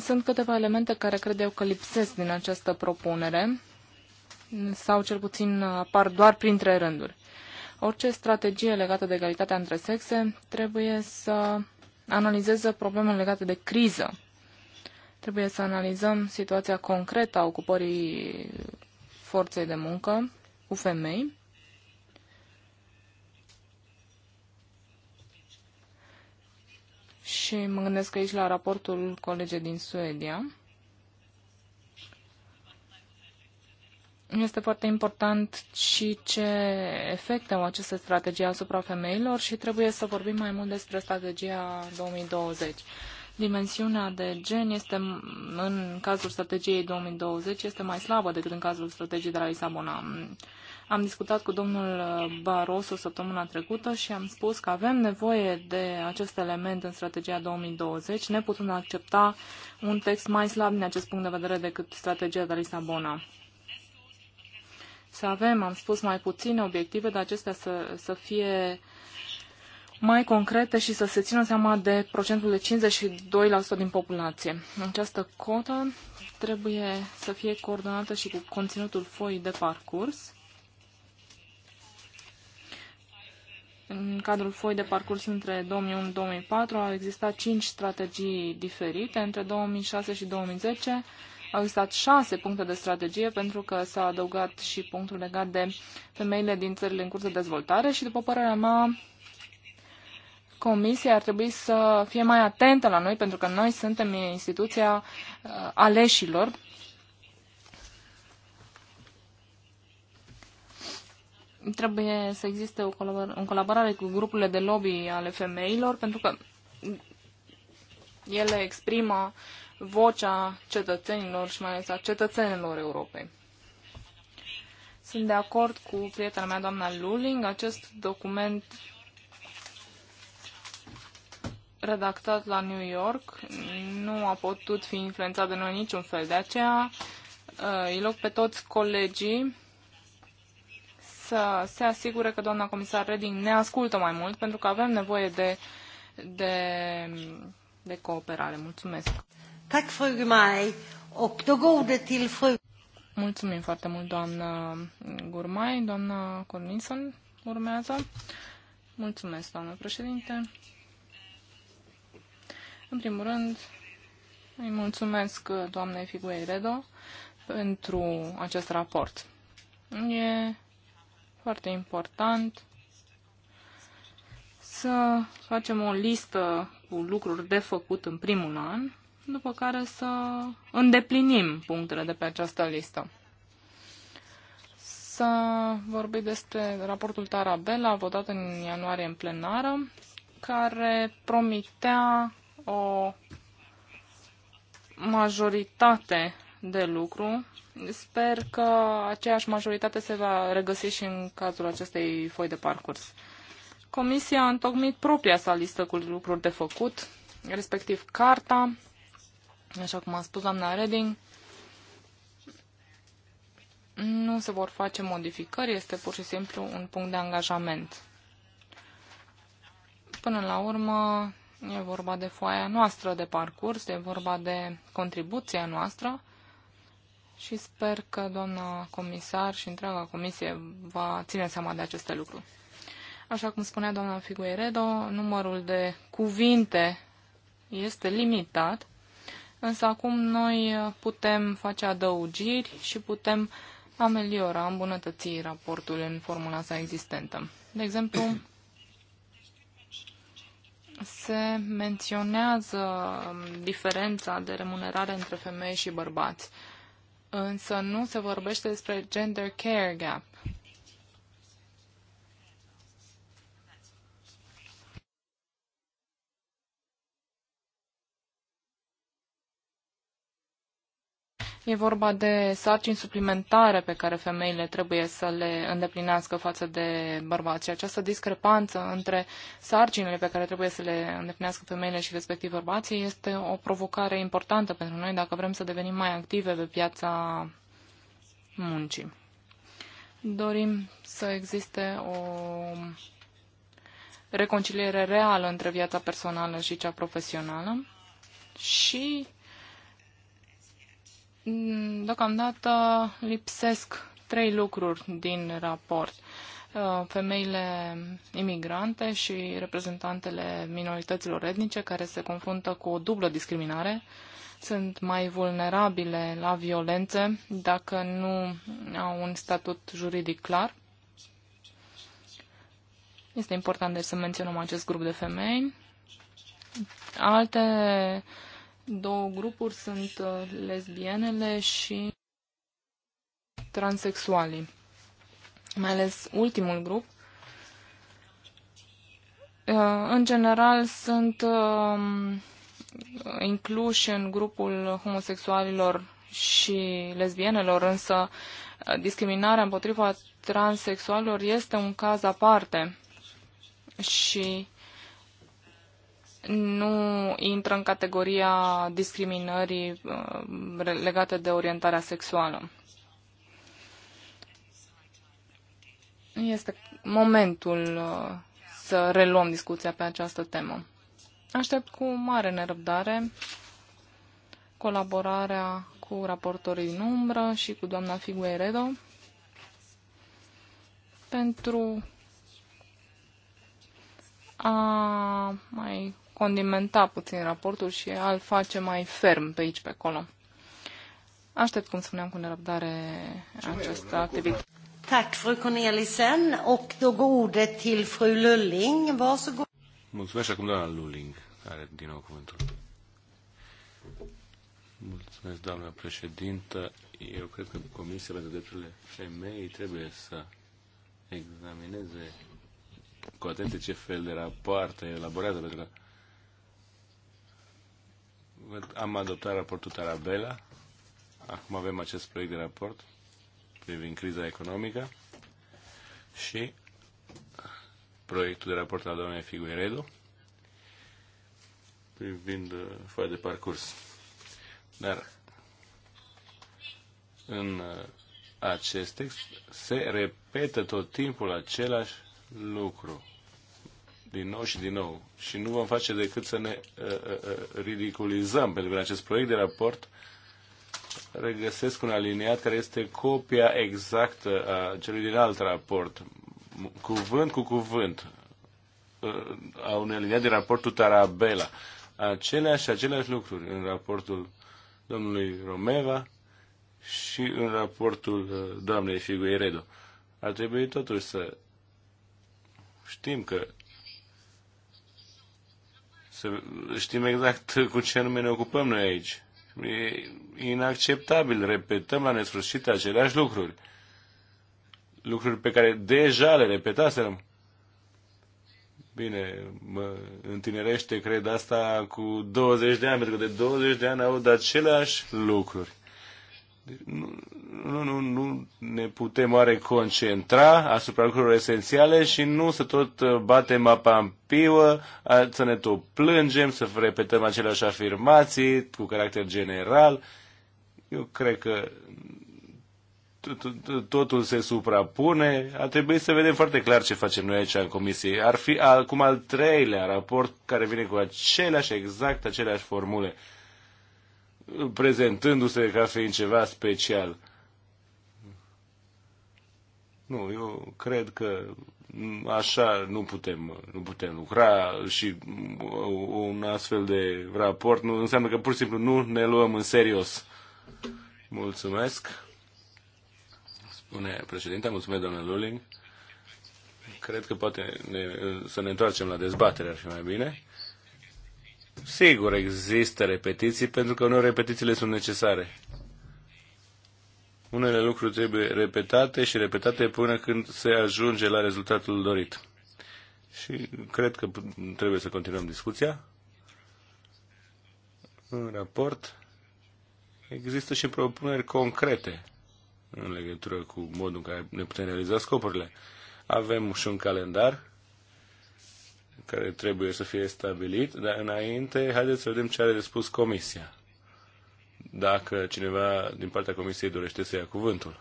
Sunt câteva elemente care cred eu că lipsesc din această propunere sau cel puțin apar doar printre rânduri. Orice strategie legată de egalitatea între sexe trebuie să analizeze probleme legate de criză. Trebuie să analizăm situația concretă a ocupării forței de muncă cu femei și mă gândesc aici la raportul colegei din Suedia. Este foarte important și ce efecte au aceste strategii asupra femeilor și trebuie să vorbim mai mult despre strategia 2020. Dimensiunea de gen este, în cazul strategiei 2020 este mai slabă decât în cazul strategiei de la Lisabona. Am discutat cu domnul uh, Barroso săptămâna trecută și am spus că avem nevoie de acest element în strategia 2020, ne putem accepta un text mai slab din acest punct de vedere decât strategia de Lisabona. Să avem, am spus, mai puține obiective, dar acestea să, să fie mai concrete și să se țină seama de procentul de 52% din populație. Această cotă trebuie să fie coordonată și cu conținutul foii de parcurs În cadrul foi de parcurs între 2001-2004 au existat 5 strategii diferite. Între 2006 și 2010 au existat 6 puncte de strategie pentru că s-a adăugat și punctul legat de femeile din țările în curs de dezvoltare și, după părerea mea, Comisia ar trebui să fie mai atentă la noi, pentru că noi suntem instituția uh, aleșilor trebuie să existe o colaborare, o colaborare cu grupurile de lobby ale femeilor, pentru că ele exprimă vocea cetățenilor și mai ales a cetățenilor Europei. Sunt de acord cu prietena mea, doamna Luling. Acest document redactat la New York nu a putut fi influențat de noi niciun fel. De aceea uh, îi loc pe toți colegii să se asigure că doamna comisar Reding ne ascultă mai mult, pentru că avem nevoie de, de, de cooperare. Mulțumesc! Tak fru Mai. fru... Mulțumim foarte mult, doamnă Gurmai. Doamna Corninson urmează. Mulțumesc, doamnă președinte. În primul rând, îi mulțumesc doamnei Redo pentru acest raport. E foarte important să facem o listă cu lucruri de făcut în primul an, după care să îndeplinim punctele de pe această listă. S-a vorbit despre raportul Tarabella, votat în ianuarie în plenară, care promitea o majoritate de lucru. Sper că aceeași majoritate se va regăsi și în cazul acestei foi de parcurs. Comisia a întocmit propria sa listă cu lucruri de făcut, respectiv carta, așa cum a spus doamna Reding, nu se vor face modificări, este pur și simplu un punct de angajament. Până la urmă, e vorba de foaia noastră de parcurs, e vorba de contribuția noastră și sper că doamna comisar și întreaga comisie va ține seama de aceste lucruri. Așa cum spunea doamna Figueredo, numărul de cuvinte este limitat, însă acum noi putem face adăugiri și putem ameliora, îmbunătăți raportul în formula sa existentă. De exemplu, se menționează diferența de remunerare între femei și bărbați însă nu se vorbește despre gender care gap. E vorba de sarcini suplimentare pe care femeile trebuie să le îndeplinească față de bărbați. această discrepanță între sarcinile pe care trebuie să le îndeplinească femeile și respectiv bărbații este o provocare importantă pentru noi dacă vrem să devenim mai active pe piața muncii. Dorim să existe o reconciliere reală între viața personală și cea profesională și Mm, deocamdată lipsesc trei lucruri din raport. Uh, femeile imigrante și reprezentantele minorităților etnice care se confruntă cu o dublă discriminare sunt mai vulnerabile la violențe dacă nu au un statut juridic clar. Este important de deci, să menționăm acest grup de femei. Alte uh, două grupuri sunt uh, lesbienele și transexualii. Mai ales ultimul grup. Uh, în general sunt uh, incluși în grupul homosexualilor și lesbienelor, însă discriminarea împotriva transexualilor este un caz aparte și nu intră în categoria discriminării uh, legate de orientarea sexuală. Este momentul uh, să reluăm discuția pe această temă. Aștept cu mare nerăbdare colaborarea cu raportorii din umbră și cu doamna Figueredo pentru a mai condimenta puțin raportul și al face mai ferm pe aici, pe acolo. Aștept, cum spuneam, cu nerăbdare această activitate. Tack, fru Cornelissen. Och då går ordet till fru Lulling. Varsågod. Mulțumesc acum doamna Lulling, care din nou cuvântul. Mulțumesc, doamna președintă. Eu cred că Comisia pentru Drepturile Femeii trebuie să examineze cu atenție ce fel de rapoarte elaborează, pentru că am adoptat raportul Tarabella. Acum avem acest proiect de raport privind criza economică și proiectul de raport al doamnei Figueredo privind uh, foaia de parcurs. Dar în uh, acest text se repetă tot timpul același lucru din nou și din nou. Și nu vom face decât să ne uh, uh, uh, ridiculizăm, pentru că în acest proiect de raport regăsesc un aliniat care este copia exactă a celui din alt raport, cuvânt cu cuvânt, uh, a unui aliniat din raportul Tarabela. Aceleași și aceleași lucruri în raportul domnului Romeva și în raportul uh, doamnei Figueredo. Ar trebui totuși să știm că să știm exact cu ce nume ne ocupăm noi aici. E inacceptabil. Repetăm la nesfârșit aceleași lucruri. Lucruri pe care deja le repetaserăm. Bine, mă întinerește, cred, asta cu 20 de ani, pentru că de 20 de ani aud aceleași lucruri. Nu, nu, nu, ne putem oare concentra asupra lucrurilor esențiale și nu să tot uh, batem apa în piuă, să ne tot plângem, să repetăm aceleași afirmații cu caracter general. Eu cred că totul se suprapune, a trebuit să vedem foarte clar ce facem noi aici în comisie. Ar fi acum al treilea raport care vine cu aceleași, exact aceleași formule prezentându-se ca fiind ceva special. Nu, eu cred că așa nu putem, nu putem lucra și un astfel de raport nu înseamnă că pur și simplu nu ne luăm în serios. Mulțumesc. Spune președinte, mulțumesc doamne Luling. Cred că poate ne, să ne întoarcem la dezbatere ar fi mai bine. Sigur, există repetiții, pentru că uneori repetițiile sunt necesare. Unele lucruri trebuie repetate și repetate până când se ajunge la rezultatul dorit. Și cred că trebuie să continuăm discuția. În raport există și propuneri concrete în legătură cu modul în care ne putem realiza scopurile. Avem și un calendar care trebuie să fie stabilit, dar înainte, haideți să vedem ce are de spus Comisia. Dacă cineva din partea Comisiei dorește să ia cuvântul.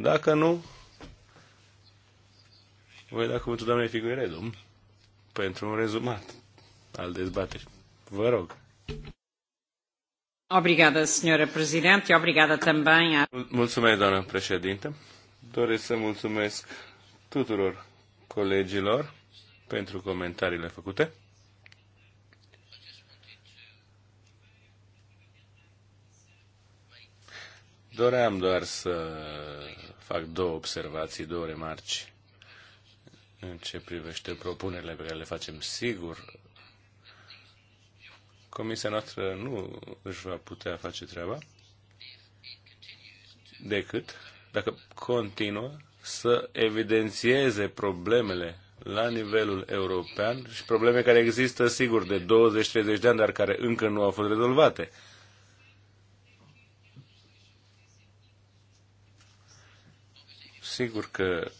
Dacă nu, voi da cuvântul doamnei Figueredu pentru un rezumat al dezbaterii. Vă rog. Obrigada, senhora Presidente, e obrigada também a... Mulțumesc, doamnă președinte. Doresc să mulțumesc tuturor colegilor pentru comentariile făcute. Doream doar să fac două observații, două remarci în ce privește propunerile pe care le facem. Sigur, comisia noastră nu își va putea face treaba decât dacă continuă să evidențieze problemele la nivelul european și probleme care există, sigur, de 20-30 de ani, dar care încă nu au fost rezolvate. Sigur că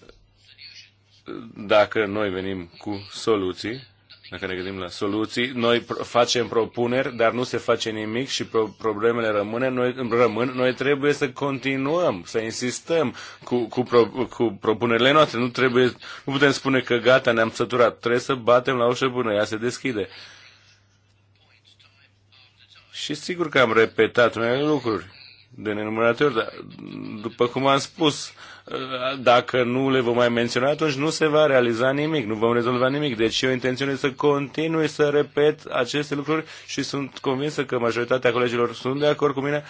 dacă noi venim cu soluții, dacă ne gândim la soluții, noi facem propuneri, dar nu se face nimic și problemele rămâne, noi, rămân. Noi trebuie să continuăm, să insistăm cu, cu, pro, cu propunerile noastre. Nu, trebuie, nu putem spune că gata, ne-am săturat. Trebuie să batem la ușă bună, ea se deschide. Și sigur că am repetat unele lucruri de nenumărate ori, dar după cum am spus, dacă nu le vom mai menționa, atunci nu se va realiza nimic, nu vom rezolva nimic. Deci eu intenționez să continui să repet aceste lucruri și sunt convinsă că majoritatea colegilor sunt de acord cu mine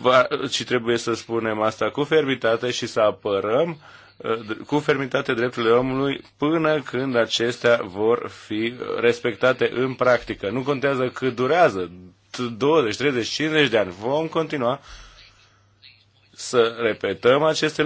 va, și trebuie să spunem asta cu fermitate și să apărăm uh, cu fermitate drepturile omului până când acestea vor fi respectate în practică. Nu contează cât durează, 20, 30, 50 de ani. Vom continua să repetăm aceste